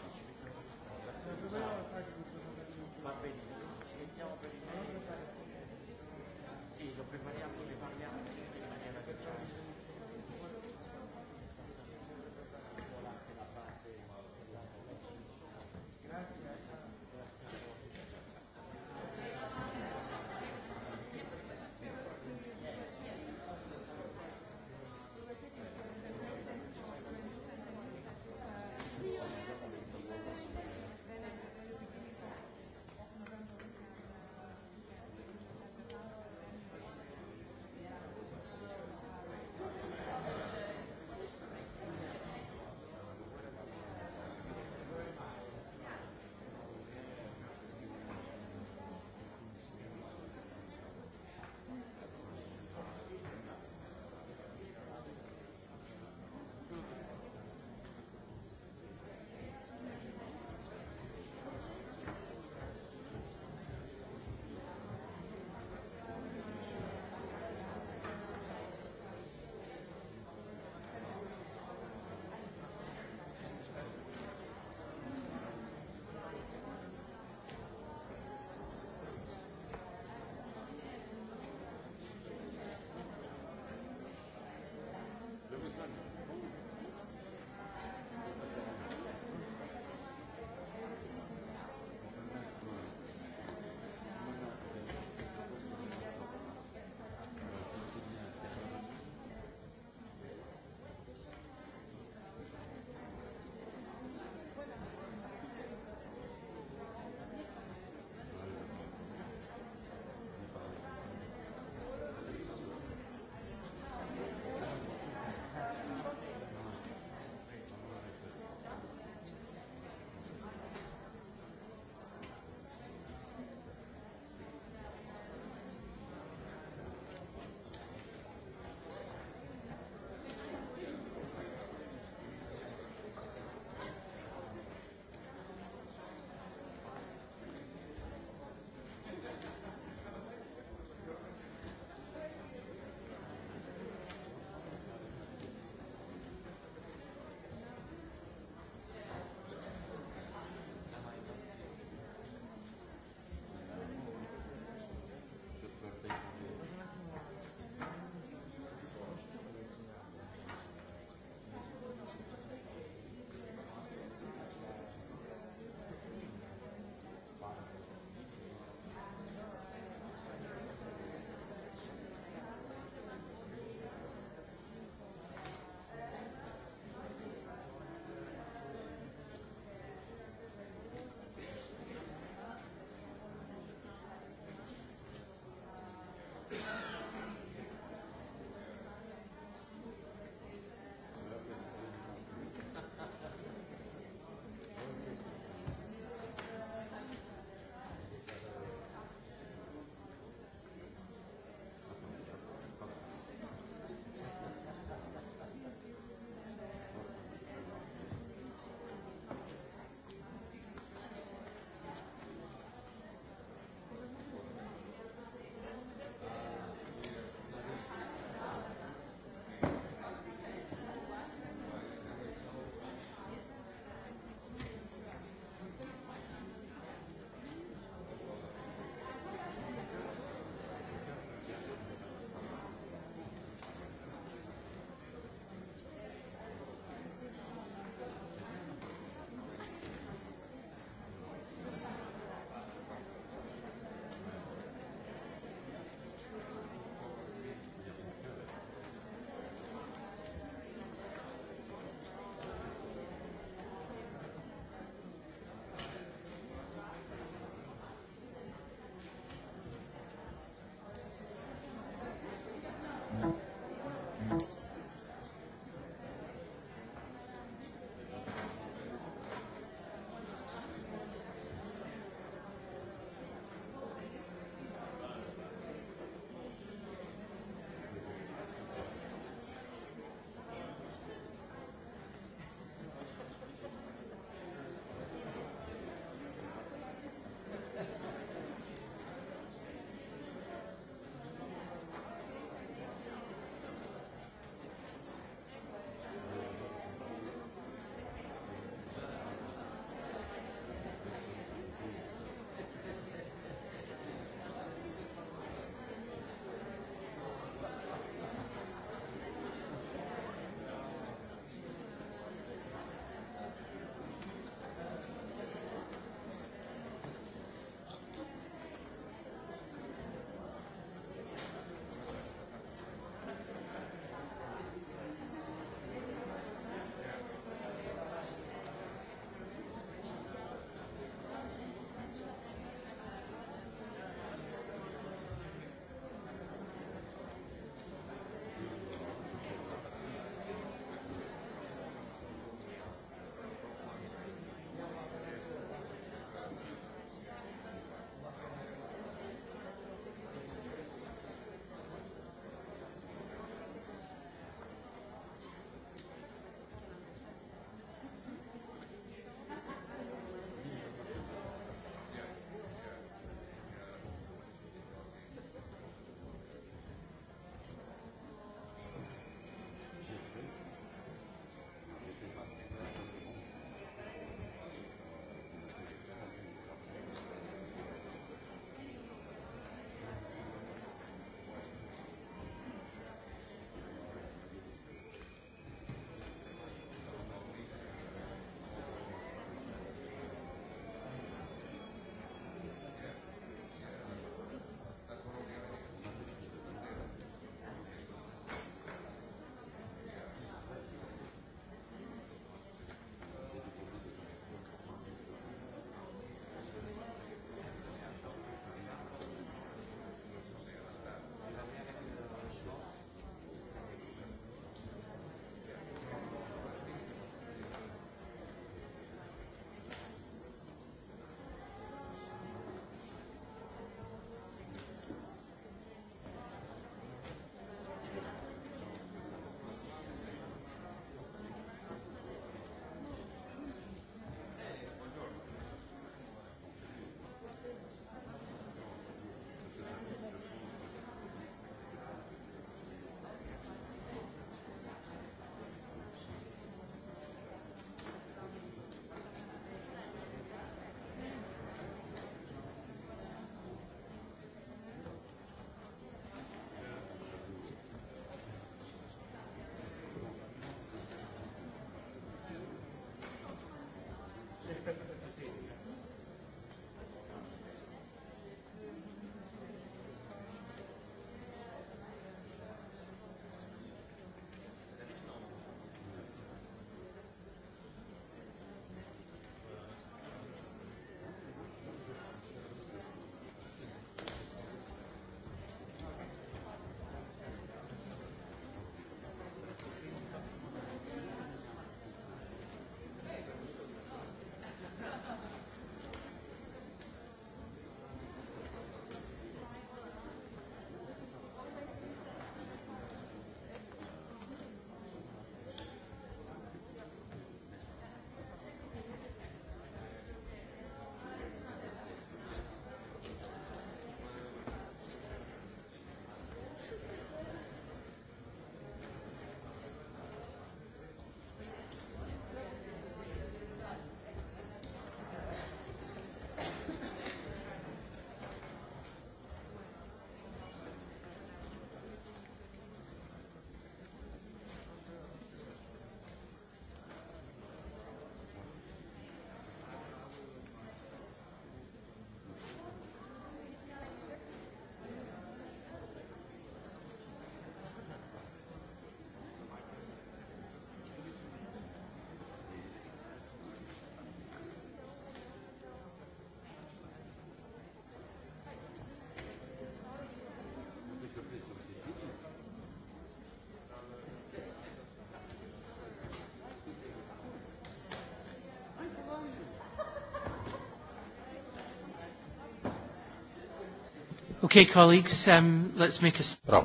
Speaker 1: Okay, colleagues, um, let's make a Prav,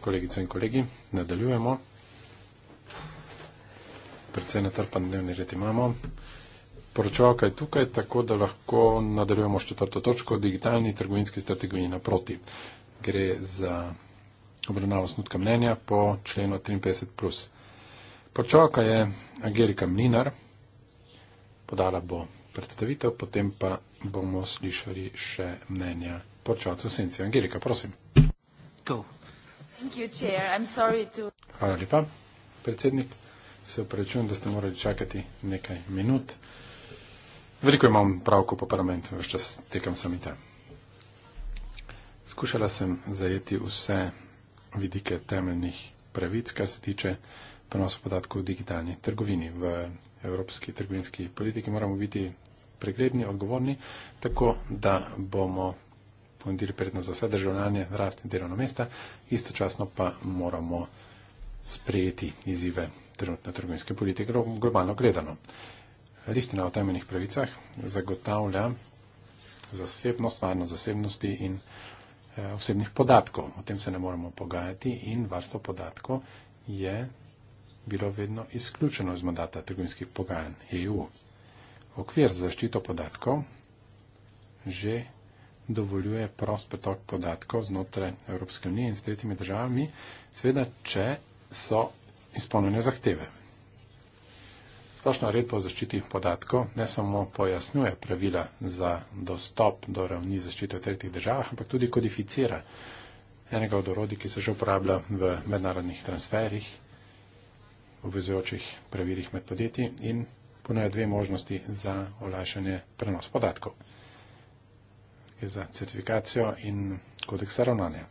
Speaker 2: kolegice in kolegi, nadaljujemo. Predvsej natrpan dnevni red imamo. Poročevalka je tukaj, tako da lahko nadaljujemo s četrto točko, digitalni trgovinski strategiji naproti. Gre za obravnavo snutka mnenja po členu 53. Poročevalka je Angelika Mlinar, podala bo predstavitev, potem pa bomo slišali še mnenja počalcev Sencije. Angelika, prosim. You, to... Hvala lepa, predsednik. Se upravičujem, da ste morali čakati nekaj minut. Veliko imam pravko po parlamentu, več čas tekam sami tam. Skušala sem zajeti vse vidike temeljnih pravic, kar se tiče prenosa podatkov v digitalni trgovini. V evropski trgovinski politiki moramo biti pregledni, odgovorni, tako da bomo ponudili prednost za vse državljanje, rasti delovno mesta, istočasno pa moramo sprejeti izzive trenutne trgovinske politike, globalno gledano. Listina o temeljnih pravicah zagotavlja zasebnost, varnost zasebnosti in eh, osebnih podatkov. O tem se ne moramo pogajati in varstvo podatkov je bilo vedno izključeno iz mandata trgovinskih pogajanj EU. Okvir za zaščito podatkov že dovoljuje prost pretok podatkov znotraj Evropske unije in s tretjimi državami, seveda, če so izpolnjene zahteve. Splošna redba o zaščiti podatkov ne samo pojasnjuje pravila za dostop do ravni zaščite v tretjih državah, ampak tudi kodificira enega od orodij, ki se že uporablja v mednarodnih transferih, obvezujočih pravilih med podjetji in ponuja dve možnosti za olajšanje prenos podatkov. Gre za certifikacijo in kodeksa ravnanja.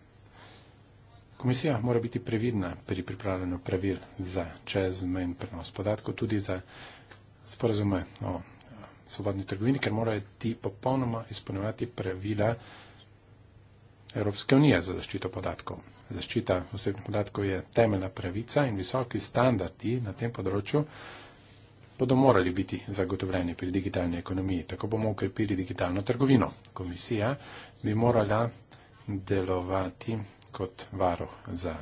Speaker 2: Komisija mora biti previdna pri pripravljanju pravil za čezmejni prenos podatkov, tudi za sporazume o svobodni trgovini, ker morajo ti popolnoma izpolnjevati pravila Evropske unije za zaščito podatkov. Zaščita osebnih podatkov je temeljna pravica in visoki standardi na tem področju bodo morali biti zagotovljeni pri digitalni ekonomiji. Tako bomo ukrepili digitalno trgovino. Komisija bi morala delovati kot varoh za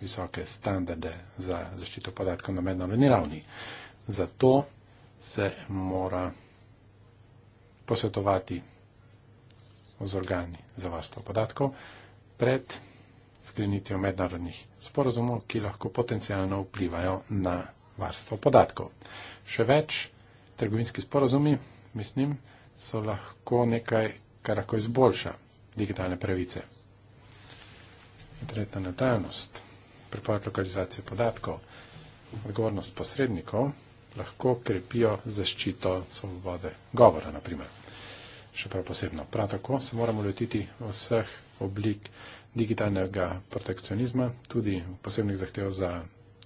Speaker 2: visoke standarde za zaščito podatkov na mednarodni ravni. Zato se mora posvetovati z organi za varstvo podatkov pred sklenitijo mednarodnih sporozumov, ki lahko potencijalno vplivajo na varstvo podatkov. Še več, trgovinski sporazumi, mislim, so lahko nekaj, kar lahko izboljša digitalne pravice. Internetna torej netajnost, prepoved lokalizacije podatkov, odgovornost posrednikov lahko krepijo zaščito svobode govora, naprimer. Še prav posebno. Prav tako se moramo lotiti vseh oblik digitalnega protekcionizma, tudi posebnih zahtev za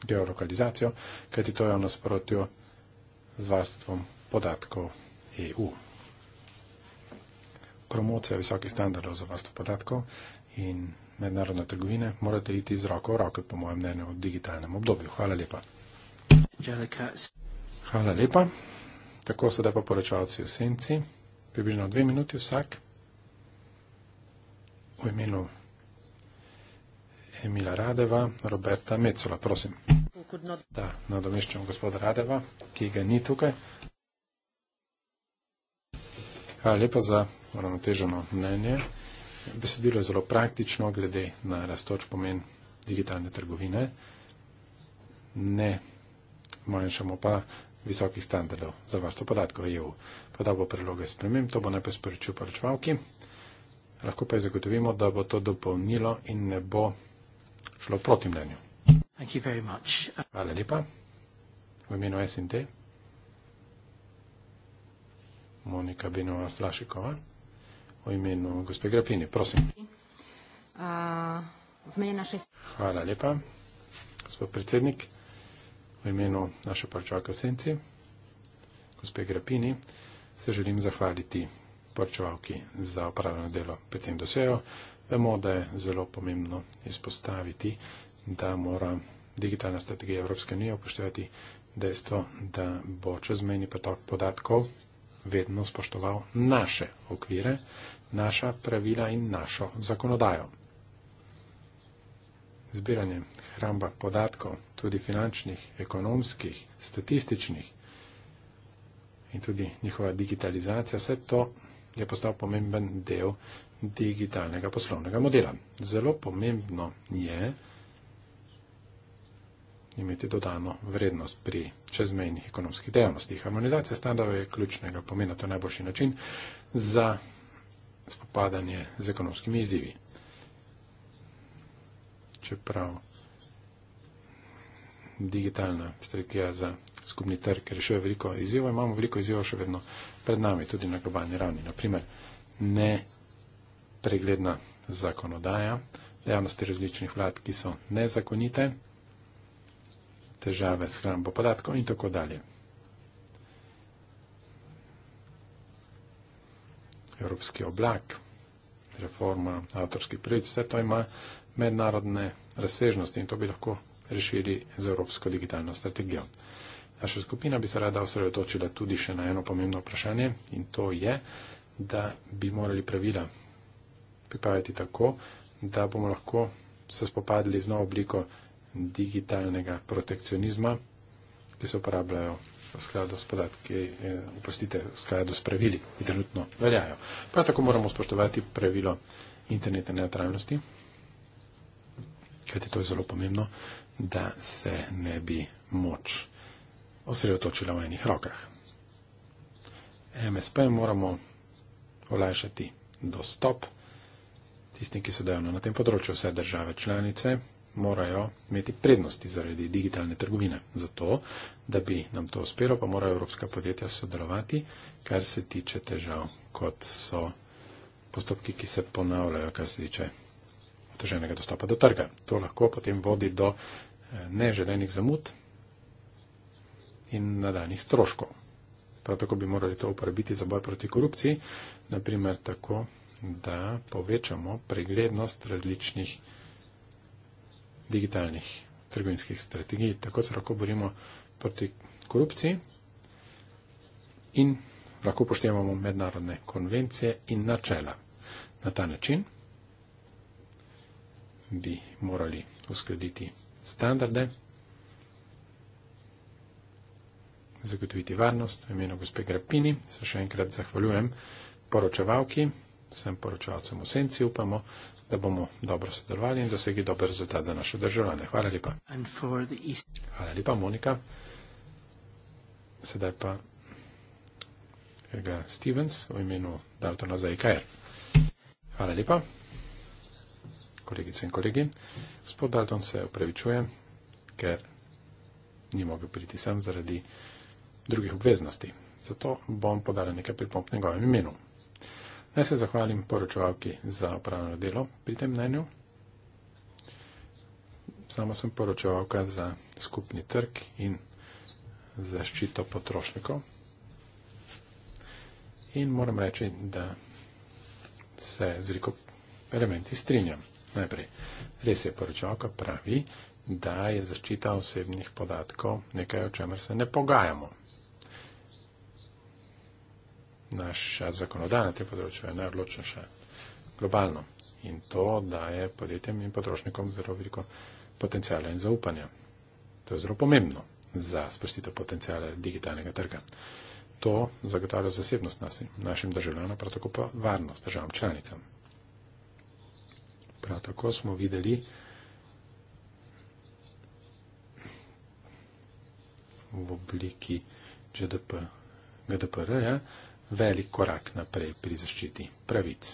Speaker 2: geolokalizacijo, kajti to je v nasprotju z varstvom podatkov EU. Promocija visokih standardov za varstvo podatkov in mednarodne trgovine morate iti z roko v roke, po mojem mnenju, v digitalnem obdobju. Hvala lepa. Hvala lepa. Tako sedaj pa poročavci v senci. Približno dve minuti vsak. V imenu Emila Radeva, Roberta Mecola, prosim kot not. Da, nadomeščam gospoda Radeva, ki ga ni tukaj. Hvala lepa za uravnoteženo mnenje. Besedilo je zelo praktično glede na raztoč pomen digitalne trgovine. Ne manjšamo pa visokih standardov za varstvo podatkov EU. Podal bo predloge spremem, to bo najprej sporočil poročevalki. Lahko pa je zagotovimo, da bo to dopolnilo in ne bo šlo proti mnenju. Thank you very much. Hvala lepa. V imenu SNT. Monika Benova Flašikova. V imenu gospe Grapini, prosim.
Speaker 1: Uh,
Speaker 2: Hvala lepa. Gospod predsednik, v imenu naše porčevalke Senci, gospe Grapini, se želim zahvaliti porčevalki za opravljeno delo pri tem dosejo. Vemo, da je zelo pomembno izpostaviti, da mora digitalna strategija Evropske unije upoštevati dejstvo, da bo čezmeni pretok podatkov vedno spoštoval naše okvire, naša pravila in našo zakonodajo. Zbiranje hramba podatkov, tudi finančnih, ekonomskih, statističnih in tudi njihova digitalizacija, vse to je postal pomemben del digitalnega poslovnega modela. Zelo pomembno je, da je imeti dodano vrednost pri čezmejnih ekonomskih dejavnostih. Harmonizacija standardov je ključnega pomena, to je najboljši način za spopadanje z ekonomskimi izzivi. Čeprav digitalna strategija za skupni trg rešuje veliko izzivov, imamo veliko izzivov še vedno pred nami, tudi na globalni ravni. Naprimer, nepregledna zakonodaja, dejavnosti različnih vlad, ki so nezakonite, težave s hrambo podatkov in tako dalje. Evropski oblak, reforma avtorskih pravic, vse to ima mednarodne razsežnosti in to bi lahko rešili z Evropsko digitalno strategijo. Naša skupina bi se rada osredotočila tudi še na eno pomembno vprašanje in to je, da bi morali pravila pripraviti tako, da bomo lahko se spopadli z novo obliko digitalnega protekcionizma, ki se uporabljajo v skladu s podatki, eh, oprostite, v skladu s pravili, ki trenutno veljajo. Prav tako moramo spoštovati pravilo internetne neutralnosti, kajti to je zelo pomembno, da se ne bi moč osredotočila v enih rokah. MSP moramo olajšati dostop tistim, ki so dejavno na tem področju, vse države članice morajo imeti prednosti zaradi digitalne trgovine. Zato, da bi nam to uspelo, pa morajo evropska podjetja sodelovati, kar se tiče težav, kot so postopki, ki se ponavljajo, kar se tiče oteženega dostopa do trga. To lahko potem vodi do eh, neželenih zamud in nadaljnih stroškov. Prav tako bi morali to uporabiti za boj proti korupciji, naprimer tako, da povečamo preglednost različnih digitalnih trgovinskih strategij. Tako se lahko borimo proti korupciji in lahko upoštevamo mednarodne konvencije in načela. Na ta način bi morali uskladiti standarde, zagotoviti varnost v imenu gospe Grapini. Se še enkrat zahvaljujem poročevalki, sem poročevalcem v senci, upamo, da bomo dobro sodelovali in dosegli dober rezultat za naše državljane. Hvala lepa. Hvala lepa, Monika. Sedaj pa Erga Stevens v imenu Daltona za IKR. E Hvala lepa, kolegice in kolegi. Gospod Dalton se upravičuje, ker ni mogel priti sem zaradi drugih obveznosti. Zato bom podala nekaj pripomp njegovem imenu. Naj se zahvalim poročevalki za opravljeno delo pri tem mnenju. Sama sem poročevalka za skupni trg in zaščito potrošnikov. In moram reči, da se z veliko elementi strinjam. Najprej, res je poročevalka pravi, da je zaščita osebnih podatkov nekaj, o čemer se ne pogajamo naša zakonodaja na tem področju je najodločnejša globalno in to daje podjetjem in potrošnikom zelo veliko potencijala in zaupanja. To je zelo pomembno za spustitev potencijala digitalnega trga. To zagotavlja zasebnost nas, našim državljanom, prav tako pa varnost državam članicam. Prav tako smo videli v obliki GDP, GDPR, ja, velik korak naprej pri zaščiti pravic.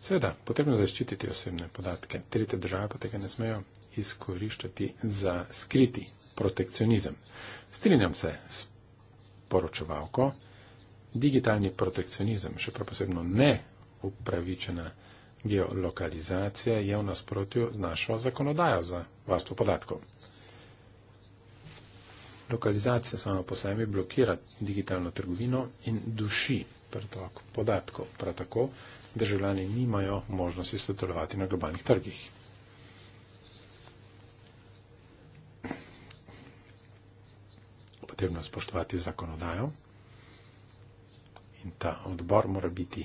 Speaker 2: Seveda, potrebno je zaščititi osebne podatke. Tretje države pa tega ne smejo izkoriščati za skriti protekcionizem. Strinjam se s poročevalko, digitalni protekcionizem, še prav posebno ne upravičena geolokalizacija, je v nasprotju z našo zakonodajo za varstvo podatkov lokalizacija sama po sebi blokira digitalno trgovino in duši pretok podatkov. Prav tako državljani nimajo možnosti sodelovati na globalnih trgih. Potrebno je spoštovati zakonodajo in ta odbor mora biti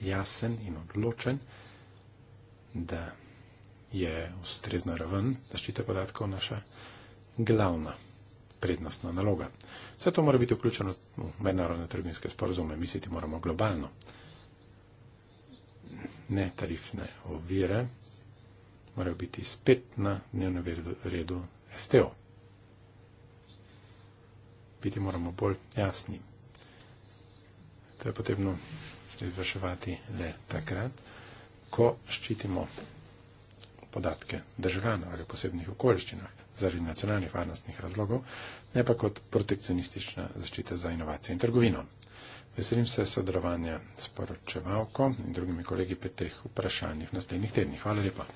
Speaker 2: jasen in odločen, da je ustrezna raven zaščite podatkov naša glavna prednostna naloga. Vse to mora biti vključeno v mednarodne trgovinske sporozume, misliti moramo globalno. Ne tarifne ovire morajo biti spet na dnevnem redu STO. Biti moramo bolj jasni. To je potrebno izvrševati le takrat, ko ščitimo podatke državljanov ali posebnih okoliščinah zaradi nacionalnih varnostnih razlogov, ne pa kot protekcionistična zaščita za inovacije in trgovino. Veselim se sodelovanja s poročevalko in drugimi kolegi pri teh vprašanjih v naslednjih tednih. Hvala lepa.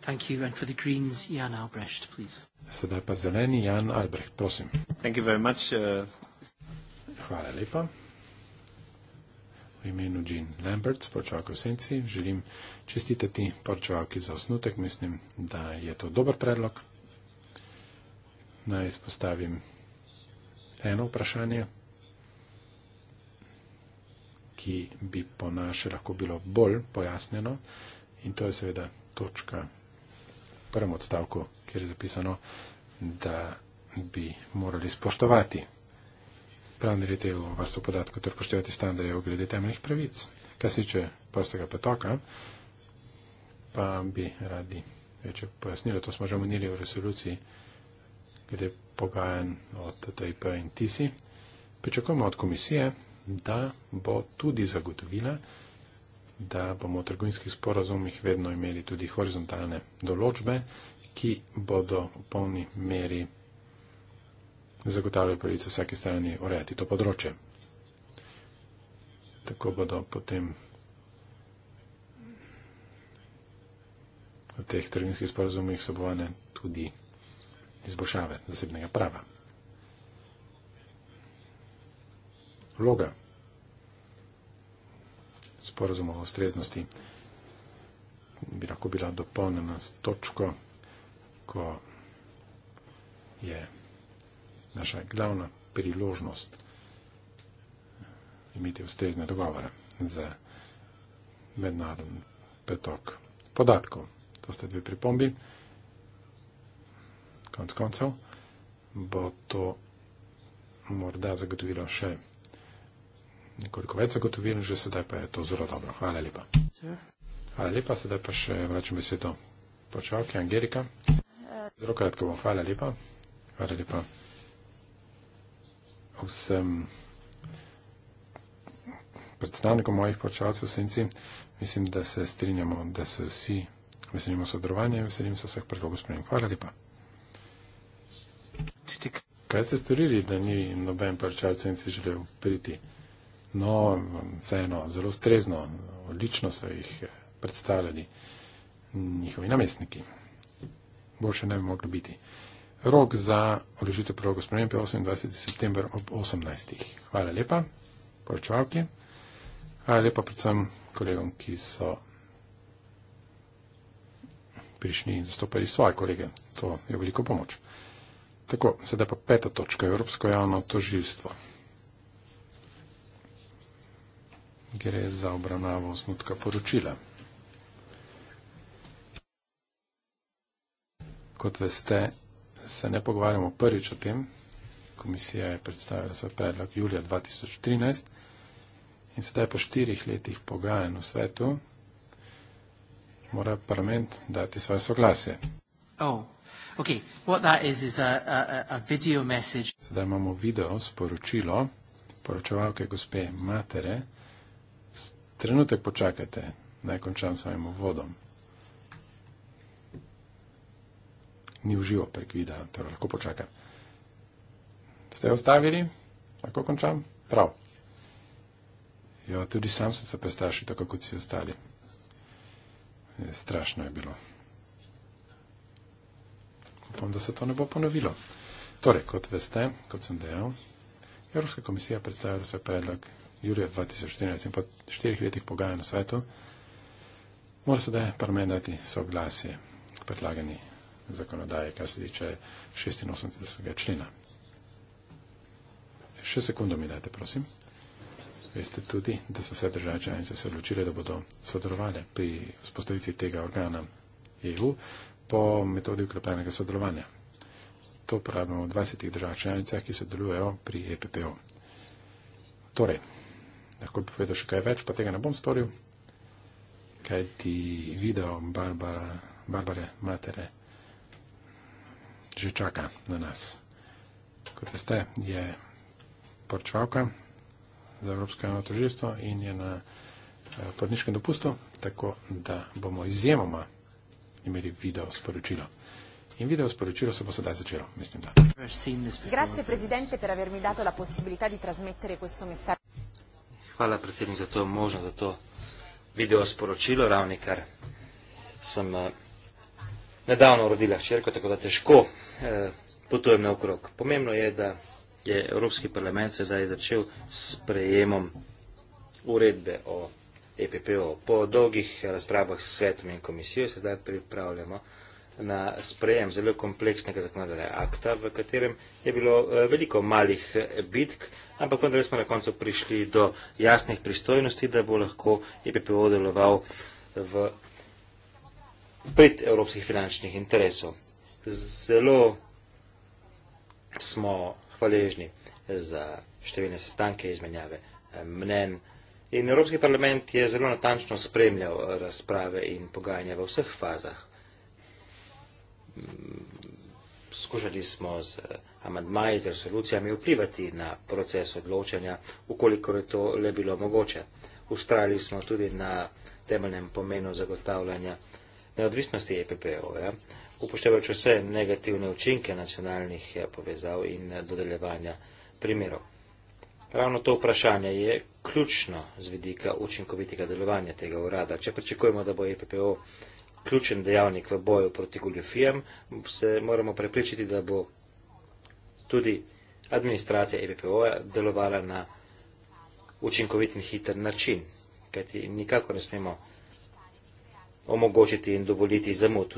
Speaker 1: Thank you. And for the Greens, Jan
Speaker 2: Albrecht, please. Sedaj pa zeleni Jan Albrecht, prosim. Thank you very much, uh... Hvala lepa v imenu Jean Lambert, sporočak v senci, želim čestitati poročevalki za osnutek. Mislim, da je to dober predlog. Naj izpostavim eno vprašanje, ki bi po naše lahko bilo bolj pojasneno in to je seveda točka v prvem odstavku, kjer je zapisano, da bi morali spoštovati pravni red delo varstvo podatkov ter poštevati standarde glede temeljnih pravic. Kar se tiče prostega potoka, pa bi radi večje pojasnilo, to smo že omenili v resoluciji, glede pogajan od TTIP in TISI. Pričakujemo od komisije, da bo tudi zagotovila, da bomo v trgovinskih sporazumih vedno imeli tudi horizontalne določbe, ki bodo v polni meri zagotavlja pravico vsake strani urejati to področje. Tako bodo potem v teh trgovinskih sporozumih sobovane tudi izboljšave zasebnega prava. Vloga sporozuma o ustreznosti bi lahko bila dopolnjena s točko, ko je. Yeah naša glavna priložnost imeti ustrezne dogovore za mednarodni pretok podatkov. To ste dve pripombi. Konc koncev bo to morda zagotovilo še nekoliko več zagotovil, že sedaj pa je to zelo dobro. Hvala lepa. Hvala lepa, sedaj pa še vračam besedo počavke Angelika. Zelo kratko bom. Hvala lepa. Hvala lepa vsem predstavnikom mojih počalcev senci, mislim, da se strinjamo, da se vsi veselimo sodelovanja in veselim se vseh predlogov spremljenja. Hvala lepa. Citik. Kaj ste storili, da ni noben počal senci želel priti? No, vseeno, zelo strezno, odlično so jih eh, predstavljali njihovi namestniki. Boljše ne bi mogli biti. Rok za odložitev prologa spremembe je 28. september ob 18. Hvala lepa, poročevalki. Hvala lepa predvsem kolegom, ki so prišli in zastopali svoje kolege. To je veliko pomoč. Tako, sedaj pa peta točka, Evropsko javno tožilstvo. Gre za obravnavo osnutka poročila. Kot veste, se ne pogovarjamo prvič o tem. Komisija je predstavila svoj predlog julija 2013 in sedaj po štirih letih pogajanj v svetu mora parlament dati svoje soglasje.
Speaker 1: Oh. Okay.
Speaker 2: Is, is a, a, a video sedaj imamo video sporočilo poročevalke gospe Matere. Trenutek počakajte, naj končam svojim uvodom. ni užival prek vida, torej lahko počaka. Ste ostavili? Lahko končam? Prav. Jo, ja, tudi sam sem se prestrašil, tako kot si ostali. Strašno je bilo. Upam, da se to ne bo ponovilo. Torej, kot veste, kot sem dejal, Evropska komisija predstavila svoj predlog julija 2014 in po štirih letih pogajanj na svetu, mora sedaj parlament dati soglasje k predlagani zakonodaje, kar se tiče 86. člena. Še sekundo mi dajte, prosim. Veste tudi, da so vse države članice se odločile, da bodo sodelovali pri vzpostavitvi tega organa EU po metodi ukrepljenega sodelovanja. To pravimo v 20 državah članicah, ki sodelujejo pri EPPO. Torej, lahko bi povedal še kaj več, pa tega ne bom storil, kaj ti video Barbara, Barbare Matere že čaka na nas. Kot veste, je porčvalka za Evropsko javno tožilstvo in je na porniškem eh, dopustu, tako da bomo izjemoma imeli video sporočilo.
Speaker 4: In video sporočilo se bo sedaj začelo, mislim da. Grazie,
Speaker 2: predsednik, per avermi dato la possibilità di trasmettere questo messaggio.
Speaker 4: Hvala, predsednik, za to možnost, za to video sporočilo, ravni kar sem eh, nedavno rodila hčerko, tako da težko eh, potujem naokrog. Pomembno je, da je Evropski parlament sedaj začel s prejemom uredbe o EPPO. Po dolgih razpravah s svetom in komisijo se zdaj pripravljamo na sprejem zelo kompleksnega zakonodajnega akta, v katerem je bilo eh, veliko malih eh, bitk, ampak vendar smo na koncu prišli do jasnih pristojnosti, da bo lahko EPPO deloval v prid evropskih finančnih interesov. Zelo smo hvaležni za številne sestanke, izmenjave eh, mnen. In Evropski parlament je zelo natančno spremljal eh, razprave in pogajanja v vseh fazah. Mm, skušali smo z eh, amandmaji, z resolucijami vplivati na proces odločanja, ukolikor je to le bilo mogoče. Ustrajali smo tudi na temeljnem pomenu zagotavljanja neodvisnosti EPP-ove, ja. upoštevajoč vse negativne učinke nacionalnih ja, povezav in eh, dodeljevanja primerov. Ravno to vprašanje je ključno z vidika učinkovitega delovanja tega urada. Če pričakujemo, da bo EPPO ključen dejavnik v boju proti goljofijam, se moramo prepričati, da bo tudi administracija EPPO delovala na učinkovit in hiter način, kajti nikako ne smemo omogočiti in dovoliti zamud.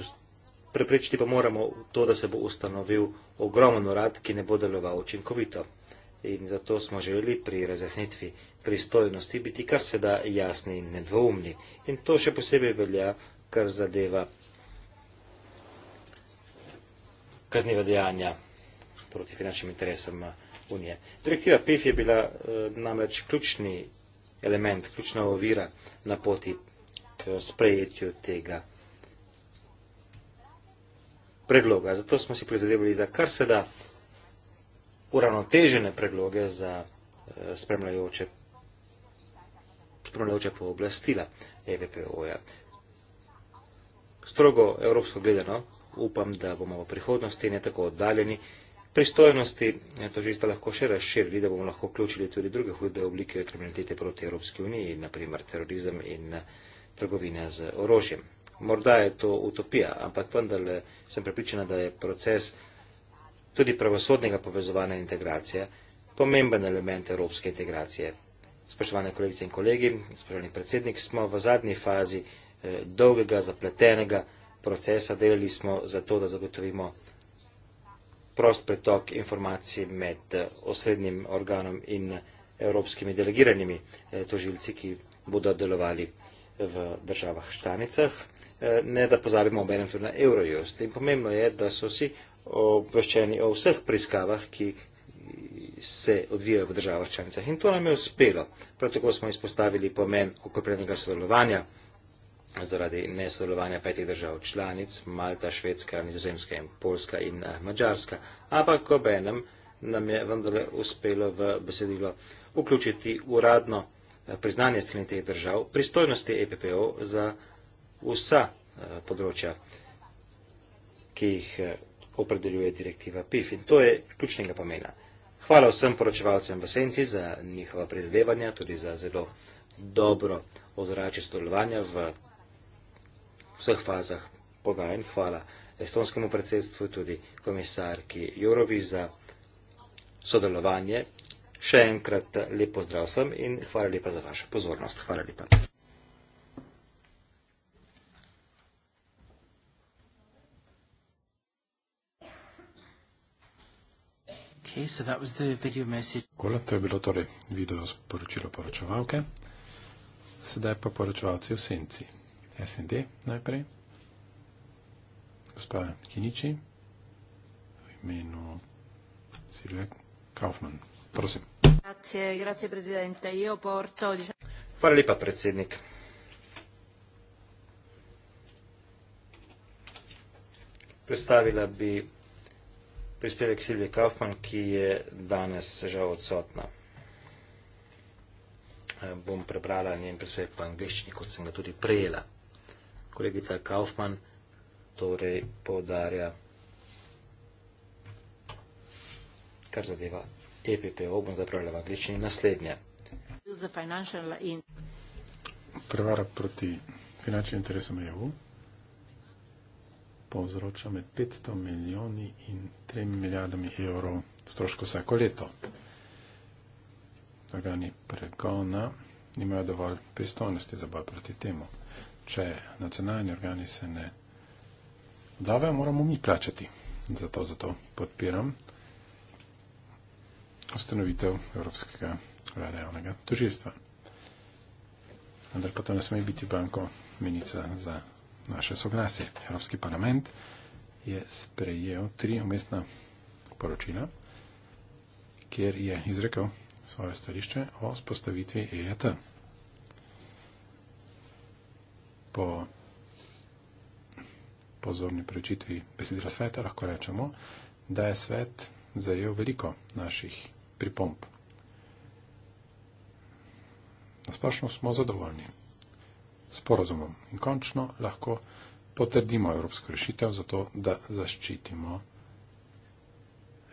Speaker 4: Preprečiti pa moramo to, da se bo ustanovil ogromen urad, ki ne bo deloval učinkovito. In zato smo želeli pri razjasnitvi pristojnosti biti kar se da jasni in nedvoumni. In to še posebej velja, kar zadeva kazniva dejanja proti finančnim interesom eh, Unije. Direktiva PIF je bila eh, namreč ključni element, ključna ovira na poti Eh, sprejetju tega predloga. Zato smo si prizadevali za kar se da uravnotežene predloge za eh, spremljajoče, spremljajoče pooblastila EVPO-ja. Strogo evropsko gledano upam, da bomo v prihodnosti ne tako oddaljeni. Pristojnosti eh, to živstva lahko še razširili, da bomo lahko vključili tudi druge hude oblike kriminalitete proti Evropski uniji, naprimer terorizem in uh, trgovine z orožjem. Morda je to utopija, ampak vendarle sem prepričana, da je proces tudi pravosodnega povezovanja in integracije pomemben element evropske integracije. Spoštovane kolegice in kolegi, spoštovani predsednik, smo v zadnji fazi eh, dolgega, zapletenega procesa. Delali smo za to, da zagotovimo prost pretok informacij med eh, osrednjim organom in eh, evropskimi delegiranimi eh, tožilci, ki bodo delovali eh, v državah članicah, eh, ne da pozabimo obenem tudi na Eurojust. In pomembno je, da so vsi obveščeni o vseh preiskavah, ki se odvijajo v državah članicah. In to nam je uspelo. Prav tako smo izpostavili pomen okrepljenega sodelovanja zaradi nesodelovanja petih držav članic, Malta, Švedska, Nizozemska in Polska in eh, Mačarska. Ampak obenem nam je vendarle uspelo v besedilo vključiti uradno Eh, priznanje strani teh držav, pristojnosti EPPO za vsa eh, področja, ki jih eh, opredeljuje direktiva PIF in to je ključnega pomena. Hvala vsem poročevalcem v Senci za njihova prezdevanja, tudi za zelo dobro ozrače sodelovanja v vseh fazah pogajanj. Hvala estonskemu predsedstvu, tudi komisarki Jurovi za sodelovanje Še enkrat eh, lep pozdrav vsem in hvala lepa za vašo pozornost. Hvala lepa.
Speaker 2: Hvala, to je bilo torej video sporočilo poročevalke. Sedaj pa poročevalci v senci. SND najprej. Gospa Kiniči, v imenu Silvek Kaufmann. Prosim.
Speaker 1: Grazie, presidente. Io porto...
Speaker 4: Hvala lepa, predsednik. Predstavila bi prispevek Silvije Kaufmann, ki je danes žal odsotna. Bom prebrala njen prispevek po angliščini, kot sem ga tudi prejela. Kolegica Kaufmann torej podarja, kar zadeva EPPO bom zapravila v angličini naslednje. Prevara proti
Speaker 2: finančnim interesom EU povzroča med 500 milijoni in 3 milijardami evrov stroško vsako leto. Organi pregona nimajo dovolj pristojnosti za boj proti temu. Če nacionalni organi se ne odzavejo, moramo mi plačati. Zato, zato podpiram ustanovitev Evropskega urada javnega tožilstva. Vendar pa to ne sme biti banko menica za naše soglasje. Evropski parlament je sprejel tri umestna poročila, kjer je izrekel svoje stališče o spostavitvi EET. Po pozorni preučitvi besedila sveta lahko rečemo, da je svet zajel veliko naših pripomp. Nasplošno smo zadovoljni s porozumom in končno lahko potrdimo evropsko rešitev za to, da zaščitimo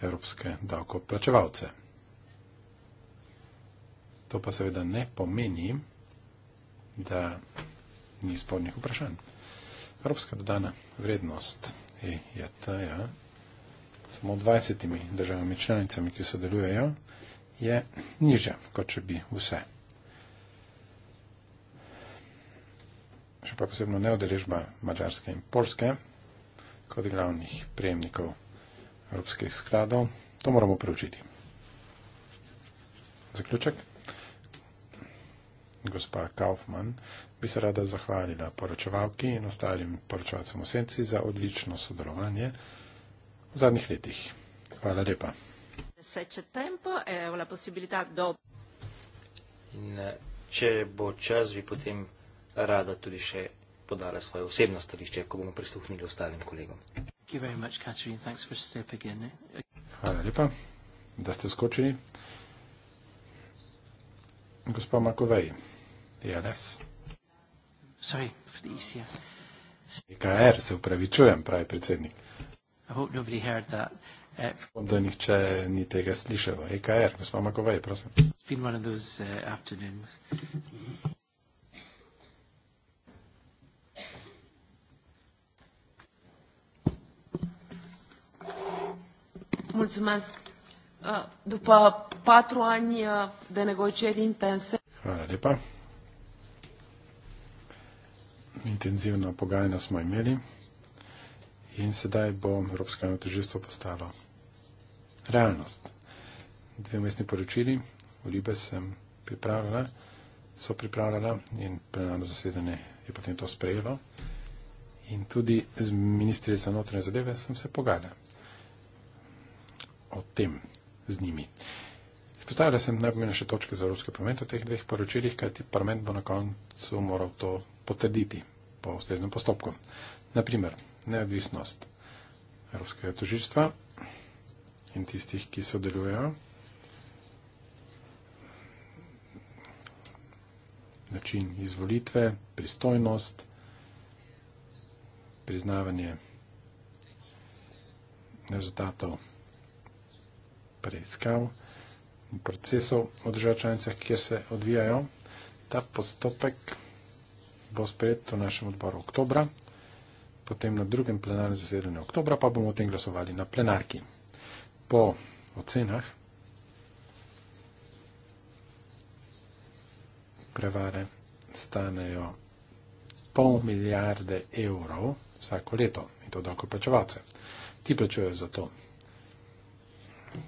Speaker 2: evropske davkoplačevalce. To pa seveda ne pomeni, da ni spornih vprašanj. Evropska dodana vrednost EJT-ja samo 20 državami članicami, ki sodelujejo, je niže, kot če bi vse. Še pa posebno neodeležba Mačarske in Polske kot glavnih prejemnikov evropskih skladov. To moramo preučiti. Zaključek. Gospa Kaufmann bi se rada zahvalila poročevalki in ostalim poročevalcem v senci za odlično sodelovanje v zadnjih letih. Hvala lepa.
Speaker 1: E,
Speaker 4: In e, če bo čas, bi potem rada tudi še podala svoje osebno stališče, ko bomo prisluhnili ostalim kolegom. Eh?
Speaker 1: Hvala lepa,
Speaker 2: da ste skočili. Gospa Makovej, DLS. E
Speaker 1: Sorry, for the ECR.
Speaker 2: EKR, se upravičujem, pravi predsednik.
Speaker 1: I hope nobody heard that. Uh, da nihče
Speaker 2: ni tega slišal. EKR, er, gospod Makovej, prosim. It's
Speaker 1: been one of those uh, afternoons.
Speaker 3: Mulțumesc. Uh, după patru ani uh, de negocieri intense.
Speaker 2: Hvala lepa. Intenzivno pogajanje smo imeli in sedaj bo Evropsko javno tožilstvo postalo realnost. Dve mestni poročili, Olibe sem pripravljala, so pripravljala in plenarno zasedanje je potem to sprejelo. In tudi z ministri za notranje zadeve sem se pogajala o tem z njimi. Spostavila sem najpomembnejše točke za Evropski parlament v teh dveh poročilih, kajti parlament bo na koncu moral to potrditi po ustreznem postopku. Naprimer, neodvisnost Evropskega tožilstva in tistih, ki sodelujejo. Način izvolitve, pristojnost, priznavanje rezultatov preiskav in procesov v državčanicah, kjer se odvijajo. Ta postopek bo spred v našem odboru oktobra potem na drugem plenarnem zasedanju oktobra pa bomo o tem glasovali na plenarki. Po ocenah prevare stanejo pol milijarde evrov vsako leto in to dolgo plačevalce. Ti plačujejo za to,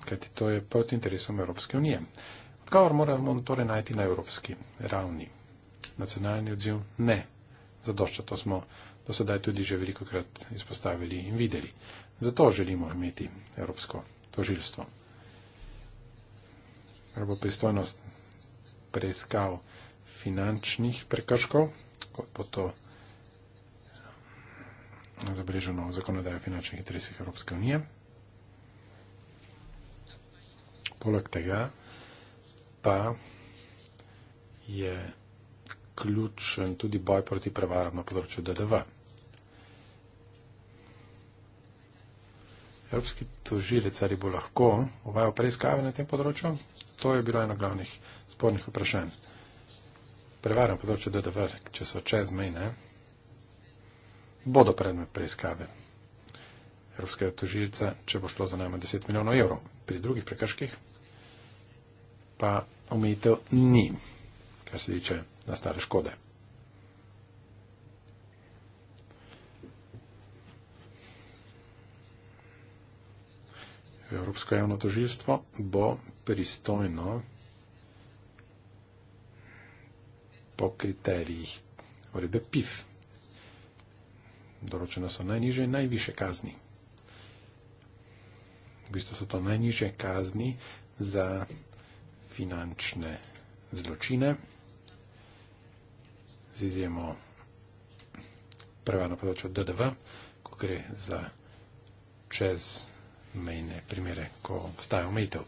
Speaker 2: kajti to je proti interesom Evropske unije. Odgovor moramo torej najti na evropski ravni. Nacionalni odziv ne. Zadošča to smo do sedaj tudi že veliko krat izpostavili in videli. Zato želimo imeti Evropsko tožilstvo. Ker bo pristojnost preiskav finančnih prekrškov, kot bo to eh, zabeleženo v zakonodaju o finančnih interesih Evropske unije. Poleg tega pa je ključen tudi boj proti prevaram na področju DDV. Evropski tožilec ali bo lahko uvajal preiskave na tem področju? To je bilo eno glavnih spornih vprašanj. Prevarjam področje DDV, če so čez mejne, bodo predmet preiskave Evropskega tožilca, če bo šlo za najmanj 10 milijonov evrov. Pri drugih prekrških pa omejitev ni, kar se tiče nastale škode. Evropsko javno tožilstvo bo pristojno po kriterijih uredbe PIF. Določene so najniže in najviše kazni. V bistvu so to najniže kazni za finančne zločine, z izjemo prva na področju DDV, ko gre za čez mejne primere, ko obstaja omejitev.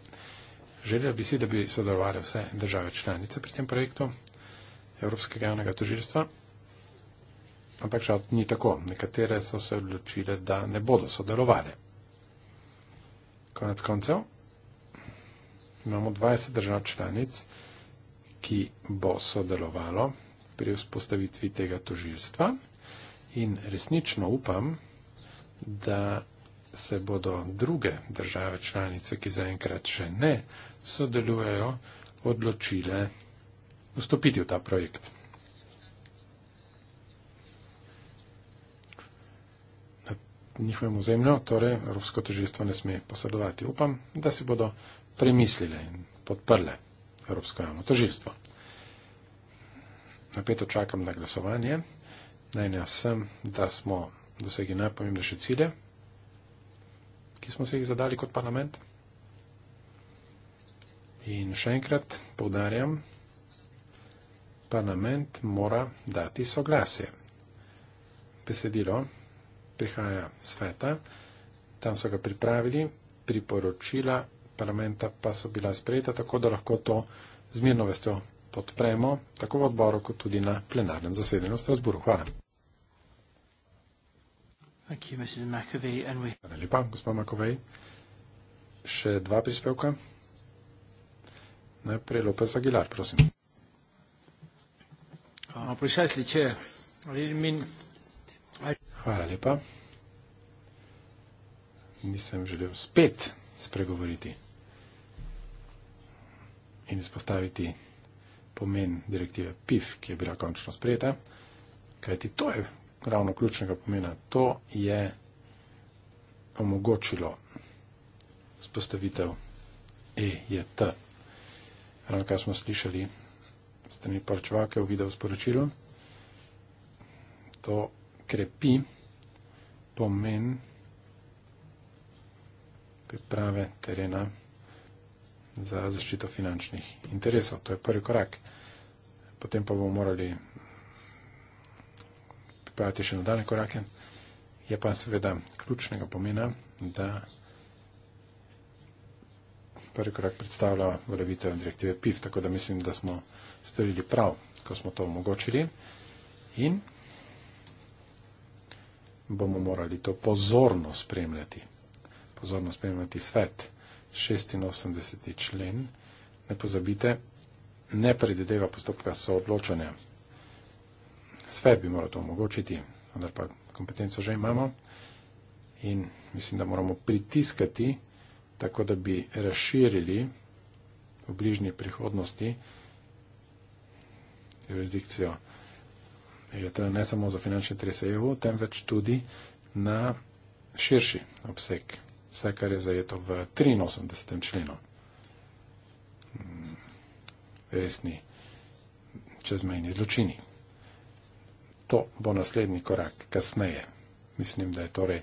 Speaker 2: Želel bi si, da bi sodelovali vse države članice pri tem projektu Evropskega javnega tožilstva, ampak žal ni tako. Nekatere so se odločile, da ne bodo sodelovali. Konec koncev imamo 20 držav članic, ki bo sodelovalo pri vzpostavitvi tega tožilstva in resnično upam, da se bodo druge države članice, ki zaenkrat še ne sodelujejo, odločile vstopiti v ta projekt. Na njihovem ozemlju, torej Evropsko tožilstvo ne sme posredovati. Upam, da si bodo premislile in podprle Evropsko javno tožilstvo. Napeto čakam na glasovanje. Naj ne sem, da smo dosegli najpomembnejše cilje ki smo se jih zadali kot parlament. In še enkrat povdarjam, parlament mora dati soglasje. Besedilo prihaja sveta, tam so ga pripravili, priporočila parlamenta pa so bila sprejeta, tako da lahko to z mirno vestjo podpremo, tako v odboru, kot tudi na plenarnem zasedanju v Strasburu. Hvala.
Speaker 1: Thank you, Mrs. McAvey, and we...
Speaker 2: Hvala lepa, gospa McAvey. Še dva prispevka. Najprej Lopez Aguilar, prosim. Ah, Hvala lepa. Nisem želel spet spregovoriti in izpostaviti pomen direktive PIF, ki je bila končno sprejeta, kajti to je ravno ključnega pomena. To je omogočilo spostavitev EJT. Ravno kar smo slišali strani parčvake v video sporočilu, to krepi pomen priprave terena za zaščito finančnih interesov. To je prvi korak. Potem pa bomo morali pripraviti še nadaljne korake. Je pa seveda ključnega pomena, da prvi korak predstavlja uveljavitev direktive PIF, tako da mislim, da smo storili prav, ko smo to omogočili in bomo morali to pozorno spremljati. Pozorno spremljati svet. 86. člen, ne pozabite, ne predideva postopka soodločanja. Svet bi moral to omogočiti, vendar pa kompetenco že imamo in mislim, da moramo pritiskati, tako da bi razširili v bližnji prihodnosti jurisdikcijo e ne samo za finančne trese EU, temveč tudi na širši obseg, vse, kar je zajeto v 83. členu. Mm, resni čezmejni zločini to bo naslednji korak kasneje. Mislim, da je torej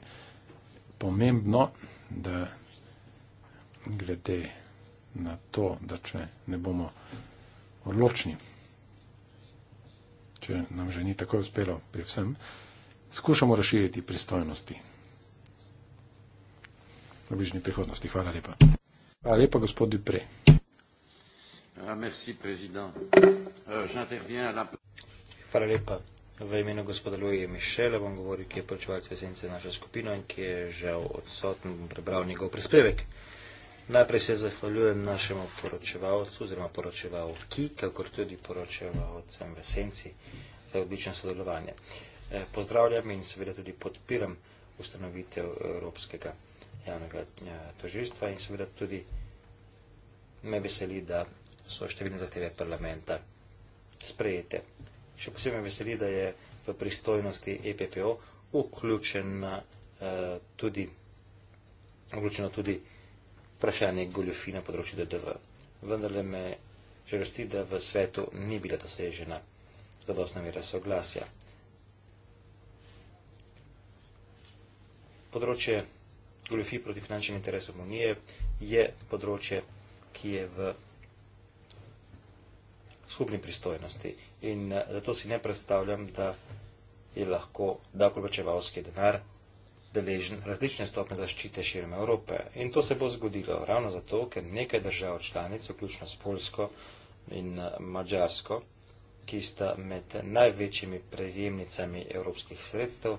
Speaker 2: pomembno, da glede na to, da če ne bomo odločni, če nam že ni tako uspelo pri vsem, skušamo razširiti pristojnosti v bližnji prihodnosti. Hvala lepa. Hvala lepa, gospod Dupre.
Speaker 4: Ah, euh, Hvala lepa. V imenu gospoda Luje Mišele bom govoril, ki je počival cvesence našo skupino in ki je žal odsoten, bom prebral njegov prispevek. Najprej se zahvaljujem našemu poročevalcu oziroma poročevalki, kakor tudi poročevalcem v senci za odlično sodelovanje. E, pozdravljam in seveda tudi podpiram ustanovitev Evropskega javnega e, toživstva in seveda tudi me veseli, da so številne zahteve parlamenta sprejete. Še posebej veseli, da je v pristojnosti EPPO vključena eh, tudi, vključeno tudi vprašanje goljofi na področju DDV. Vendar le me žalosti, da v svetu ni bila dosežena zadostna mera soglasja. Področje goljofi proti finančnim interesom Unije je področje, ki je v skupni pristojnosti. In eh, zato si ne predstavljam, da je lahko davkoplačevalski denar deležen različne stopne zaščite širom Evrope. In to se bo zgodilo ravno zato, ker nekaj držav članic, vključno s Polsko in eh, Mačarsko, ki sta med največjimi prejemnicami evropskih sredstev,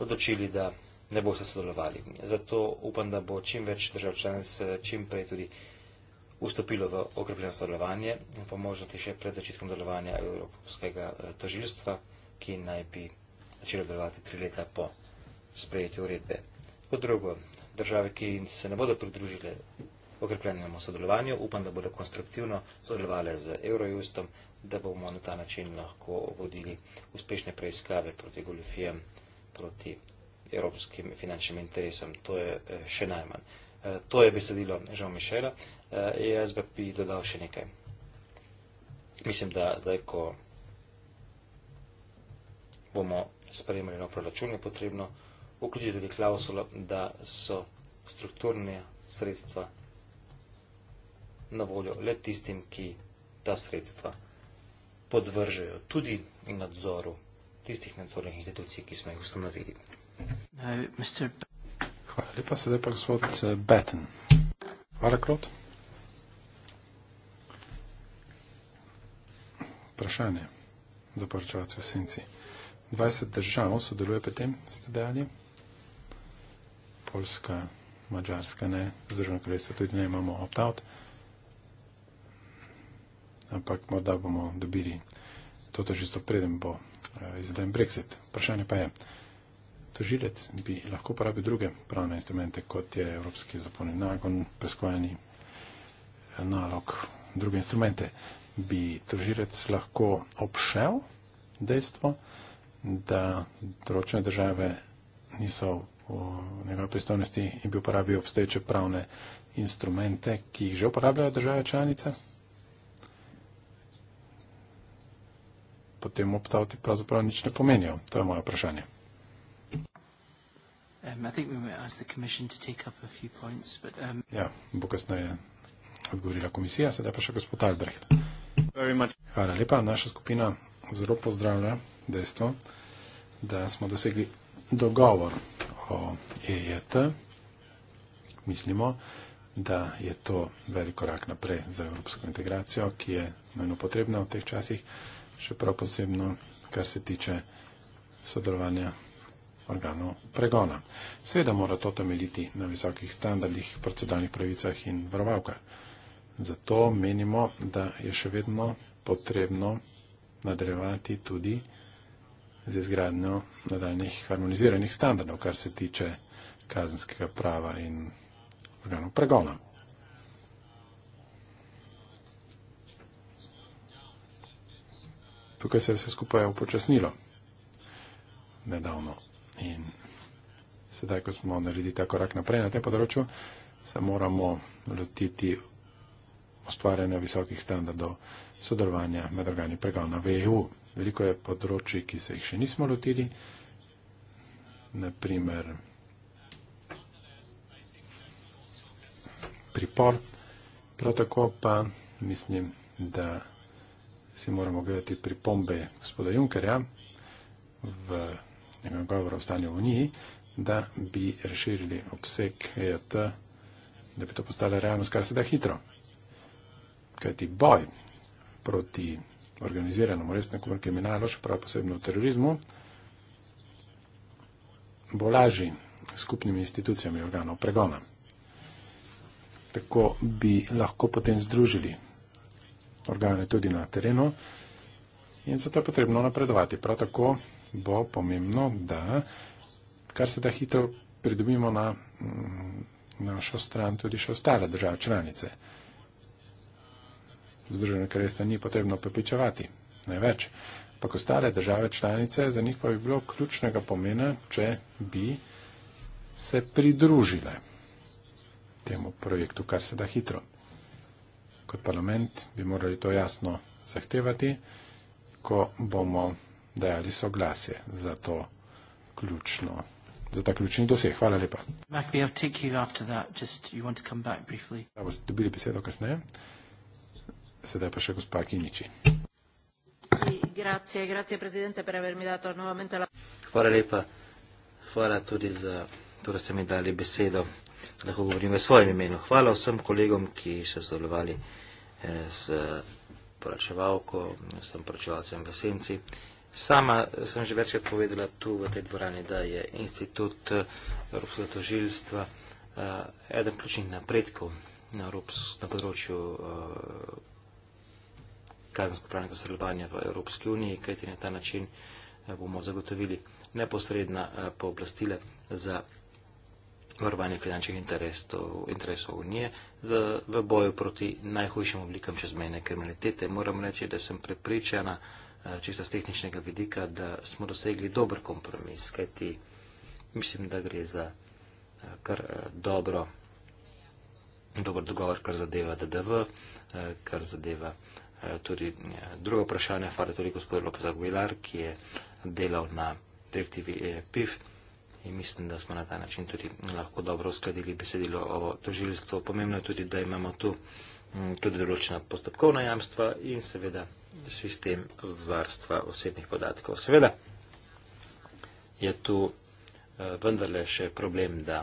Speaker 4: odločili, da ne boste sodelovali. Zato upam, da bo čim več držav članic eh, čim prej tudi vstopilo v okrepljeno sodelovanje in pomožnosti še pred začetkom delovanja Evropskega eh, tožilstva, ki naj bi začelo delovati tri leta po sprejetju uredbe. Kot drugo, države, ki se ne bodo pridružile okrepljenemu sodelovanju, upam, da bodo konstruktivno sodelovali z Eurojustom, da bomo na ta način lahko vodili uspešne preiskave proti goljufijam, proti evropskim finančnim interesom. To je eh, še najmanj. Eh, to je besedilo Jean Michela. Uh, eh, jaz e bi dodal še nekaj. Mislim, da zdaj, ko bomo sprejemali nov proračun, je potrebno vključiti tudi klausulo, da so strukturne sredstva na voljo le tistim, ki ta sredstva podvržejo tudi nadzoru tistih nadzornih institucij, ki smo jih ustanovili.
Speaker 2: Hvala lepa, sedaj pa gospod eh, Batten. Hvala, Klot. vprašanje za poročevalce v Senci. 20 držav sodeluje pri tem, ste dejali? Poljska, Mačarska, ne, Združeno kraljestvo tudi ne, imamo opt-out. Ampak morda bomo dobili to tožilstvo, preden bo eh, izveden Brexit. Vprašanje pa je, tožilec bi lahko uporabil druge pravne instrumente, kot je Evropski zaponi nagon, preskovanji eh, nalog, druge instrumente bi tožilec lahko obšel dejstvo, da določene države niso v njegovi pristojnosti in bi uporabil obstoječe pravne instrumente, ki jih že uporabljajo države članice, potem optauti pravzaprav nič ne pomenijo. To je moje vprašanje.
Speaker 1: Um, um,
Speaker 2: ja, bo kasneje odgovorila komisija, sedaj pa še gospod Albrecht. Hvala lepa. Naša skupina zelo pozdravlja dejstvo, da smo dosegli dogovor o EJT. E Mislimo, da je to velik korak naprej za evropsko integracijo, ki je nujno potrebna v teh časih, še prav posebno, kar se tiče sodelovanja organov pregona. Seveda mora to temeljiti na visokih standardih, procedalnih pravicah in varovalkah. Zato menimo, da je še vedno potrebno nadaljevati tudi z izgradnjo nadaljnih harmoniziranih standardov, kar se tiče kazenskega prava in organov pregona. Tukaj se je vse skupaj upočasnilo nedavno. In sedaj, ko smo naredili ta korak naprej na tem področju, se moramo lotiti ustvarjanja visokih standardov sodelovanja med organi pregona v EU. Veliko je področji, ki se jih še nismo lotili, naprimer pripor. Prav tako pa mislim, da si moramo gledati pripombe gospoda Junkerja v njegovem govoru o stanju v Uniji, da bi razširili obseg EJT, da bi to postalo realnost, kar se da hitro kajti boj proti organiziranemu resnemu kriminalu, še prav posebno terorizmu, bo lažji skupnimi institucijami organov pregona. Tako bi lahko potem združili organe tudi na terenu in zato je potrebno napredovati. Prav tako bo pomembno, da kar se da hitro pridobimo na mm, našo stran tudi še ostale države članice. Združene kraljestva ni potrebno prepričevati, ne več. Pa ko stare države članice, za njih pa bi bilo ključnega pomena, če bi se pridružile temu projektu, kar se da hitro. Kot parlament bi morali to jasno zahtevati, ko bomo dajali soglasje za to ključno, za ta ključni doseg. Hvala lepa.
Speaker 1: Mark, we'll take you after that. Just, you want to come back briefly.
Speaker 2: Da boste dobili besedo kasneje. Sedaj pa še gospa Kiniči.
Speaker 1: Sì, grazie, grazie Presidente per avermi dato nuovamente la
Speaker 4: parola. lepa, hvala tudi za to, da ste mi dali besedo, lahko govorim v svojem imenu. Hvala vsem kolegom, ki so sodelovali z eh, poračevalko, sem poračevalcem v Senci. Sama sem že večkrat povedala tu v tej dvorani, da je institut eh, Evropskega tožilstva eh, eden ključnih napredkov na, Evrops, na področju uh, kazensko-pravnega sodelovanja v Evropski uniji, kajti na ta način eh, bomo zagotovili neposredna eh, pooblastila za varovanje finančnih interesov, interesov unije za, v boju proti najhujšim oblikam čezmejne kriminalitete. Moram reči, da sem prepričana eh, čisto z tehničnega vidika, da smo dosegli dober kompromis, kajti mislim, da gre za kar dobro, dober dogovor, kar zadeva DDV, kar zadeva Eh, tudi eh, drugo vprašanje, hvala tudi gospodu Lopez Aguilar, ki je delal na direktivi e PIF in mislim, da smo na ta način tudi lahko dobro uskladili besedilo o doživljstvu. Pomembno je tudi, da imamo tu mm, tudi določena postopkovna jamstva in seveda sistem varstva osebnih podatkov. Seveda je tu eh, vendarle še problem, da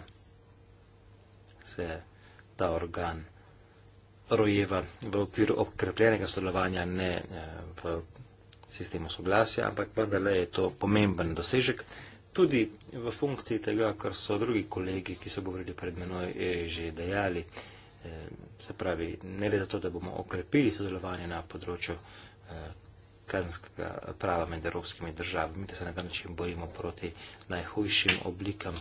Speaker 4: se ta organ rojeva v okviru okrepljenega sodelovanja, ne eh, v sistemu soglasja, ampak vendarle je to pomemben dosežek. Tudi v funkciji tega, kar so drugi kolegi, ki so govorili pred menoj, eh, že dejali, eh, se pravi, ne le zato, da bomo okrepili sodelovanje na področju kazenskega prava med evropskimi državami, da se na ta način borimo proti najhujšim oblikam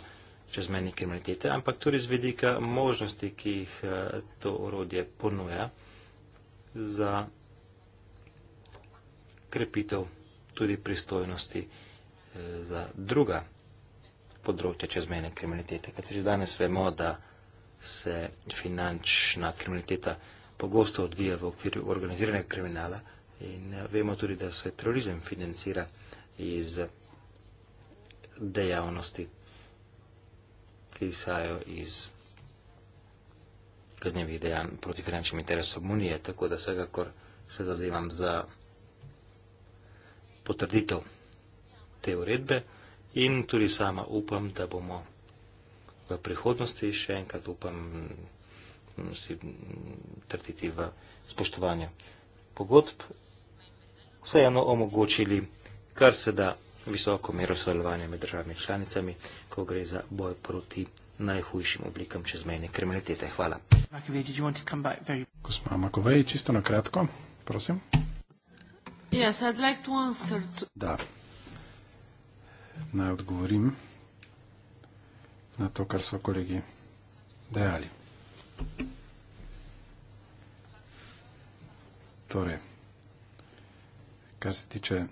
Speaker 4: čezmejne kriminalitete, ampak tudi z vedika možnosti, ki jih eh, to orodje ponuja za krepitev tudi pristojnosti eh, za druga področja čezmejne kriminalitete. Kaj tudi danes vemo, da se finančna kriminaliteta pogosto odvija v okviru organiziranega kriminala in eh, vemo tudi, da se terorizem financira iz dejavnosti ki izhajajo iz kaznjevih dejanj proti finančnim interesom Unije, tako da vsekakor se zazivam za potrditev te uredbe in tudi sama upam, da bomo v prihodnosti še enkrat upam mm, si trditi v spoštovanju pogodb, vseeno omogočili kar se da visoko mero sodelovanja med državami članicami in ko gre za boj proti najhujšim oblikam čezmejne kriminalitete. Hvala.
Speaker 2: Gospod Makovej, čisto na kratko, prosim.
Speaker 3: Yes, I'd like to answer to...
Speaker 2: Da. Naj odgovorim na to, kar so kolegi dejali. Torej, kar se tiče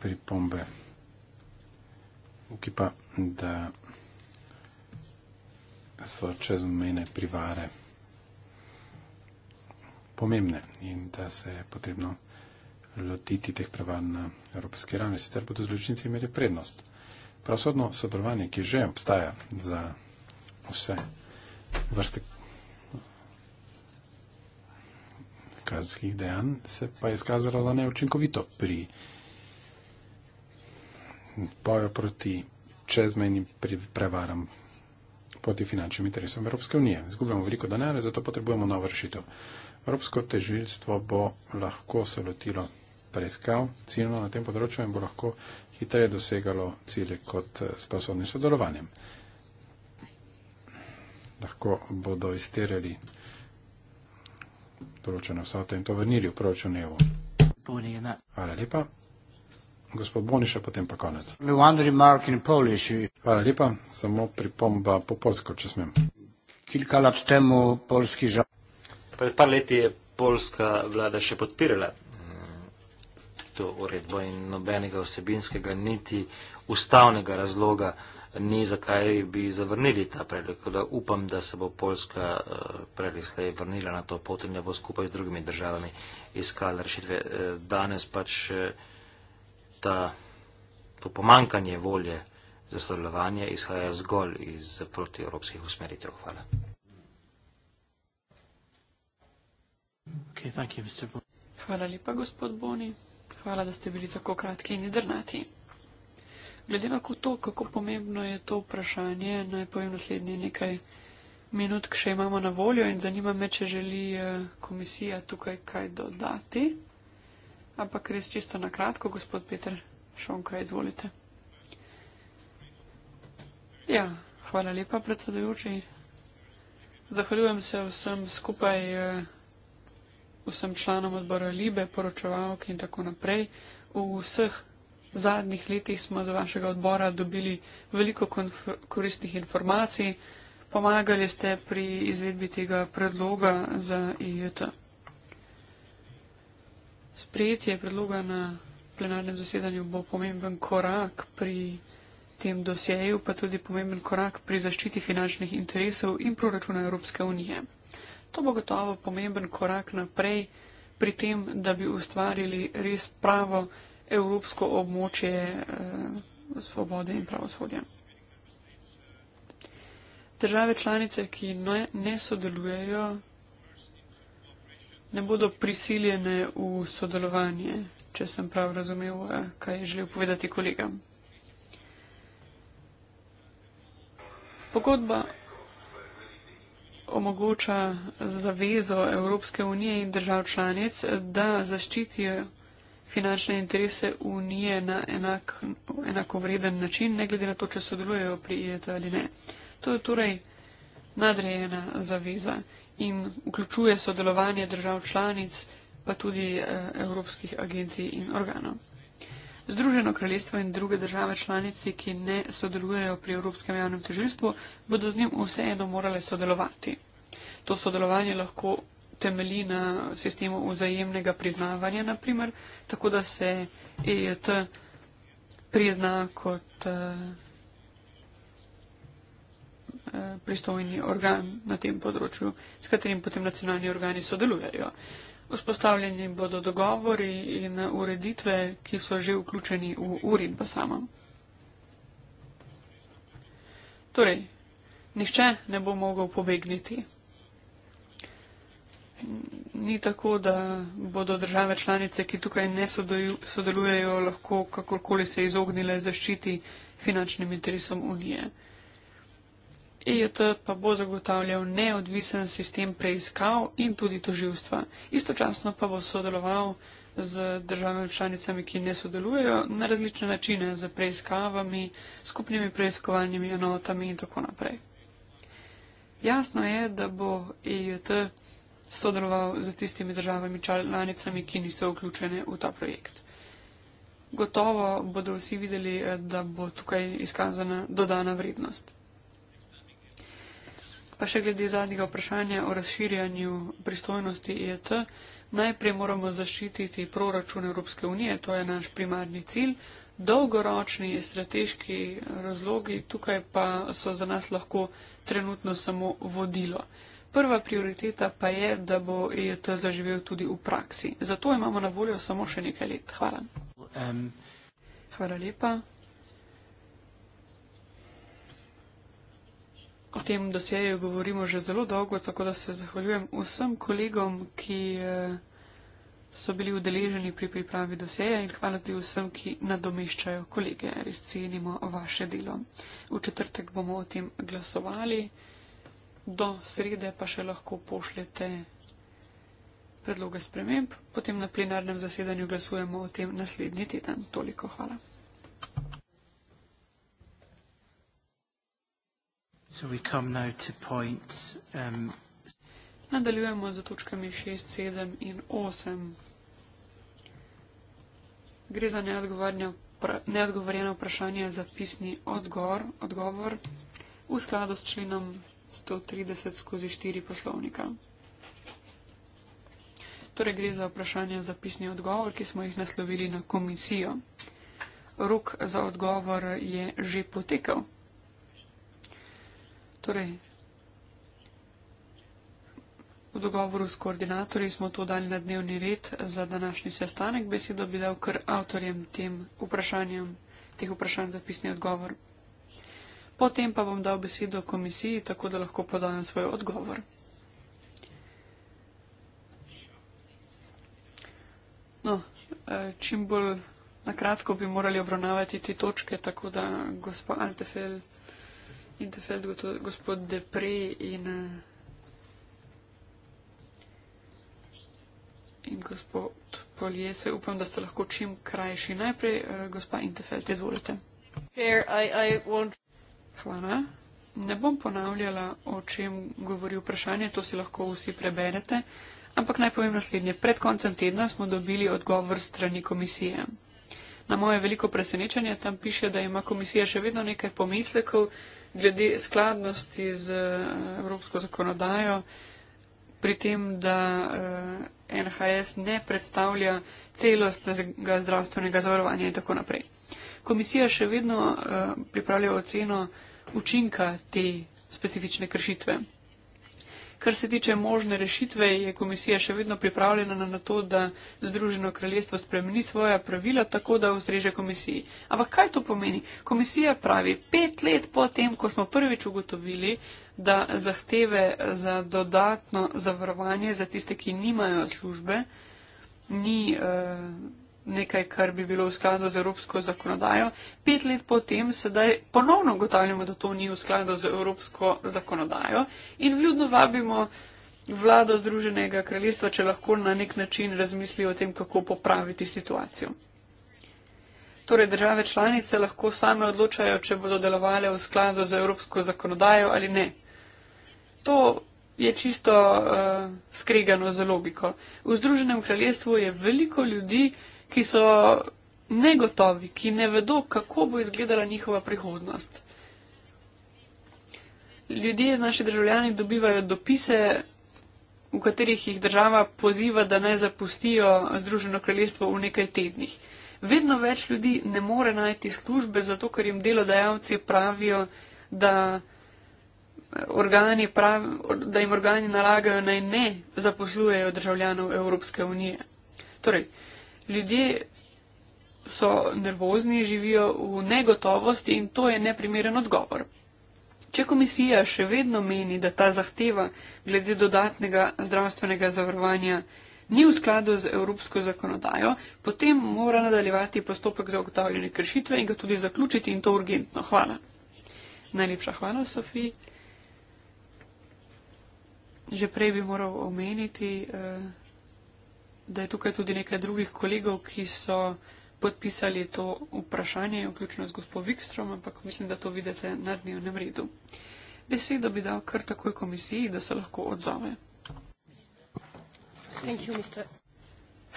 Speaker 2: pripombe ukipa, da so čezmejne privare pomembne in da se je potrebno lotiti teh prevar na evropski ravni. Sicer bodo zločinci imeli prednost. Pravosodno sodelovanje, ki že obstaja za vse vrste kazenskih dejanj, se pa je izkazalo, da neučinkovito pri boju proti čezmejnim prevaram proti finančnim interesom Evropske unije. Zgubljamo veliko denarja, zato potrebujemo novo rešitev. Evropsko težilstvo bo lahko se lotilo preiskav ciljno na tem področju in bo lahko hitreje dosegalo cilje kot eh, sposobnim sodelovanjem. Lahko bodo izterjali določeno vsoto in to vrnili v proračun EU. Hvala lepa gospod Boniša, potem pa konec. Hvala lepa, samo pripomba po polsko, če smem.
Speaker 4: Pred par leti je polska vlada še podpirala mm, to uredbo in nobenega osebinskega niti ustavnega razloga ni, zakaj bi zavrnili ta predlog. Da upam, da se bo Polska eh, predvislej vrnila na to pot in da bo skupaj z drugimi državami iskala rešitve. Eh, danes pač eh, ta, to pomankanje volje za sodelovanje izhaja zgolj iz protievropskih usmeritev. Hvala.
Speaker 3: Okay, you, Hvala lepa, gospod Boni. Hvala, da ste bili tako kratki in drnati. Glede na to, kako pomembno je to vprašanje, naj povem naslednje nekaj minutk še imamo na voljo in zanima me, če želi eh, komisija tukaj kaj dodati ampak res čisto na kratko, gospod Peter Šonka, izvolite. Ja, hvala lepa, predsedujoči. Zahvaljujem se vsem skupaj, eh, vsem članom odbora Libe, poročevalki in tako naprej. V vseh zadnjih letih smo z vašega odbora dobili veliko koristnih informacij. Pomagali ste pri izvedbi tega predloga za IJT. Sprejetje predloga na plenarnem zasedanju bo pomemben korak pri tem dosjeju, pa tudi pomemben korak pri zaščiti finančnih interesov in proračuna Evropske unije. To bo gotovo pomemben korak naprej pri tem, da bi ustvarili res pravo evropsko območje eh, svobode in pravosodja. Države članice, ki ne, ne sodelujejo ne bodo prisiljene v sodelovanje, če sem prav razumel, eh, kaj je želel povedati kolega. Pogodba omogoča zavezo Evropske unije in držav članic, da zaščitijo finančne interese unije na enak, enakovreden način, ne glede na to, če sodelujejo pri IET ali ne. To je torej nadrejena zaveza in vključuje sodelovanje držav članic, pa tudi eh, evropskih agencij in organov. Združeno kraljestvo in druge države članici, ki ne sodelujejo pri Evropskem javnem težilstvu, bodo z njim vseeno morale sodelovati. To sodelovanje lahko temelji na sistemu vzajemnega priznavanja, naprimer, tako da se EJT prizna kot. Uh, Eh, pristojni organ na tem področju, s katerim potem nacionalni organi sodelujejo. Vzpostavljeni bodo dogovori in ureditve, ki so že vključeni v urin pa samem. Torej, nihče ne bo mogel pobegniti. Ni tako, da bodo države članice, ki tukaj ne sodelujejo, lahko kakorkoli se izognile zaščiti finančnim interesom Unije. EJT pa bo zagotavljal neodvisen sistem preiskav in tudi toživstva. Istočasno pa bo sodeloval z državami članicami, ki ne sodelujejo na različne načine z preiskavami, skupnimi preiskovalnimi enotami in tako naprej. Jasno je, da bo EJT sodeloval z tistimi državami članicami, ki niso vključene v ta projekt. Gotovo bodo vsi videli, da bo tukaj izkazana dodana vrednost. Pa še glede zadnjega vprašanja o razširjanju pristojnosti IET. Najprej moramo zaščititi proračun Evropske unije, to je naš primarni cilj. Dolgoročni strateški razlogi tukaj pa so za nas lahko trenutno samo vodilo. Prva prioriteta pa je, da bo IET zaživel tudi v praksi. Zato imamo na voljo samo še nekaj let. Hvala. Um, Hvala lepa. O tem dosjeju govorimo že zelo dolgo, tako da se zahvaljujem vsem kolegom, ki eh, so bili udeleženi pri pripravi dosjeja in hvala tudi vsem, ki nadomeščajo kolege. Res cenimo vaše delo. V četrtek bomo o tem glasovali, do srede pa še lahko pošljete predloge sprememb, potem na plenarnem zasedanju glasujemo o tem naslednji teden. Toliko hvala. Um, Nadaljujemo z točkami 6, 7 in 8. Gre za neodgovorjeno vprašanje za pisni odgovor, odgovor v skladu s členom 130 skozi 4 poslovnika. Torej gre za vprašanje za pisni odgovor, ki smo jih naslovili na komisijo. Rok za odgovor je že potekal. Torej, v dogovoru s koordinatorji smo to dali na dnevni red za današnji sestanek. Besedo bi dal kar avtorjem tem vprašanjem, teh vprašanj za pisni odgovor. Potem pa bom dal besedo komisiji, tako da lahko podajam svoj odgovor. No, eh, čim bolj nakratko bi morali obravnavati te točke, tako da gospa Altefel. Interfeld, gospod Depri in, eh, in gospod Poljese. Upam, da ste lahko čim krajši. Najprej, eh, gospa Interfeld, izvolite. Hvala. Ne bom ponavljala, o čem govori vprašanje, to si lahko vsi preberete, ampak naj povem naslednje. Pred koncem tedna smo dobili odgovor strani komisije. Na moje veliko presenečenje tam piše, da ima komisija še vedno nekaj pomislekov, glede skladnosti z eh, evropsko zakonodajo, pri tem, da eh, NHS ne predstavlja celostnega zdravstvenega zavarovanja in tako naprej. Komisija še vedno eh, pripravlja oceno učinka te specifične kršitve. Kar se tiče možne rešitve, je komisija še vedno pripravljena na to, da Združeno kraljestvo spremeni svoja pravila tako, da ustreže komisiji. Ampak kaj to pomeni? Komisija pravi, pet let po tem, ko smo prvič ugotovili, da zahteve za dodatno zavarovanje za tiste, ki nimajo službe, ni. Uh, nekaj, kar bi bilo v skladu z evropsko zakonodajo. Pet let potem sedaj ponovno ugotavljamo, da to ni v skladu z evropsko zakonodajo in vljudno vabimo vlado Združenega kraljestva, če lahko na nek način razmisli o tem, kako popraviti situacijo. Torej, države članice lahko same odločajo, če bodo delovale v skladu z evropsko zakonodajo ali ne. To je čisto uh, skregano za logiko. V Združenem kraljestvu je veliko ljudi, ki so negotovi, ki ne vedo, kako bo izgledala njihova prihodnost. Ljudje, naši državljani, dobivajo dopise, v katerih jih država poziva, da ne zapustijo Združeno kraljestvo v nekaj tednih. Vedno več ljudi ne more najti službe, zato ker jim delodajalci pravijo, da, pravi, da jim organi nalagajo naj ne zaposlujejo državljanov Evropske unije. Torej, ljudje so nervozni, živijo v negotovosti in to je neprimeren odgovor. Če komisija še vedno meni, da ta zahteva glede dodatnega zdravstvenega zavarovanja ni v skladu z evropsko zakonodajo, potem mora nadaljevati postopek za ugotavljanje kršitve in ga tudi zaključiti in to urgentno. Hvala. Najlepša hvala, Sofiji. Že prej bi moral omeniti. Uh da je tukaj tudi nekaj drugih kolegov, ki so podpisali to vprašanje, vključno z gospod Vikstrom, ampak mislim, da to vidite na dnevnem redu. Besedo bi dal kar takoj komisiji, da se lahko odzove. You,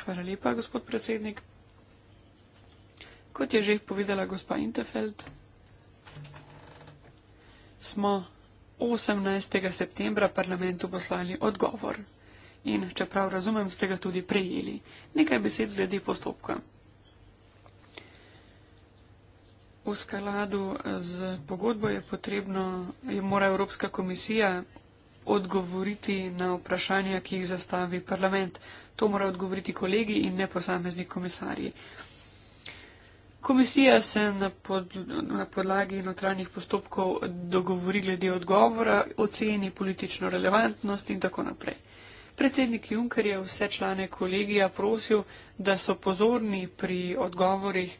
Speaker 3: Hvala lepa, gospod predsednik. Kot je že povedala gospa Intefeld, smo 18. septembra parlamentu poslali odgovor in čeprav razumem, ste ga tudi prejeli. Nekaj besed glede postopka. V skladu z pogodbo je potrebno, je mora Evropska komisija odgovoriti na vprašanja, ki jih zastavi parlament. To mora odgovoriti kolegi in ne posamezni komisarji. Komisija se na, pod, na podlagi notranjih postopkov dogovori glede odgovora, oceni politično relevantnost in tako naprej. Predsednik Juncker je vse člane kolegija prosil, da so pozorni pri odgovorih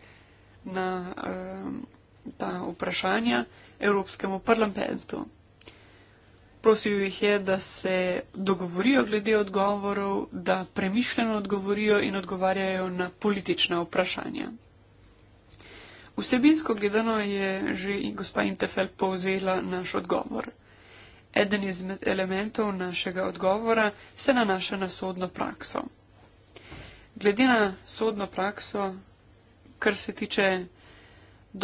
Speaker 3: na um, ta vprašanja Evropskemu parlamentu. Prosil jih je, da se dogovorijo glede odgovorov, da premišljeno odgovorijo in odgovarjajo na politična vprašanja. Vsebinsko gledano je že gospa Intefel povzela naš odgovor. Eden izmed elementov našega odgovora se nanaša na sodno prakso. Glede na sodno prakso, kar se tiče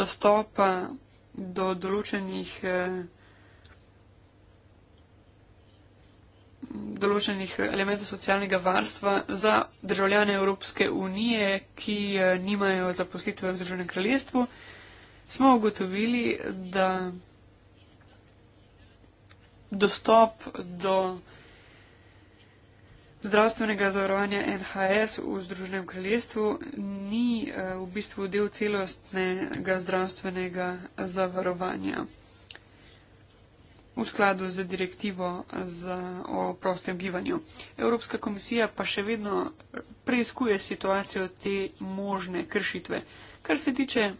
Speaker 3: dostopa do določenih, eh, določenih elementov socialnega varstva za državljane Evropske unije, ki eh, nimajo zaposlitve v Združenem kraljestvu, smo ugotovili, da dostop do zdravstvenega zavarovanja NHS v Združenem kraljestvu ni eh, v bistvu del celostnega zdravstvenega zavarovanja v skladu z direktivo za, o prostem gibanju. Evropska komisija pa še vedno preizkuje situacijo te možne kršitve. Kar se tiče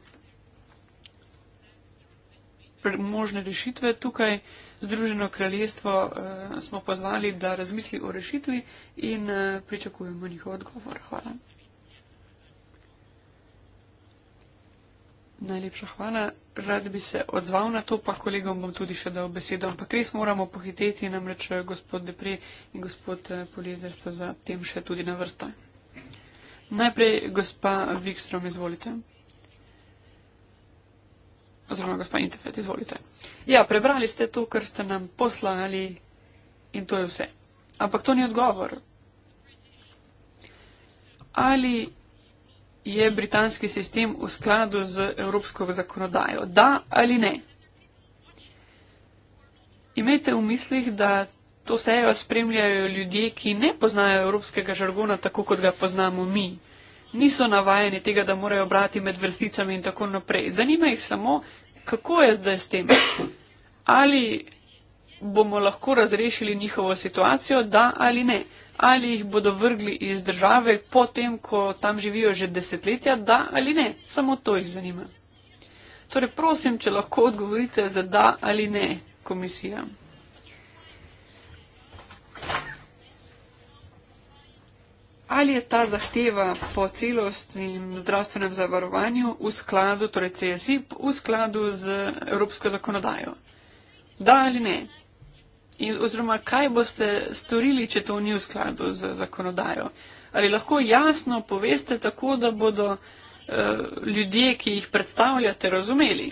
Speaker 3: možne rešitve, tukaj uh, Združeno kraljestvo uh, smo pozvali, da razmisli o rešitvi in uh, pričakujemo njihov odgovor. Hvala. Najlepša hvala. Rad bi se odzval na to, pa kolegom bom tudi še dal besedo, ampak res moramo pohiteti, namreč eh, gospod Depre in gospod Polezer sta za tem še tudi na vrsto. Najprej gospa Vikstrom, izvolite oziroma gospod Intefet, izvolite. Ja, prebrali ste to, kar ste nam poslali in to je vse. Ampak to ni odgovor. Ali je britanski sistem v skladu z evropsko zakonodajo? Da ali ne? Imejte v mislih, da to sejo spremljajo ljudje, ki ne poznajo evropskega žargona tako, kot ga poznamo mi. Niso navajeni tega, da morajo brati med vrsticami in tako naprej. Zanima jih samo, kako je zdaj s tem? Ali bomo lahko razrešili njihovo situacijo, da ali ne? Ali jih bodo vrgli iz države potem, ko tam živijo že desetletja, da ali ne? Samo to jih zanima. Torej, prosim, če lahko odgovorite za da ali ne komisijam. ali je ta zahteva po celostnem zdravstvenem zavarovanju v skladu, torej CSI, v skladu z evropsko zakonodajo. Da ali ne? In, oziroma, kaj boste storili, če to ni v skladu z zakonodajo? Ali lahko jasno poveste tako, da bodo eh, ljudje, ki jih predstavljate, razumeli?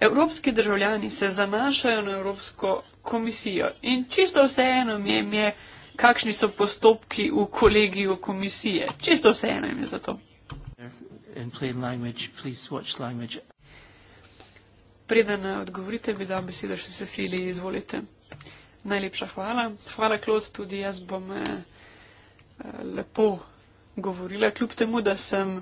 Speaker 3: Evropski državljani se zanašajo na Evropsko komisijo in čisto vseeno mi je, mi je kakšni so postopki v kolegiju komisije. Čisto vseeno jim je za to. Preden odgovorite, bi dal besedo še Cecili, izvolite. Najlepša hvala. Hvala, Klod, tudi jaz bom eh, lepo govorila, kljub temu, da sem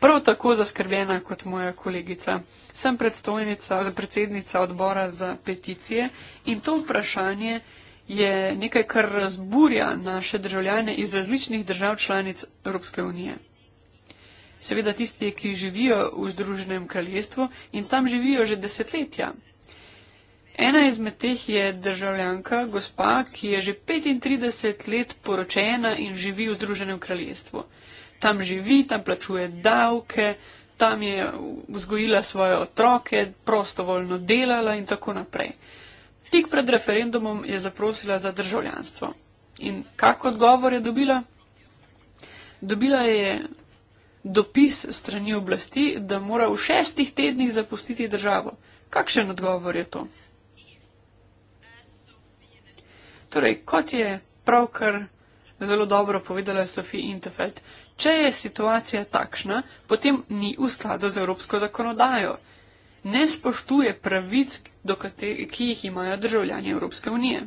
Speaker 3: prav tako zaskrbljena kot moja kolegica. Sem predstojnica, predsednica odbora za peticije in to vprašanje je nekaj, kar razburja naše državljane iz različnih držav članic Evropske unije. Seveda tisti, ki živijo v Združenem kraljestvu in tam živijo že desetletja. Ena izmed teh je državljanka, gospa, ki je že 35 let poročena in živi v Združenem kraljestvu. Tam živi, tam plačuje davke, tam je vzgojila svoje otroke, prostovoljno delala in tako naprej. Tik pred referendumom je zaprosila za državljanstvo. In kak odgovor je dobila? Dobila je dopis strani oblasti, da mora v šestih tednih zapustiti državo. Kakšen odgovor je to? Torej, kot je pravkar zelo dobro povedala Sofija Intefeld, če je situacija takšna, potem ni v skladu z evropsko zakonodajo ne spoštuje pravic, ki jih imajo državljani Evropske unije.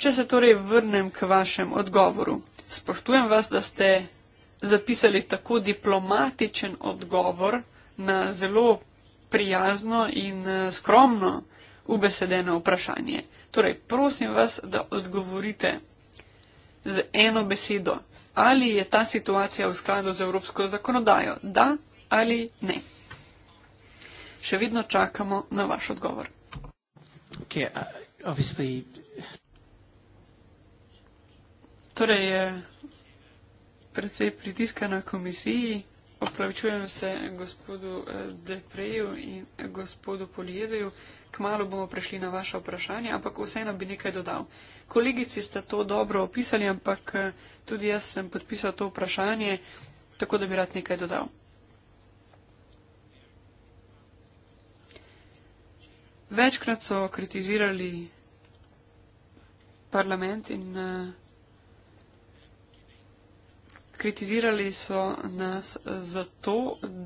Speaker 3: Če se torej vrnem k vašem odgovoru, spoštujem vas, da ste zapisali tako diplomatičen odgovor na zelo prijazno in eh, skromno ubesedeno vprašanje. Torej, prosim vas, da odgovorite z eno besedo ali je ta situacija v skladu z evropsko zakonodajo, da ali ne. Še vedno čakamo na vaš odgovor.
Speaker 1: Okay, uh,
Speaker 3: torej je predvsej pritiska na komisiji. Opravičujem se gospodu eh, Depreju in gospodu Polijezeju. Kmalo bomo prišli na vaše vprašanje, ampak vseeno bi nekaj dodal. Uh, Kolegici ste to dobro opisali, ampak eh, tudi jaz sem podpisal to vprašanje, tako da bi rad nekaj dodal. Večkrat so kritizirali parlament in eh, kritizirali so nas zato,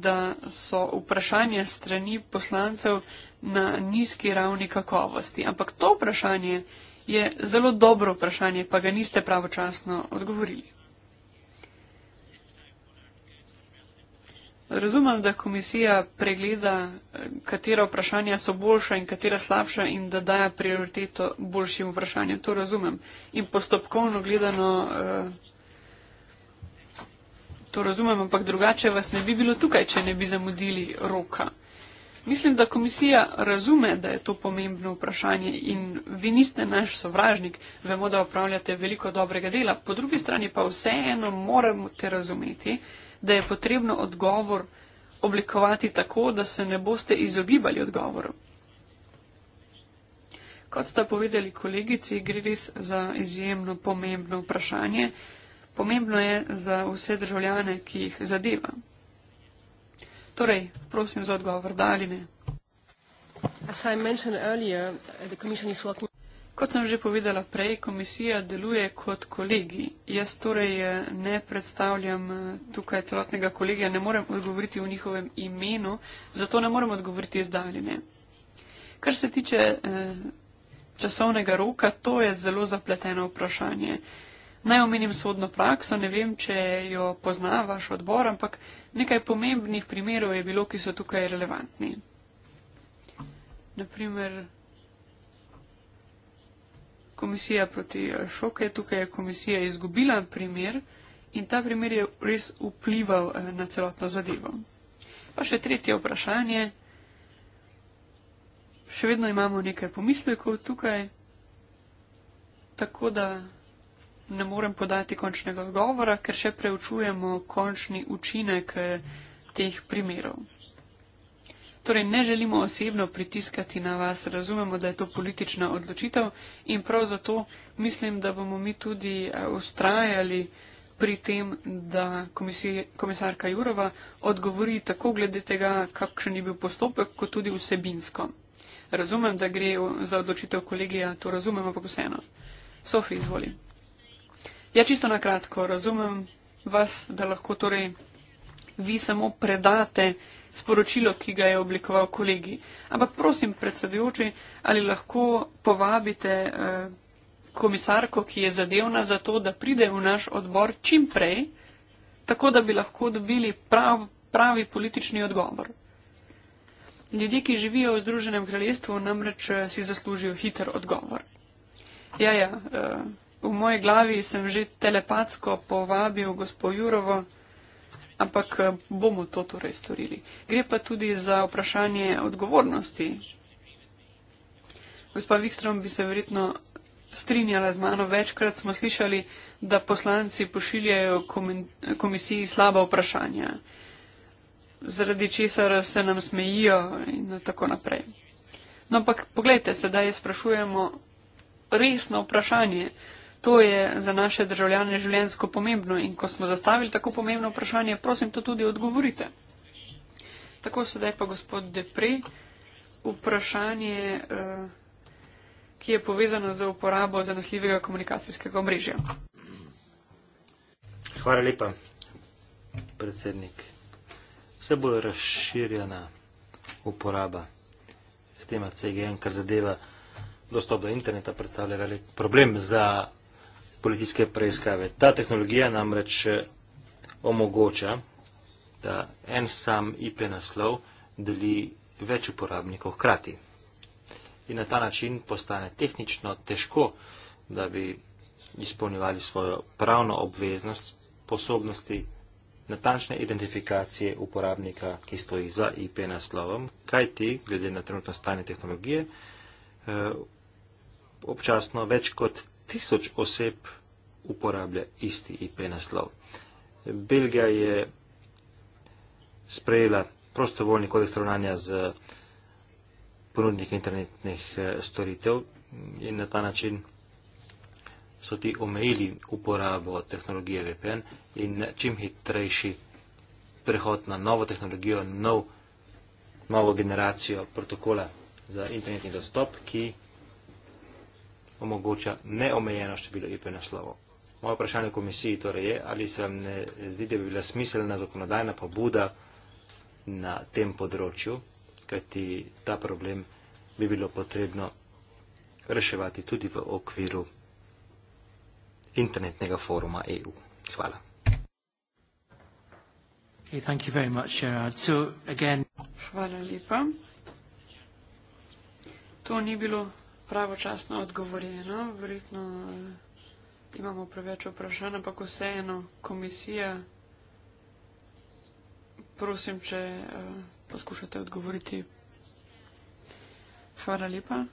Speaker 3: da so vprašanje strani poslancev na nizki ravni kakovosti. Ampak to vprašanje je zelo dobro vprašanje, pa ga niste pravočasno odgovorili. Razumem, da komisija pregleda, katera vprašanja so boljša in katera slabša in da daja prioriteto boljšim vprašanjem. To razumem. In postopkovno gledano, eh, to razumem, ampak drugače vas ne bi bilo tukaj, če ne bi zamudili roka. Mislim, da komisija razume, da je to pomembno vprašanje in vi niste naš sovražnik, vemo, da upravljate veliko dobrega dela. Po drugi strani pa vseeno moramo te razumeti, da je potrebno odgovor oblikovati tako, da se ne boste izogibali odgovoru. Kot sta povedali kolegici, gre res za izjemno pomembno vprašanje. Pomembno je za vse državljane, ki jih zadeva. Torej, prosim za odgovor, da ali ne. Kot sem že povedala prej, komisija deluje kot kolegi. Jaz torej eh, ne predstavljam eh, tukaj celotnega kolegija, ne morem odgovoriti v njihovem imenu, zato ne morem odgovoriti zdaj ali ne. Kar se tiče eh, časovnega roka, to je zelo zapleteno vprašanje. Naj omenim sodno prakso, ne vem, če jo pozna vaš odbor, ampak Nekaj pomembnih primerov je bilo, ki so tukaj relevantni. Naprimer, komisija proti eh, šoke, tukaj je komisija izgubila primer in ta primer je res vplival eh, na celotno zadevo. Pa še tretje vprašanje. Še vedno imamo nekaj pomislekov tukaj, tako da ne morem podati končnega odgovora, ker še preučujemo končni učinek eh, teh primerov. Torej, ne želimo osebno pritiskati na vas, razumemo, da je to politična odločitev in prav zato mislim, da bomo mi tudi ustrajali eh, pri tem, da komisarka Jurova odgovori tako glede tega, kakšen je bil postopek, kot tudi vsebinsko. Razumem, da gre za odločitev kolegija, to razumemo pa vseeno. Sofi, izvolim. Ja, čisto na kratko, razumem vas, da lahko torej vi samo predate sporočilo, ki ga je oblikoval kolegi. Ampak prosim, predsedujoči, ali lahko povabite eh, komisarko, ki je zadevna za to, da pride v naš odbor čim prej, tako da bi lahko dobili prav, pravi politični odgovor. Ljudje, ki živijo v Združenem kraljestvu, namreč eh, si zaslužijo hiter odgovor. Ja, ja, eh, v moji glavi sem že telepatsko povabil gospod Jurovo, ampak eh, bomo to torej storili. Gre pa tudi za vprašanje odgovornosti. Gospa Vikstrom bi se verjetno strinjala z mano. Večkrat smo slišali, da poslanci pošiljajo komisiji slaba vprašanja, zaradi česar se nam smejijo in tako naprej. No, ampak pogledajte, sedaj sprašujemo resno vprašanje. To je za naše državljane življensko pomembno in ko smo zastavili tako pomembno vprašanje, prosim, to tudi odgovorite. Tako sedaj pa gospod Depre, vprašanje, eh, ki je povezano z uporabo zanesljivega komunikacijskega omrežja.
Speaker 4: Hvala lepa, predsednik. Vse bo razširjena uporaba s tema CGN, kar zadeva dostop do interneta, predstavlja velik problem za policijske preiskave. Ta tehnologija namreč eh, omogoča, da en sam IP naslov deli več uporabnikov hkrati. In na ta način postane tehnično težko, da bi izpolnjevali svojo pravno obveznost sposobnosti natančne identifikacije uporabnika, ki stoji za IP naslovom, kaj ti, glede na trenutno stanje tehnologije, eh, občasno več kot tisoč oseb uporablja isti IP naslov. Belgija je sprejela prostovoljni kodeks ravnanja z ponudnik internetnih eh, storitev in na ta način so ti omejili uporabo tehnologije VPN in čim hitrejši prehod na novo tehnologijo, nov, novo generacijo protokola za internetni dostop, ki omogoča neomejeno število IP naslovov. Moje vprašanje komisiji torej je, ali se vam ne zdi, da bi bila smiselna zakonodajna pobuda na tem področju, kajti ta problem bi bilo potrebno reševati tudi v okviru internetnega foruma EU. Hvala.
Speaker 1: Okay, thank you very much, Gerard. So, again...
Speaker 3: Hvala lepa. To ni bilo pravočasno odgovorjeno. Verjetno uh, imamo preveč vprašanj, ampak vseeno komisija, prosim, če uh, poskušate odgovoriti. Hvala lepa.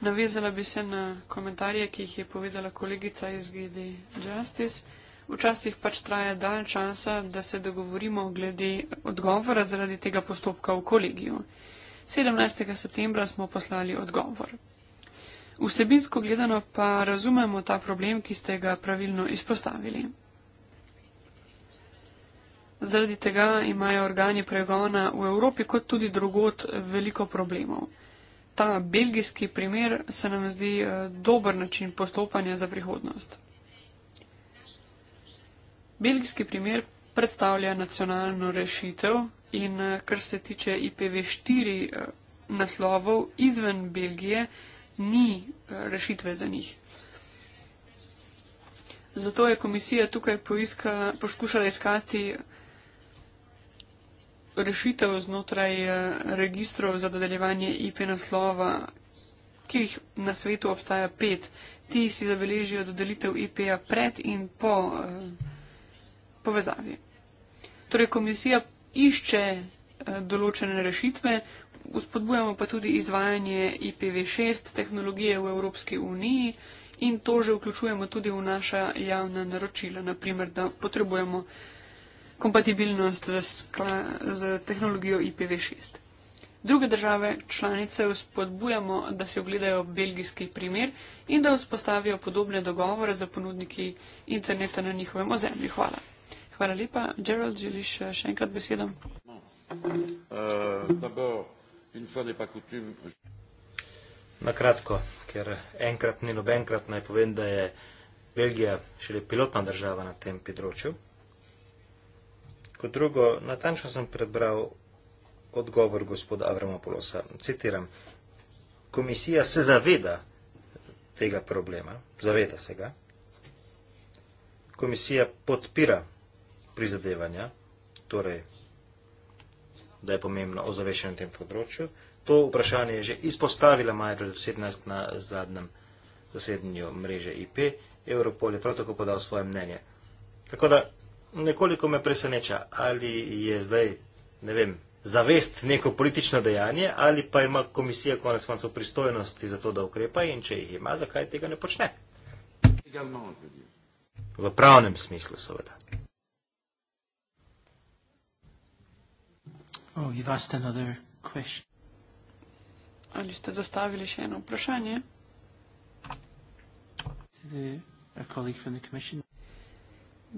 Speaker 3: Navezala bi se na komentarje, ki jih je povedala kolegica iz GD Justice včasih pač traja dalj časa, da se dogovorimo glede odgovora zaradi tega postopka v kolegiju. 17. septembra smo poslali odgovor. Vsebinsko gledano pa razumemo ta problem, ki ste ga pravilno izpostavili. Zaradi tega imajo organi pregona v Evropi kot tudi drugot veliko problemov. Ta belgijski primer se nam zdi eh, dober način postopanja za prihodnost. Belgijski primer predstavlja nacionalno rešitev in eh, kar se tiče IPv4 eh, naslovov izven Belgije, ni eh, rešitve za njih. Zato je komisija tukaj poiskala, poskušala iskati rešitev znotraj registrov za dodeljevanje IP naslova, ki jih na svetu obstaja pet. Ti si zabeležijo dodelitev IP-ja pred in po povezavi. Torej, komisija išče eh, določene rešitve, uspodbujamo pa tudi izvajanje IPv6 tehnologije v Evropski uniji in to že vključujemo tudi v naša javna naročila, naprimer, da potrebujemo kompatibilnost z, z tehnologijo IPv6. Druge države članice uspodbujamo, da se ogledajo belgijski primer in da vzpostavijo podobne dogovore za ponudniki interneta na njihovem ozemlju. Hvala. Hvala lepa. Gerald, želiš eh, še enkrat besedo? No.
Speaker 2: Eh,
Speaker 4: na kratko, ker enkrat ni nobenkrat, naj povem, da je Belgija šele pilotna država na tem področju. Kot drugo, natančno sem prebral odgovor gospoda Avramopolosa. Citiram, komisija se zaveda tega problema, zaveda se ga. Komisija podpira prizadevanja, torej, da je pomembno ozaveščanje na tem področju. To vprašanje je že izpostavila Maja 2017 na zadnjem zasedanju mreže IP. Europol je prav tako podal svoje mnenje. Tako da nekoliko me preseneča, ali je zdaj, ne vem, zavest neko politično dejanje ali pa ima komisija konec koncev pristojnosti za to, da ukrepa in če jih ima, zakaj tega ne počne. V pravnem smislu, seveda.
Speaker 1: Oh, you've asked another question.
Speaker 3: Ali ste zastavili še eno vprašanje?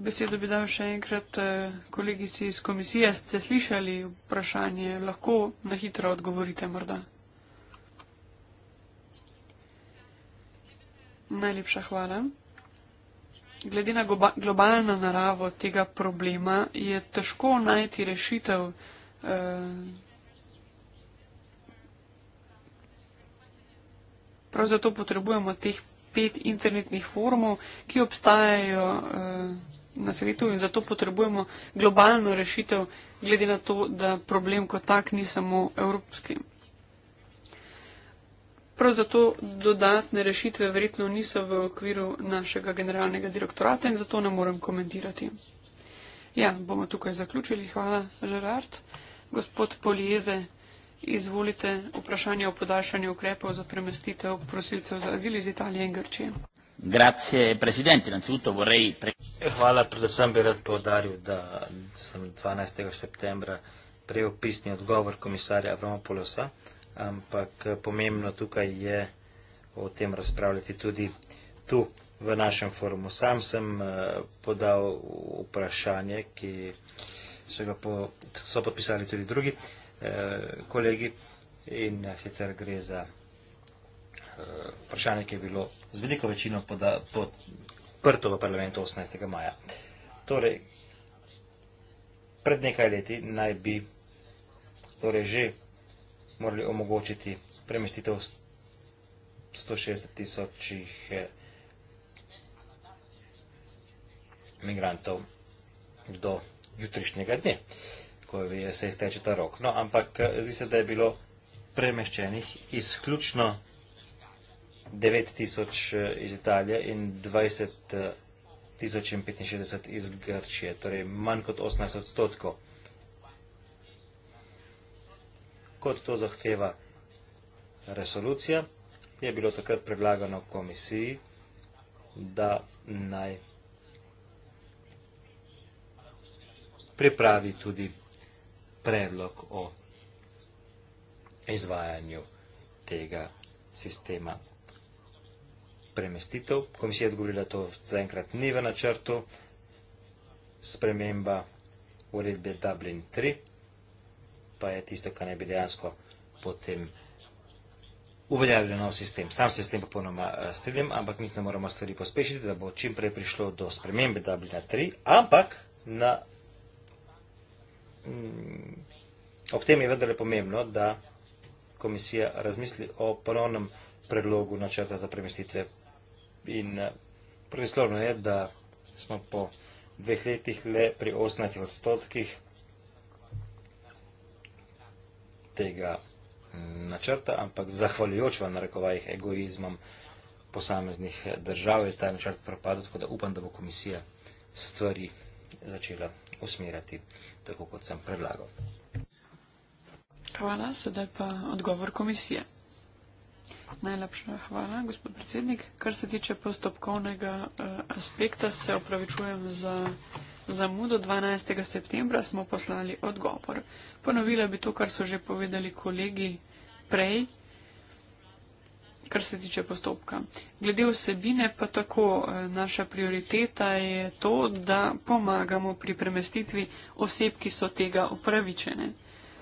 Speaker 3: Besedo bi dal še enkrat eh, kolegici iz komisije. Ste slišali vprašanje? Lahko na hitro odgovorite morda. Najlepša hvala. Glede na globalno naravo tega problema je težko najti rešitev. Eh, prav zato potrebujemo teh pet internetnih forumov, ki obstajajo eh, na svetu in zato potrebujemo globalno rešitev, glede na to, da problem kot tak ni samo evropski. Prav zato dodatne rešitve verjetno niso v okviru našega generalnega direktorata in zato ne morem komentirati. Ja, bomo tukaj zaključili. Hvala, Žerard. Gospod Polijeze, izvolite vprašanje o podaljšanju ukrepov za premestitev prosilcev za azil iz Italije in Grčije.
Speaker 4: E, hvala, predvsem bi rad povdaril, da sem 12. septembra prejel pisni odgovor komisarja Avramopolosa, ampak eh, pomembno tukaj je o tem razpravljati tudi tu v našem forumu. Sam sem eh, podal vprašanje, ki je so ga po, so podpisali tudi drugi eh, kolegi in eh, sicer gre za eh, vprašanje, ki je bilo z veliko večino podprto v parlamentu 18. maja. Torej, pred nekaj leti naj bi torej že morali omogočiti premestitev 160 tisoč eh, migrantov do jutrišnjega dne, ko je se izteče ta rok. No, ampak eh, zdi se, da je bilo premeščenih izključno 9000 eh, iz Italije in 20065 eh, iz Grčije, torej manj kot 18 odstotkov. Kot to zahteva resolucija, je bilo takrat predlagano komisiji, da naj pripravi tudi predlog o izvajanju tega sistema premestitev. Komisija je odgovorila, to zaenkrat ni v načrtu sprememba uredbe Dublin 3, pa je tisto, kar ne bi dejansko potem uveljavljeno nov sistem. Sam se s tem popolnoma eh, strinjam, ampak mislim, da moramo stvari pospešiti, da bo čim prej prišlo do spremembe Dublina 3, ampak na Mm. ob tem je vendarle pomembno, da komisija razmisli o ponovnem predlogu načrta za premestitve. In eh, predislovno je, da smo po dveh letih le pri 18 odstotkih tega mm, načrta, ampak zahvaljujoč v narekovajih egoizmom posameznih eh, držav je ta načrt propadil, tako da upam, da bo komisija stvari začela usmerjati, tako kot sem predlagal.
Speaker 3: Hvala, sedaj pa odgovor komisije. Najlepša hvala, gospod predsednik. Kar se tiče postopkovnega uh, aspekta, se opravičujem za zamudo. 12. septembra smo poslali odgovor. Ponovila bi to, kar so že povedali kolegi prej, kar se tiče postopka. Glede vsebine pa tako, eh, naša prioriteta je to, da pomagamo pri premestitvi oseb, ki so tega upravičene.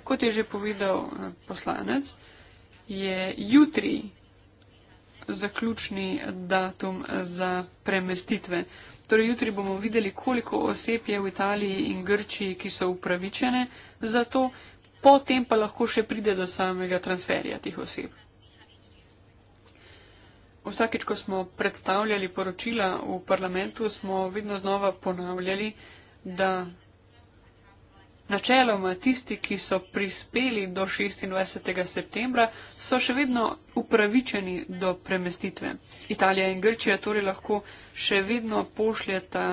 Speaker 3: Kot je že povedal eh, poslanec, je jutri zaključni datum za premestitve. Torej jutri bomo videli, koliko oseb je v Italiji in Grčiji, ki so upravičene za to, potem pa lahko še pride do samega transferja teh oseb. Vsakič, ko smo predstavljali poročila v parlamentu, smo vedno znova ponavljali, da načeloma tisti, ki so prispeli do 26. septembra, so še vedno upravičeni do premestitve. Italija in Grčija torej lahko še vedno pošljeta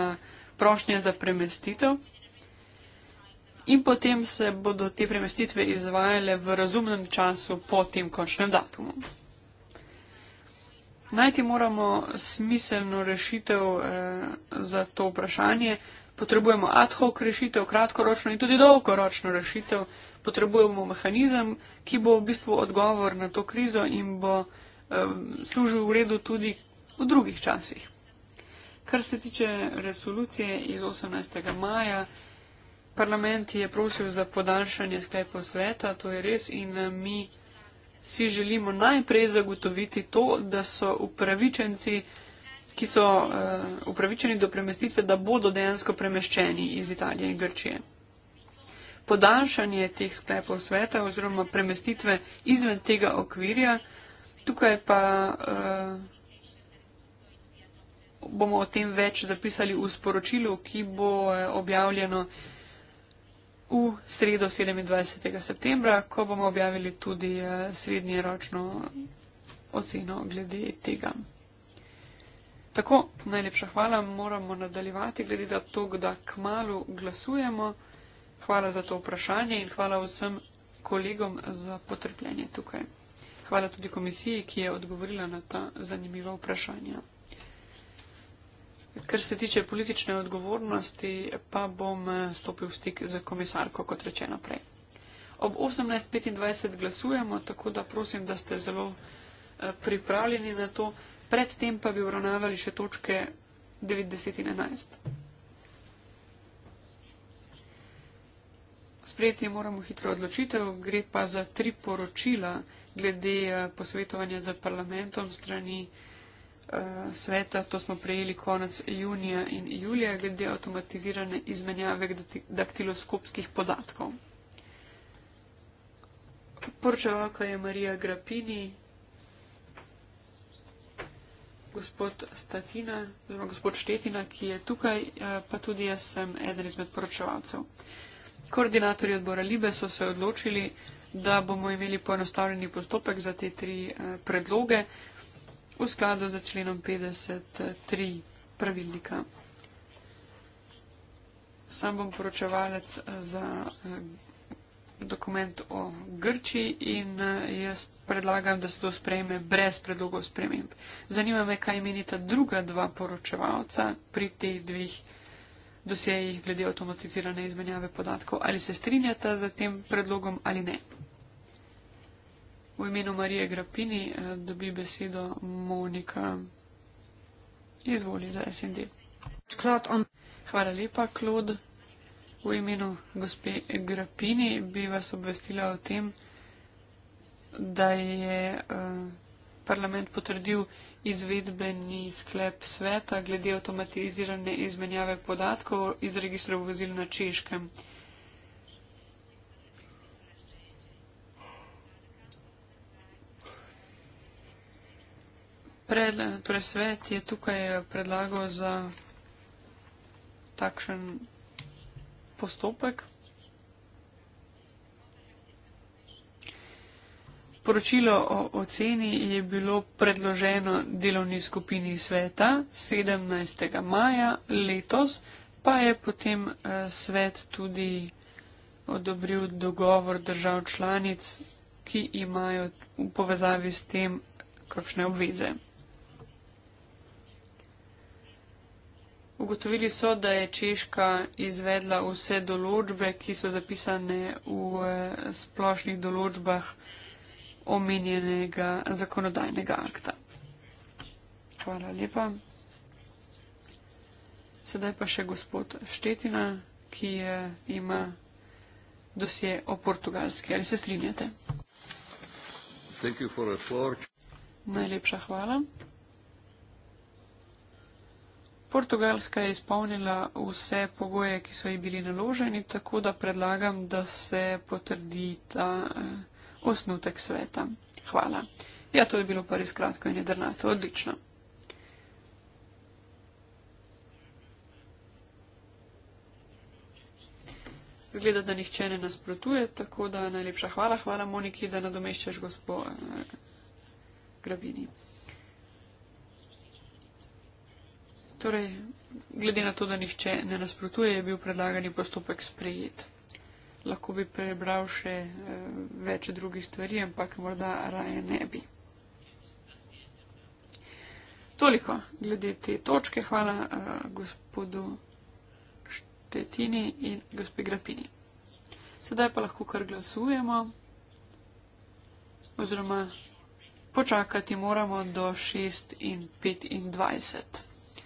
Speaker 3: prošnje za premestitev. In potem se bodo te premestitve izvajale v razumnem času po tem končnem datumu. Najti moramo smiselno rešitev eh, za to vprašanje. Potrebujemo ad hoc rešitev, kratkoročno in tudi dolgoročno rešitev. Potrebujemo mehanizem, ki bo v bistvu odgovor na to krizo in bo eh, služil v redu tudi v drugih časih. Kar se tiče resolucije iz 18. maja, parlament je prosil za podaljšanje sklepov sveta, to je res in eh, mi. Eh, si želimo najprej zagotoviti to, da so upravičenci, ki so uh, upravičeni do premestitve, da bodo dejansko premeščeni iz Italije in Grčije. Podaljšanje teh sklepov sveta oziroma premestitve izven tega okvirja, tukaj pa uh, bomo o tem več zapisali v sporočilu, ki bo uh, objavljeno v sredo 27. septembra, ko bomo objavili tudi eh, srednjeročno oceno glede tega. Tako, najlepša hvala, moramo nadaljevati glede na to, da k malu glasujemo. Hvala za to vprašanje in hvala vsem kolegom za potrpljenje tukaj. Hvala tudi komisiji, ki je odgovorila na ta zanimiva vprašanja. Kar se tiče politične odgovornosti, pa bom eh, stopil v stik z komisarko, kot rečeno prej. Ob 18.25 glasujemo, tako da prosim, da ste zelo eh, pripravljeni na to. Predtem pa bi obravnavali še točke 90 in 11. Sprejeti moramo hitro odločitev, gre pa za tri poročila glede eh, posvetovanja za parlamentom strani sveta, to smo prejeli konec junija in julija, glede avtomatizirane izmenjave daktiloskopskih podatkov. Poročevalka je Marija Grapini, gospod Statina, oziroma gospod Štetina, ki je tukaj, eh, pa tudi jaz sem eden izmed poročevalcev. Koordinatorji odbora Libe so se odločili, da bomo imeli poenostavljeni postopek za te tri eh, predloge v skladu za členom 53 pravilnika. Sam bom poročevalec eh, za eh, dokument o Grči in eh, jaz predlagam, da se to sprejme brez predlogov sprememb. Zanima me, kaj menita druga dva poročevalca pri teh dveh dosejih glede avtomatizirane izmenjave podatkov. Ali se strinjata z tem predlogom ali ne? V imenu Marije Grapini eh, dobi besedo Monika. Izvoli za SND. Hvala lepa, Klod. V imenu gospe Grapini bi vas obvestila o tem, da je eh, parlament potrdil izvedbeni sklep sveta glede avtomatizirane izmenjave podatkov iz registra vozil na Češkem. Pred, torej svet je tukaj predlagal za takšen postopek. Poročilo o oceni je bilo predloženo delovni skupini sveta 17. maja letos, pa je potem eh, svet tudi odobril dogovor držav članic, ki imajo v povezavi s tem kakšne obveze. Ugotovili so, da je Češka izvedla vse določbe, ki so zapisane v eh, splošnih določbah omenjenega zakonodajnega akta. Hvala lepa. Sedaj pa še gospod Štetina, ki je, ima dosje o portugalski. Ali se strinjate? Najlepša hvala. Portugalska je izpolnila vse pogoje, ki so ji bili naloženi, tako da predlagam, da se potrdi ta eh, osnutek sveta. Hvala. Ja, to je bilo pa res kratko in jedrnato. Odlično. Zgleda, da nihče ne nasprotuje, tako da najlepša hvala, hvala Moniki, da nadomeščaš gospod eh, Grabini. Torej, glede na to, da nihče ne nasprotuje, je bil predlagani postopek sprejet. Lahko bi prebral še uh, več drugih stvari, ampak morda raje ne bi. Toliko glede te točke. Hvala uh, gospodu Štetini in gospe Grapini. Sedaj pa lahko kar glasujemo oziroma počakati moramo do 6 in 25.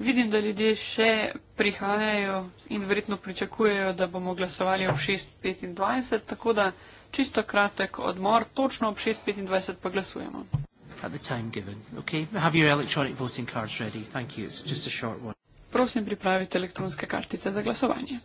Speaker 3: Vidim, da ljudje še prihajajo in verjetno pričakujejo, da bomo glasovali ob 6.25, tako da čisto kratek odmor, točno ob 6.25 pa glasujemo. Prosim, pripravite elektronske kartice za glasovanje.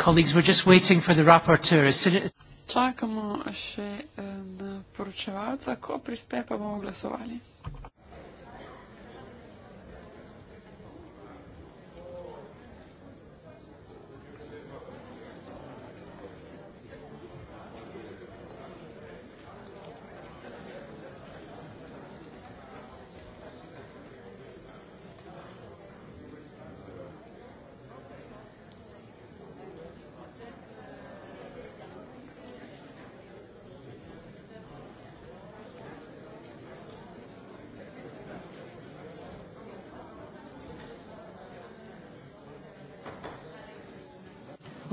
Speaker 1: colleagues, we're just waiting for the rapporteur. As soon
Speaker 3: as Čakamo še eh, na poročevalca, ko prispe, pa bomo glasovali.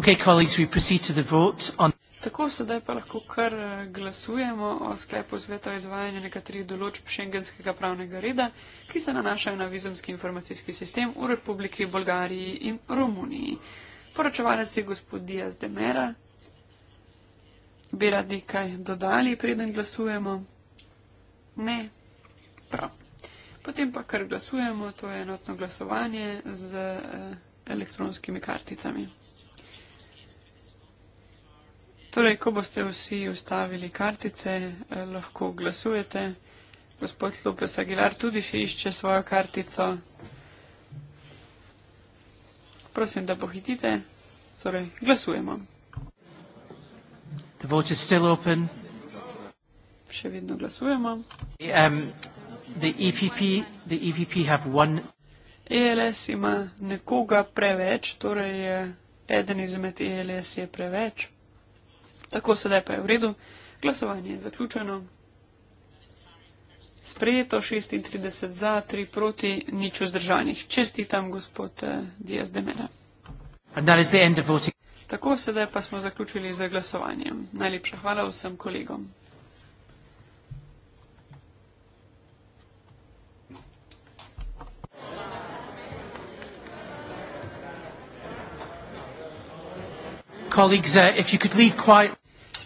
Speaker 1: Okay, colleagues, we proceed to the vote on.
Speaker 3: Tako sedaj pa lahko kar eh, glasujemo o sklepu zveta o izvajanju nekaterih določb šengenskega pravnega reda, ki se nanašajo na vizumski informacijski sistem v Republiki Bolgariji in Romuniji. Poročevalec je gospod Diaz Demera. Bi radi kaj dodali, preden glasujemo? Ne. Prav. Potem pa kar glasujemo, to je enotno glasovanje z eh, elektronskimi karticami. Torej, ko boste vsi ustavili kartice, eh, lahko glasujete. Gospod Lopes Aguilar tudi še išče svojo kartico. Prosim, da pohitite. Torej, glasujemo.
Speaker 1: The vote is still open.
Speaker 3: Še vedno glasujemo.
Speaker 1: Um, the EPP, the EPP have one.
Speaker 3: ELS ima nekoga preveč, torej eh, eden izmed ELS je preveč. Tako sedaj pa je v redu. Glasovanje je zaključeno. Sprejeto 36 za, 3 proti, nič vzdržanih. Čestitam, gospod eh, Diaz de Mera. Tako sedaj pa smo zaključili z glasovanjem. Najlepša hvala vsem kolegom. colleagues, uh, if you could leave quiet.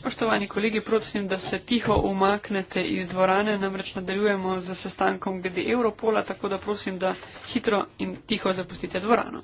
Speaker 3: Poštovani kolegi, prosim, da se tiho umaknete iz dvorane, namreč nadaljujemo
Speaker 4: z sestankom glede Europola, tako da prosim, da hitro in tiho zapustite dvorano.